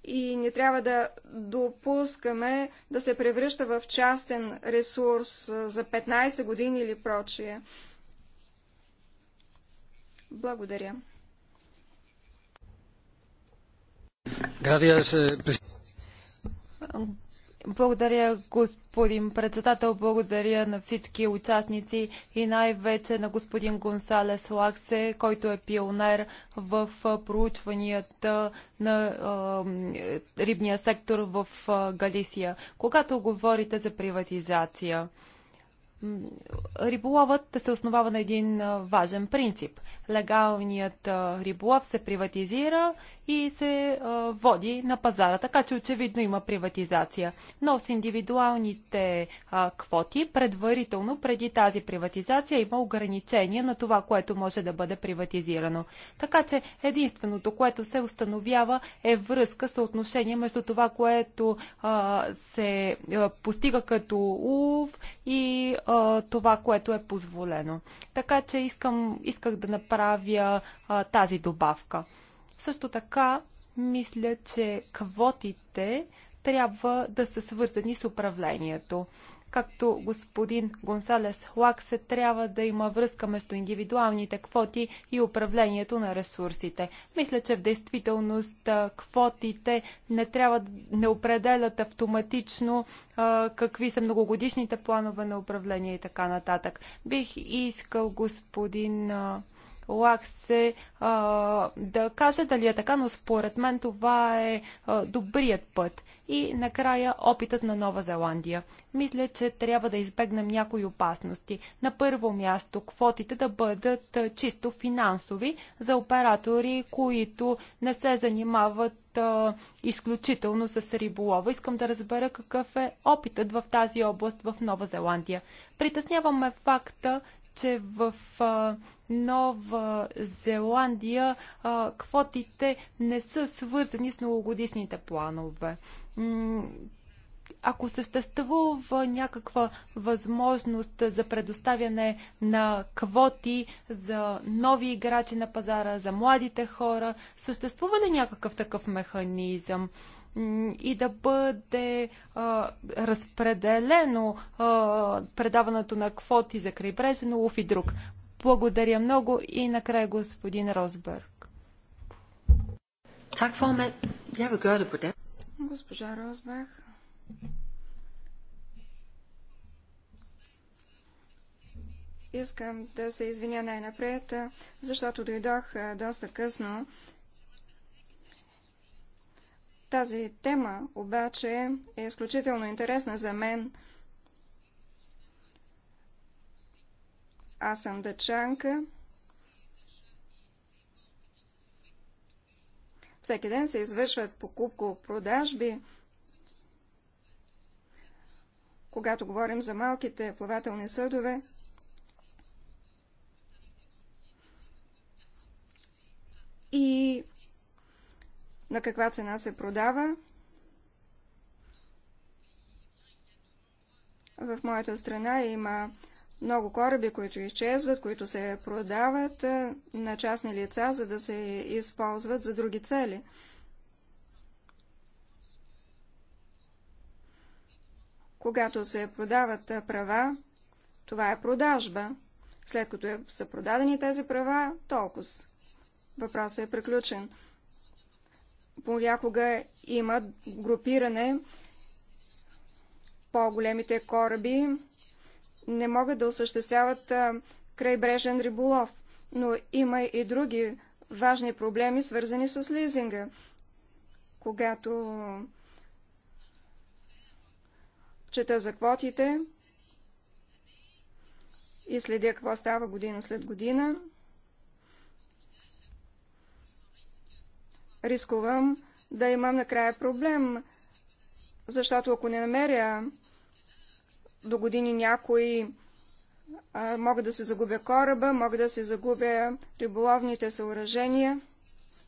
и не трябва да допускаме да се превръща в частен ресурс за 15 години или прочие. Благодаря. Eh, благодаря, господин председател. Благодаря на всички участници и най-вече на господин Гонсалес Лаксе, който е пионер в проучванията на рибния сектор в Галисия. Когато говорите за приватизация, риболовът се основава на един важен принцип. Легалният риболов се приватизира и се води на пазара, така че очевидно има приватизация. Но с индивидуалните квоти, предварително преди тази приватизация, има ограничение на това, което може да бъде приватизирано. Така че единственото, което се установява е връзка, съотношение между това, което се постига като улов и а, това, което е позволено. Така че искам, исках да направя а, тази добавка. Също така, мисля, че квотите трябва да са свързани с управлението. Както господин Гонсалес Лакс, трябва да има връзка между индивидуалните квоти и управлението на ресурсите. Мисля, че в действителност квотите не трябва да не определят автоматично а, какви са многогодишните планове на управление и така нататък. Бих искал господин а, Лаксе а, да каже дали е така, но според мен това е а, добрият път. И накрая опитът на Нова Зеландия. Мисля, че трябва да избегнем някои опасности. На първо място, квотите да бъдат чисто финансови за оператори, които не се занимават а, изключително с риболова. Искам да разбера какъв е опитът в тази област в Нова Зеландия. Притесняваме факта, че в а, Нова Зеландия а, квотите не са свързани с многогодишните планове. Ако съществува някаква възможност за предоставяне на квоти за нови играчи на пазара, за младите хора, съществува ли някакъв такъв механизъм? и да бъде а, разпределено а, предаването на квоти за крайбрежен улов и друг. Благодаря много и накрая господин Росберг. Так, Я ви Госпожа Росберг. Искам да се извиня най-напред, защото дойдох доста късно. Тази тема обаче е изключително интересна за мен. Аз съм дъчанка. Всеки ден се извършват покупко-продажби. Когато говорим за малките плавателни съдове, и на каква цена се продава. В моята страна има много кораби, които изчезват, които се продават е, на частни лица, за да се използват за други цели. Когато се продават е, права, това е продажба. След като са продадени тези права, толкова. Въпросът е приключен понякога има групиране. По-големите кораби не могат да осъществяват крайбрежен риболов, но има и други важни проблеми, свързани с лизинга. Когато чета за квотите и следя какво става година след година, рискувам да имам накрая проблем, защото ако не намеря до години някой, мога да се загубя кораба, мога да се загубя риболовните съоръжения.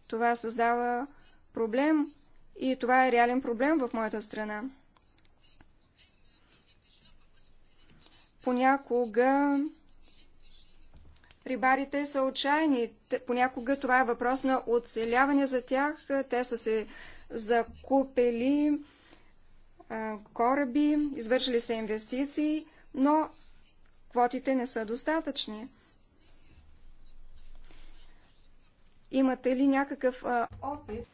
Това създава проблем и това е реален проблем в моята страна. Понякога Рибарите са отчаяни. Понякога това е въпрос на оцеляване за тях. Те са се закупили кораби, извършили са инвестиции, но квотите не са достатъчни. Имате ли някакъв а, опит?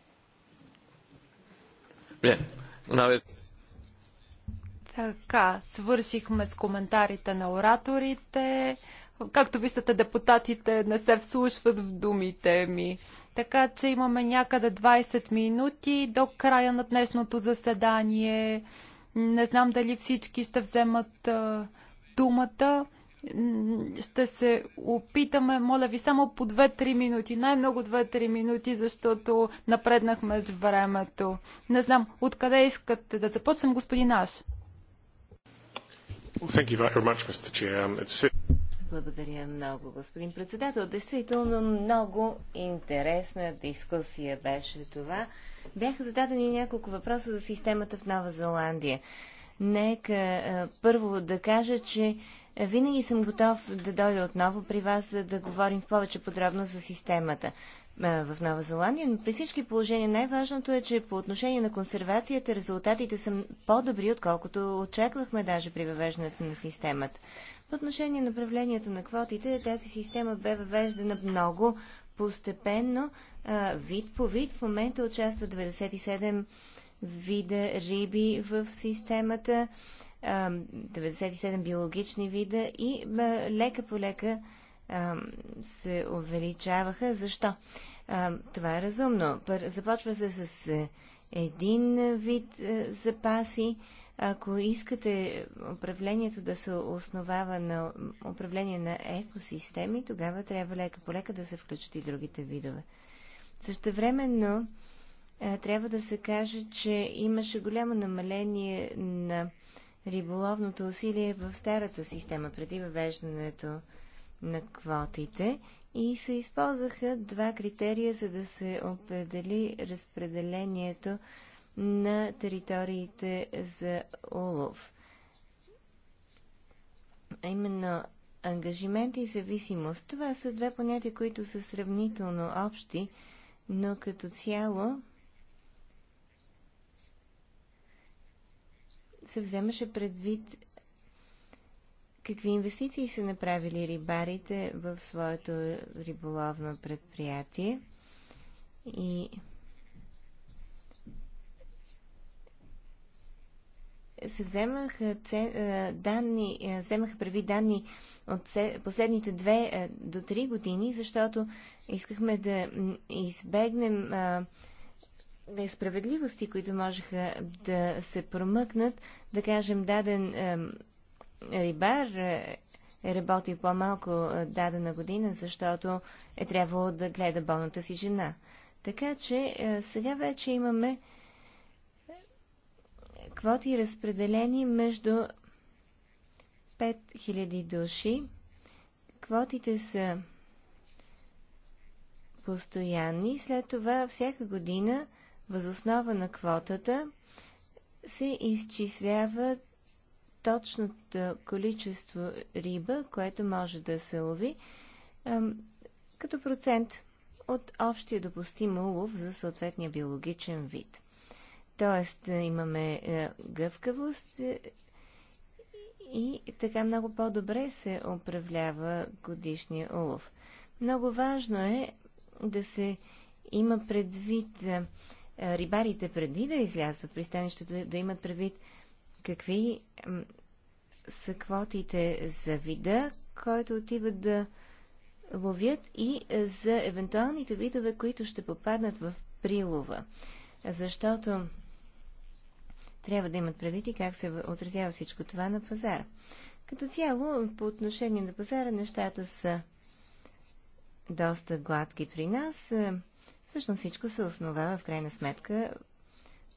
Така, свършихме с коментарите на ораторите. Както виждате, депутатите не се вслушват в думите ми. Така че имаме някъде 20 минути до края на днешното заседание. Не знам дали всички ще вземат а, думата. Ще се опитаме, моля ви, само по 2-3 минути, най-много 2-3 минути, защото напреднахме с времето. Не знам, откъде искате да започнем, господин Аш? Well, благодаря много, господин председател. Действително много интересна дискусия беше това. Бяха зададени няколко въпроса за системата в Нова Зеландия. Нека е, първо да кажа, че винаги съм готов да дойда отново при вас, за да говорим в повече подробно за системата е, в Нова Зеландия. Но при всички положения най-важното е, че по отношение на консервацията резултатите са по-добри, отколкото очаквахме даже при въвеждането на системата. По отношение на управлението на квотите, тази система бе въвеждана много постепенно, вид по вид. В момента участват 97 вида риби в системата, 97 биологични вида и лека по лека се увеличаваха. Защо? Това е разумно. Започва се с един вид запаси, ако искате управлението да се основава на управление на екосистеми, тогава трябва лека по лека да се включат и другите видове. Същевременно трябва да се каже, че имаше голямо намаление на риболовното усилие в старата система преди въвеждането на квотите и се използваха два критерия, за да се определи разпределението на териториите за улов. А именно ангажимент и зависимост. Това са две понятия, които са сравнително общи, но като цяло се вземаше предвид какви инвестиции са направили рибарите в своето риболовно предприятие и се вземаха е, данни, е, вземаха преди данни от последните две е, до три години, защото искахме да избегнем несправедливости, които можеха да се промъкнат. Да кажем, даден рибар е работил по-малко дадена година, защото е трябвало да гледа болната си жена. Така че сега вече имаме квоти, разпределени между 5000 души. Квотите са постоянни. След това всяка година, възоснова на квотата, се изчислява точното количество риба, което може да се лови, като процент от общия допустим улов за съответния биологичен вид. Тоест, е, имаме е, гъвкавост е, и така много по-добре се управлява годишния улов. Много важно е да се има предвид рибарите преди да излязат от пристанището, да имат предвид какви са квотите за вида, който отиват да ловят и за евентуалните видове, които ще попаднат в прилова. Защото трябва да имат правит и как се отразява всичко това на пазара. Като цяло, по отношение на пазара, нещата са доста гладки при нас. Е, всъщност всичко се основава в крайна сметка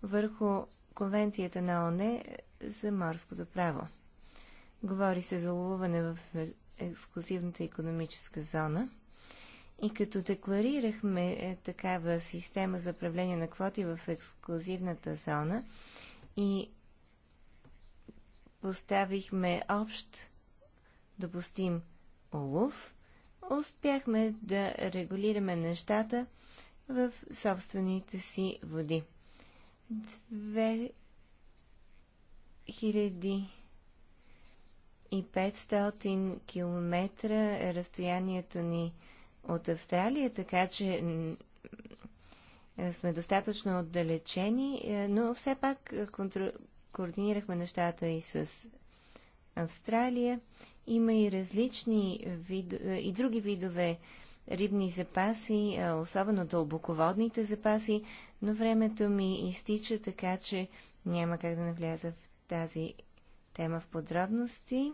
върху Конвенцията на ОНЕ за морското право. Говори се за ловуване в ексклюзивната економическа зона. И като декларирахме е, такава система за управление на квоти в ексклюзивната зона, и поставихме общ допустим улов, успяхме да регулираме нещата в собствените си води. 2500 км е разстоянието ни от Австралия, така че е, сме достатъчно отдалечени, е, но все пак е, координирахме нещата и с Австралия. Има и различни вид... и други видове рибни запаси, особено дълбоководните запаси, но времето ми изтича, така че няма как да навляза в тази тема в подробности.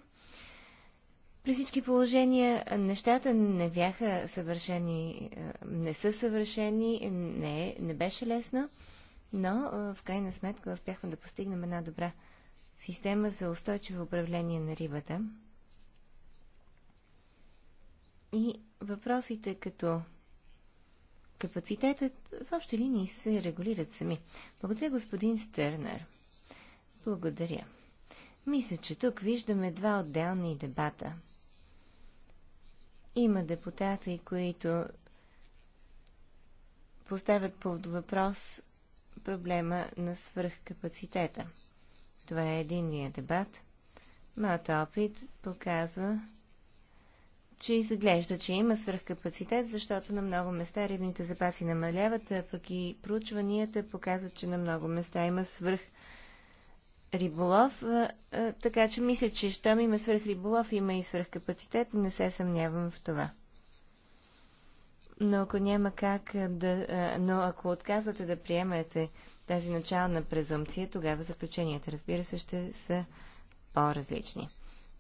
При всички положения нещата не бяха съвършени, не са съвършени, не, е, не беше лесно, но в крайна сметка успяхме да постигнем една добра система за устойчиво управление на рибата. И въпросите като капацитетът в общи линии се регулират сами. Благодаря, господин Стернер. Благодаря. Мисля, че тук виждаме два отделни дебата – има депутати, които поставят под въпрос проблема на свръхкапацитета. Това е единния дебат. Моят опит показва, че изглежда, че има свръхкапацитет, защото на много места рибните запаси намаляват, а пък и проучванията показват, че на много места има свръхкапацитет риболов, така че мисля, че щом има свръхриболов, има и свръхкапацитет, не се съмнявам в това. Но ако няма как да... Но ако отказвате да приемете тази начална презумпция, тогава заключенията, разбира се, ще са по-различни.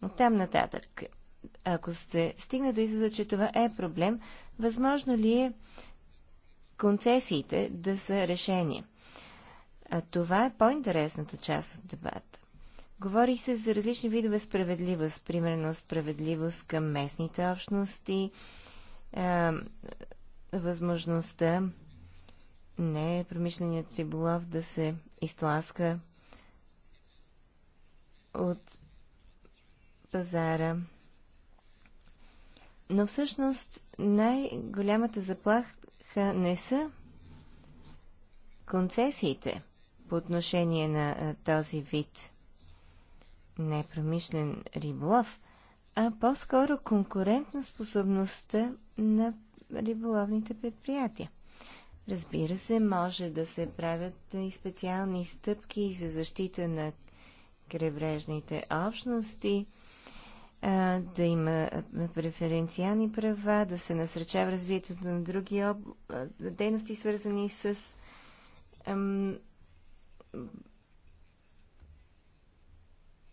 От там нататък, ако се стигне до извода, че това е проблем, възможно ли е концесиите да са решение? А това е по-интересната част от дебата. Говори се за различни видове справедливост, примерно справедливост към местните общности, е, възможността не промишленият риболов да се изтласка от пазара. Но всъщност най-голямата заплаха не са концесиите по отношение на този вид непромишлен риболов, а по-скоро конкурентна способността на риболовните предприятия. Разбира се, може да се правят и специални стъпки за защита на кребрежните общности, да има преференциални права, да се насръчава развитието на други об... дейности, свързани с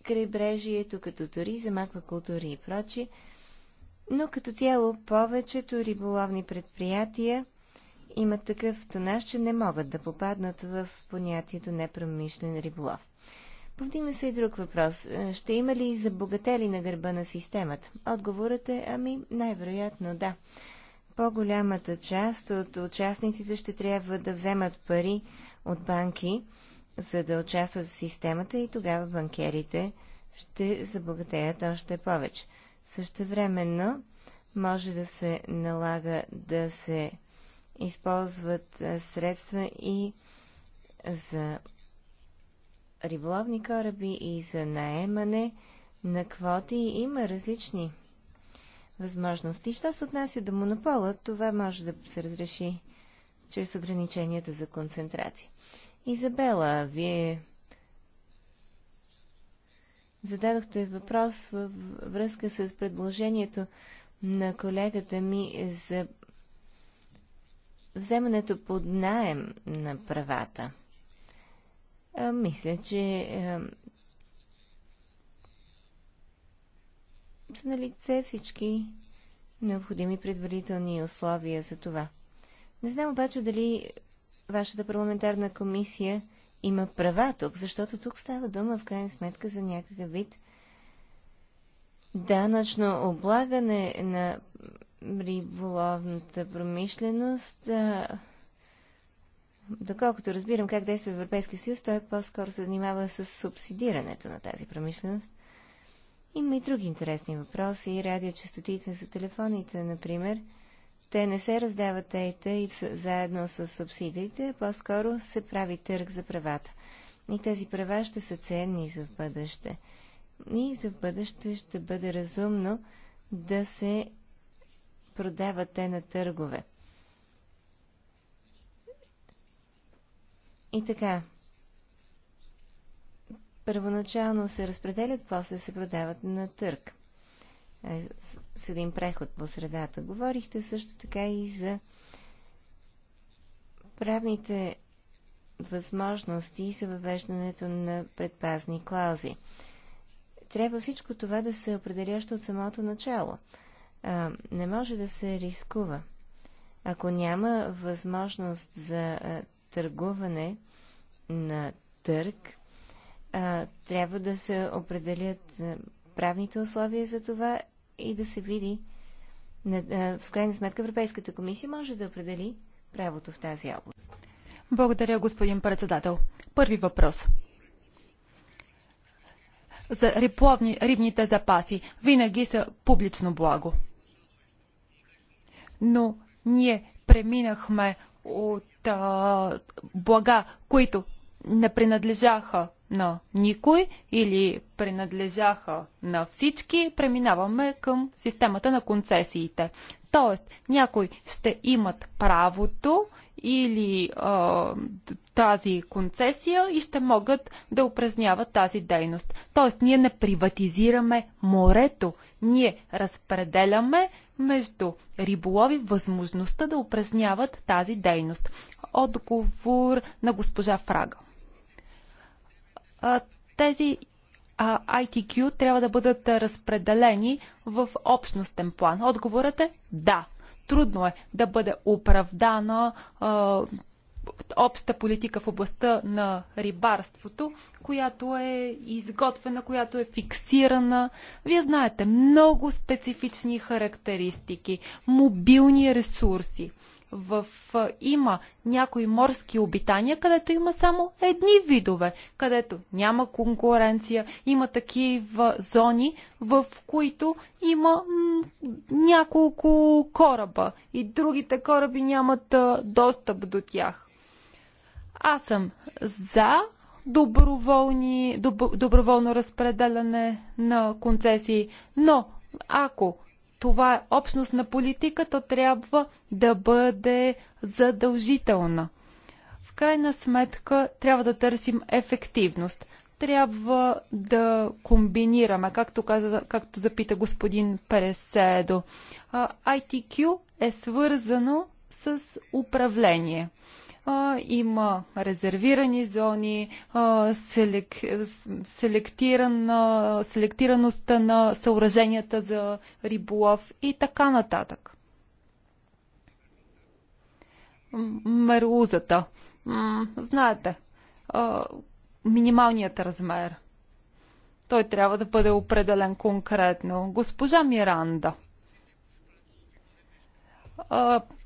крайбрежието, като туризъм, аквакултури и прочи, но като цяло повечето риболовни предприятия имат такъв тонаж, че не могат да попаднат в понятието непромишлен риболов. Повдигна се и друг въпрос. Е, ще има ли забогатели на гърба на системата? Отговорът е, ами, най-вероятно да. По-голямата част от участниците ще трябва да вземат пари от банки, за да участват в системата и тогава банкерите ще забогатеят още повече. Същевременно може да се налага да се използват средства и за риболовни кораби и за наемане на квоти. Има различни възможности. Що се отнася до монопола, това може да се разреши чрез ограниченията за концентрация. Изабела, вие зададохте въпрос във връзка с предложението на колегата ми за вземането под найем на правата. А, мисля, че а, са на лице всички необходими предварителни условия за това. Не знам обаче дали вашата парламентарна комисия има права тук, защото тук става дума в крайна сметка за някакъв вид данъчно облагане на риболовната промишленост. Доколкото разбирам как действа Европейския съюз, той по-скоро се занимава с субсидирането на тази промишленост. Има и други интересни въпроси. Радиочастотите за телефоните, например – те не се раздават ейта и заедно с субсидиите, по-скоро се прави търг за правата. И тези права ще са ценни за в бъдеще. И за бъдеще ще бъде разумно да се продават те на търгове. И така. Първоначално се разпределят, после се продават на търг. Е, с един преход по средата. Говорихте също така и за правните възможности за въвеждането на предпазни клаузи. Трябва всичко това да се определи още от самото начало. А, не може да се рискува. Ако няма възможност за а, търгуване на търг, а, трябва да се определят правните условия за това и да се види. В крайна сметка Европейската комисия може да определи правото в тази област. Благодаря, господин председател. Първи въпрос за рипловни, рибните запаси винаги са публично благо. Но ние преминахме от а, блага, които не принадлежаха на никой или принадлежаха на всички, преминаваме към системата на концесиите. Тоест, някой ще имат правото или а, тази концесия и ще могат да упражняват тази дейност. Тоест, ние не приватизираме морето, ние разпределяме между риболови възможността да упражняват тази дейност. Отговор на госпожа Фрага тези ITQ трябва да бъдат разпределени в общностен план? Отговорът е да. Трудно е да бъде оправдана обща политика в областта на рибарството, която е изготвена, която е фиксирана. Вие знаете, много специфични характеристики, мобилни ресурси в, има някои морски обитания, където има само едни видове, където няма конкуренция, има такива зони, в които има няколко кораба и другите кораби нямат достъп до тях. Аз съм за доброволни, доб, доброволно разпределяне на концесии, но ако това е общност на политиката, трябва да бъде задължителна. В крайна сметка трябва да търсим ефективност. Трябва да комбинираме, както, каза, както запита господин Переседо. ITQ е свързано с управление има резервирани зони, селек, селектирана, селектираността на съоръженията за риболов и така нататък. Мерлузата. Знаете, минималният размер. Той трябва да бъде определен конкретно. Госпожа Миранда –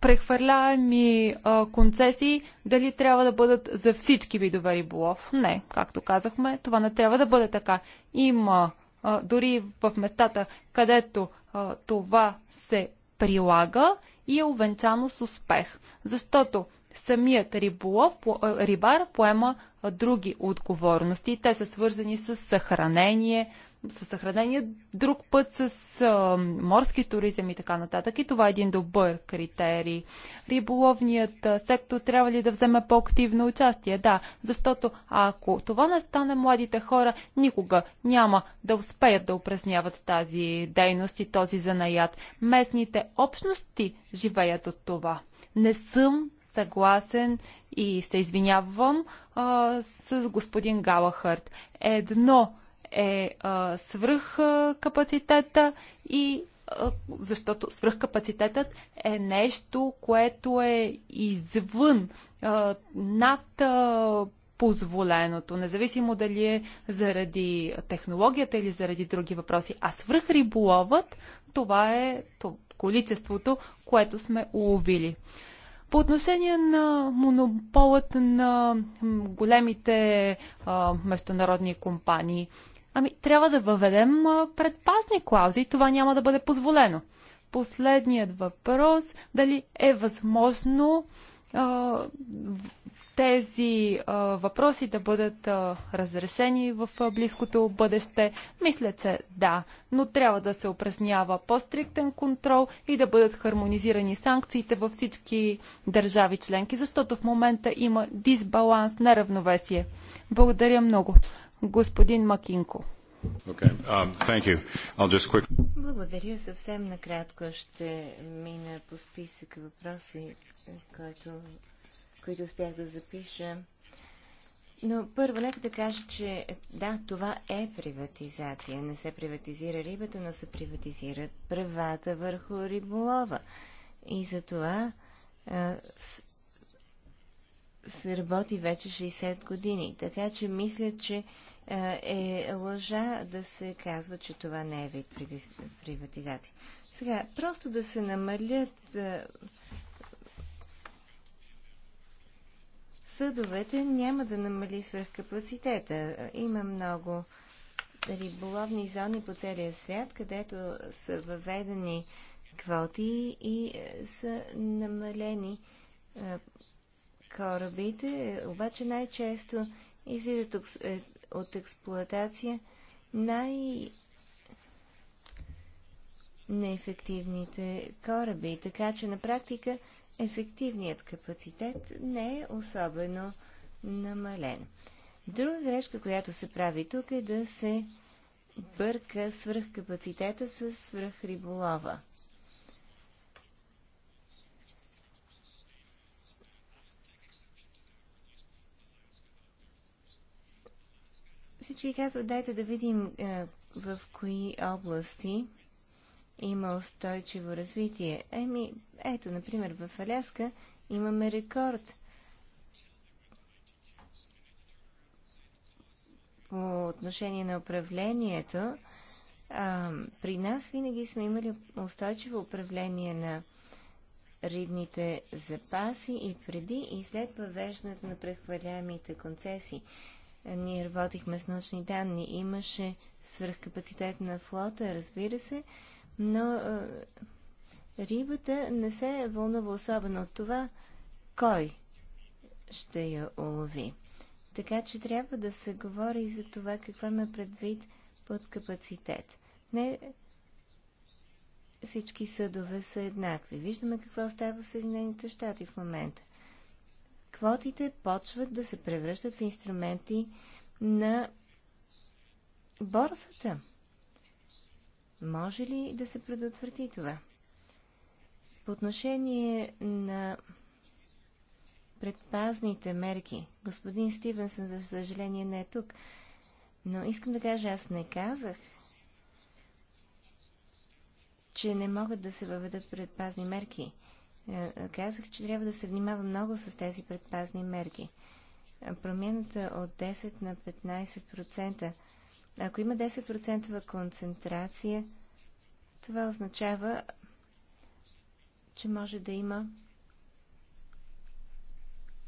прехвърляеми а, концесии, дали трябва да бъдат за всички видове риболов. Не, както казахме, това не трябва да бъде така. Има а, дори в местата, където а, това се прилага и е увенчано с успех. Защото самият риболов, рибар поема други отговорности. Те са свързани с съхранение, със съхранение, друг път с а, морски туризъм и така нататък. И това е един добър критерий. Риболовният сектор трябва ли да вземе по-активно участие? Да, защото ако това не стане, младите хора никога няма да успеят да упражняват тази дейност и този занаят. Местните общности живеят от това. Не съм съгласен и се извинявам а, с господин Галахърт. Едно е свръхкапацитета и а, защото свръхкапацитетът е нещо, което е извън, а, над а, позволеното, независимо дали е заради технологията или заради други въпроси. А свръхриболовът, това е то, количеството, което сме уловили. По отношение на монополът на големите а, международни компании, Ами, трябва да въведем предпазни клаузи и това няма да бъде позволено. Последният въпрос, дали е възможно а, тези а, въпроси да бъдат а, разрешени в а, близкото бъдеще? Мисля, че да, но трябва да се упражнява по-стриктен контрол и да бъдат хармонизирани санкциите във всички държави членки, защото в момента има дисбаланс, неравновесие. Благодаря много господин Макинко. Um, Благодаря. Съвсем накратко ще мина по списък въпроси, който, които успях да запиша. Но първо, нека да кажа, че да, това е приватизация. Не се приватизира рибата, но се приватизират правата върху риболова. И за това се работи вече 60 години. Така че мисля, че е лъжа да се казва, че това не е вид приватизация. Сега, просто да се намалят съдовете няма да намали свръхкапацитета. Има много риболовни зони по целия свят, където са въведени квоти и е, са намалени корабите, обаче най-често излизат е, от експлоатация най- неефективните кораби. Така че на практика ефективният капацитет не е особено намален. Друга грешка, която се прави тук е да се бърка свръхкапацитета с свръхриболова. всички казват, дайте да видим е, в кои области има устойчиво развитие. Еми, ето, например, в Аляска имаме рекорд по отношение на управлението. А, при нас винаги сме имали устойчиво управление на рибните запаси и преди и след въвеждането на прехвърляемите концесии. Ние работихме с научни данни. Имаше свръхкапацитет на флота, разбира се, но е, рибата не се е вълнува особено от това, кой ще я улови. Така че трябва да се говори и за това какво има предвид под капацитет. Не всички съдове са еднакви. Виждаме какво става в Съединените щати в момента квотите почват да се превръщат в инструменти на борсата. Може ли да се предотврати това? По отношение на предпазните мерки, господин Стивенсън, за съжаление, не е тук, но искам да кажа, аз не казах, че не могат да се въведат предпазни мерки. Е, казах, че трябва да се внимава много с тези предпазни мерки. Промяната от 10 на 15%. Ако има 10% концентрация, това означава, че може да има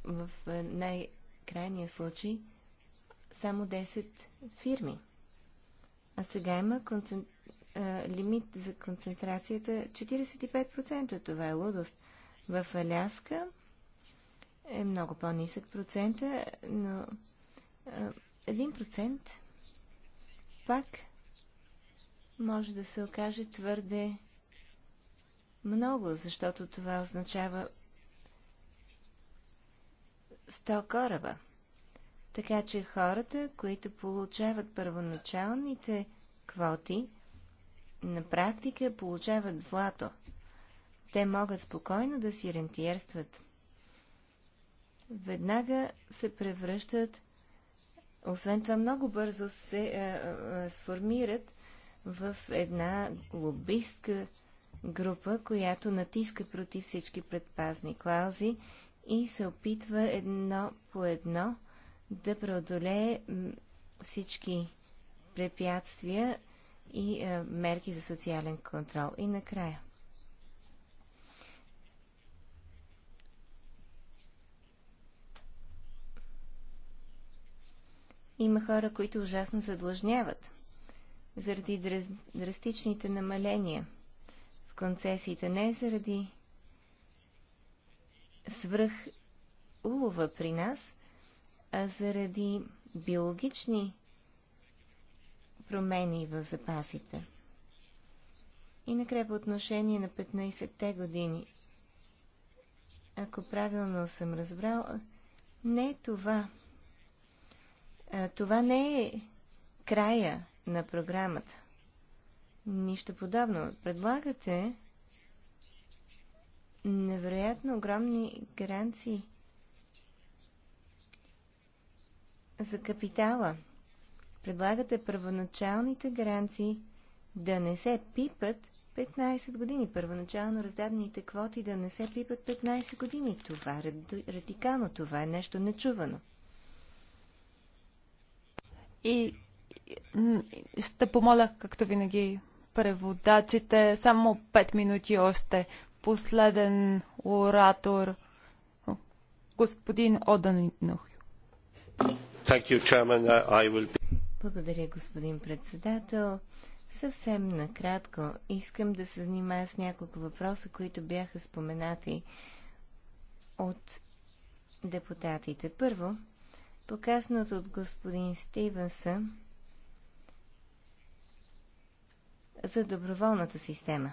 в е, най-крайния случай само 10 фирми. А сега има концентр... Е, лимит за концентрацията 45%. Това е лудост. В Аляска е много по-нисък процента, но един процент пак може да се окаже твърде много, защото това означава 100 кораба. Така че хората, които получават първоначалните квоти, на практика получават злато – те могат спокойно да си рентиерстват. Веднага се превръщат, освен това много бързо се а, е, а, е, е, сформират в една глобистка група, която натиска против всички предпазни клаузи и се опитва едно по едно да преодолее всички препятствия и а, мерки за социален контрол. И накрая. Има хора, които ужасно задлъжняват заради драстичните намаления в концесиите, не заради свръх улова при нас, а заради биологични промени в запасите. И накрая по отношение на 15-те години. Ако правилно съм разбрал, не е това това не е края на програмата. Нищо подобно. Предлагате невероятно огромни гаранции за капитала. Предлагате първоначалните гаранции да не се пипат 15 години. Първоначално раздадените квоти да не се пипат 15 години. Това е радикално, това е нещо нечувано. И ще помоля, както винаги, преводачите, само 5 минути още. Последен оратор, господин Одан Благодаря, господин председател. Съвсем накратко искам да се занимая с няколко въпроса, които бяха споменати от депутатите. Първо, показаното от господин Стивенсън за доброволната система.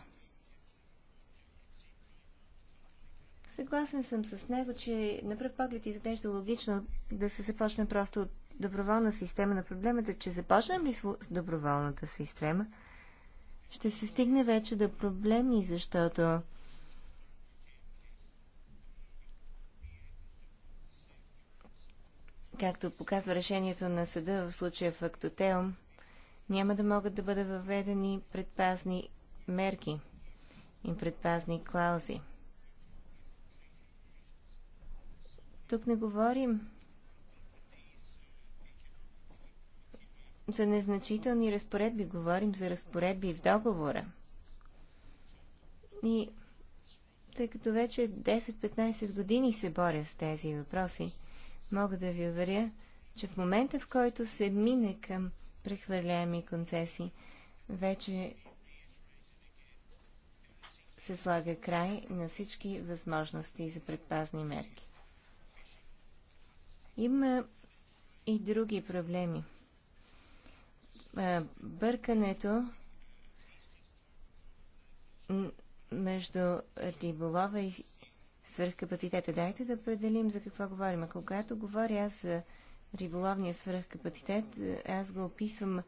Съгласен съм с него, че на пръв поглед изглежда логично да се започне просто от доброволна система на проблемата, е, че започнем ли с доброволната система, ще се стигне вече до проблеми, защото както показва решението на съда в случая Актотеум, няма да могат да бъдат въведени предпазни мерки и предпазни клаузи. Тук не говорим за незначителни разпоредби, говорим за разпоредби в договора. И тъй като вече 10-15 години се боря с тези въпроси, мога да ви уверя, че в момента, в който се мине към прехвърляеми концесии, вече се слага край на всички възможности за предпазни мерки. Има и други проблеми. Бъркането между риболова и свръхкапацитета. Дайте да определим за какво говорим. А когато говоря аз за риболовния свръхкапацитет, аз го описвам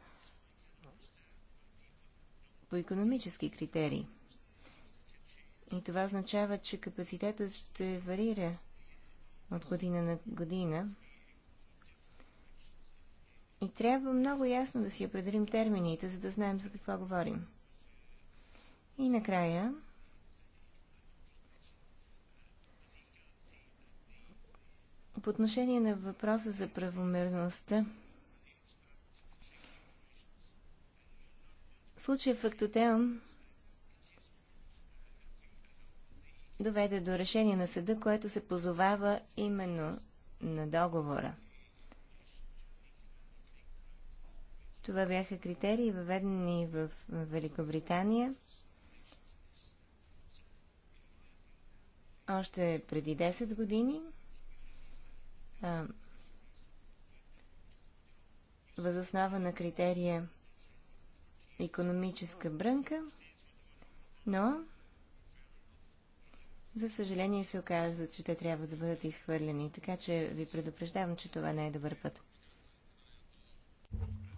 по економически критерии. И това означава, че капацитетът ще варира от година на година. И трябва много ясно да си определим термините, за да знаем за какво говорим. И накрая, По отношение на въпроса за правомерността, случая фактотеон доведе до решение на съда, което се позовава именно на договора. Това бяха критерии, въведени в Великобритания още преди 10 години – Възоснава на критерия економическа брънка, но за съжаление се оказва, че те трябва да бъдат изхвърлени, така че ви предупреждавам, че това не е добър път.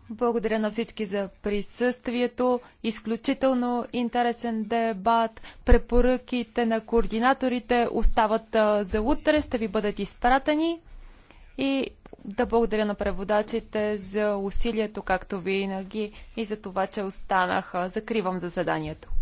Благодаря на всички за присъствието. Изключително интересен дебат. Препоръките на координаторите остават за утре. Ще ви бъдат изпратени и да благодаря на преводачите за усилието, както винаги, и за това, че останаха. Закривам заседанието.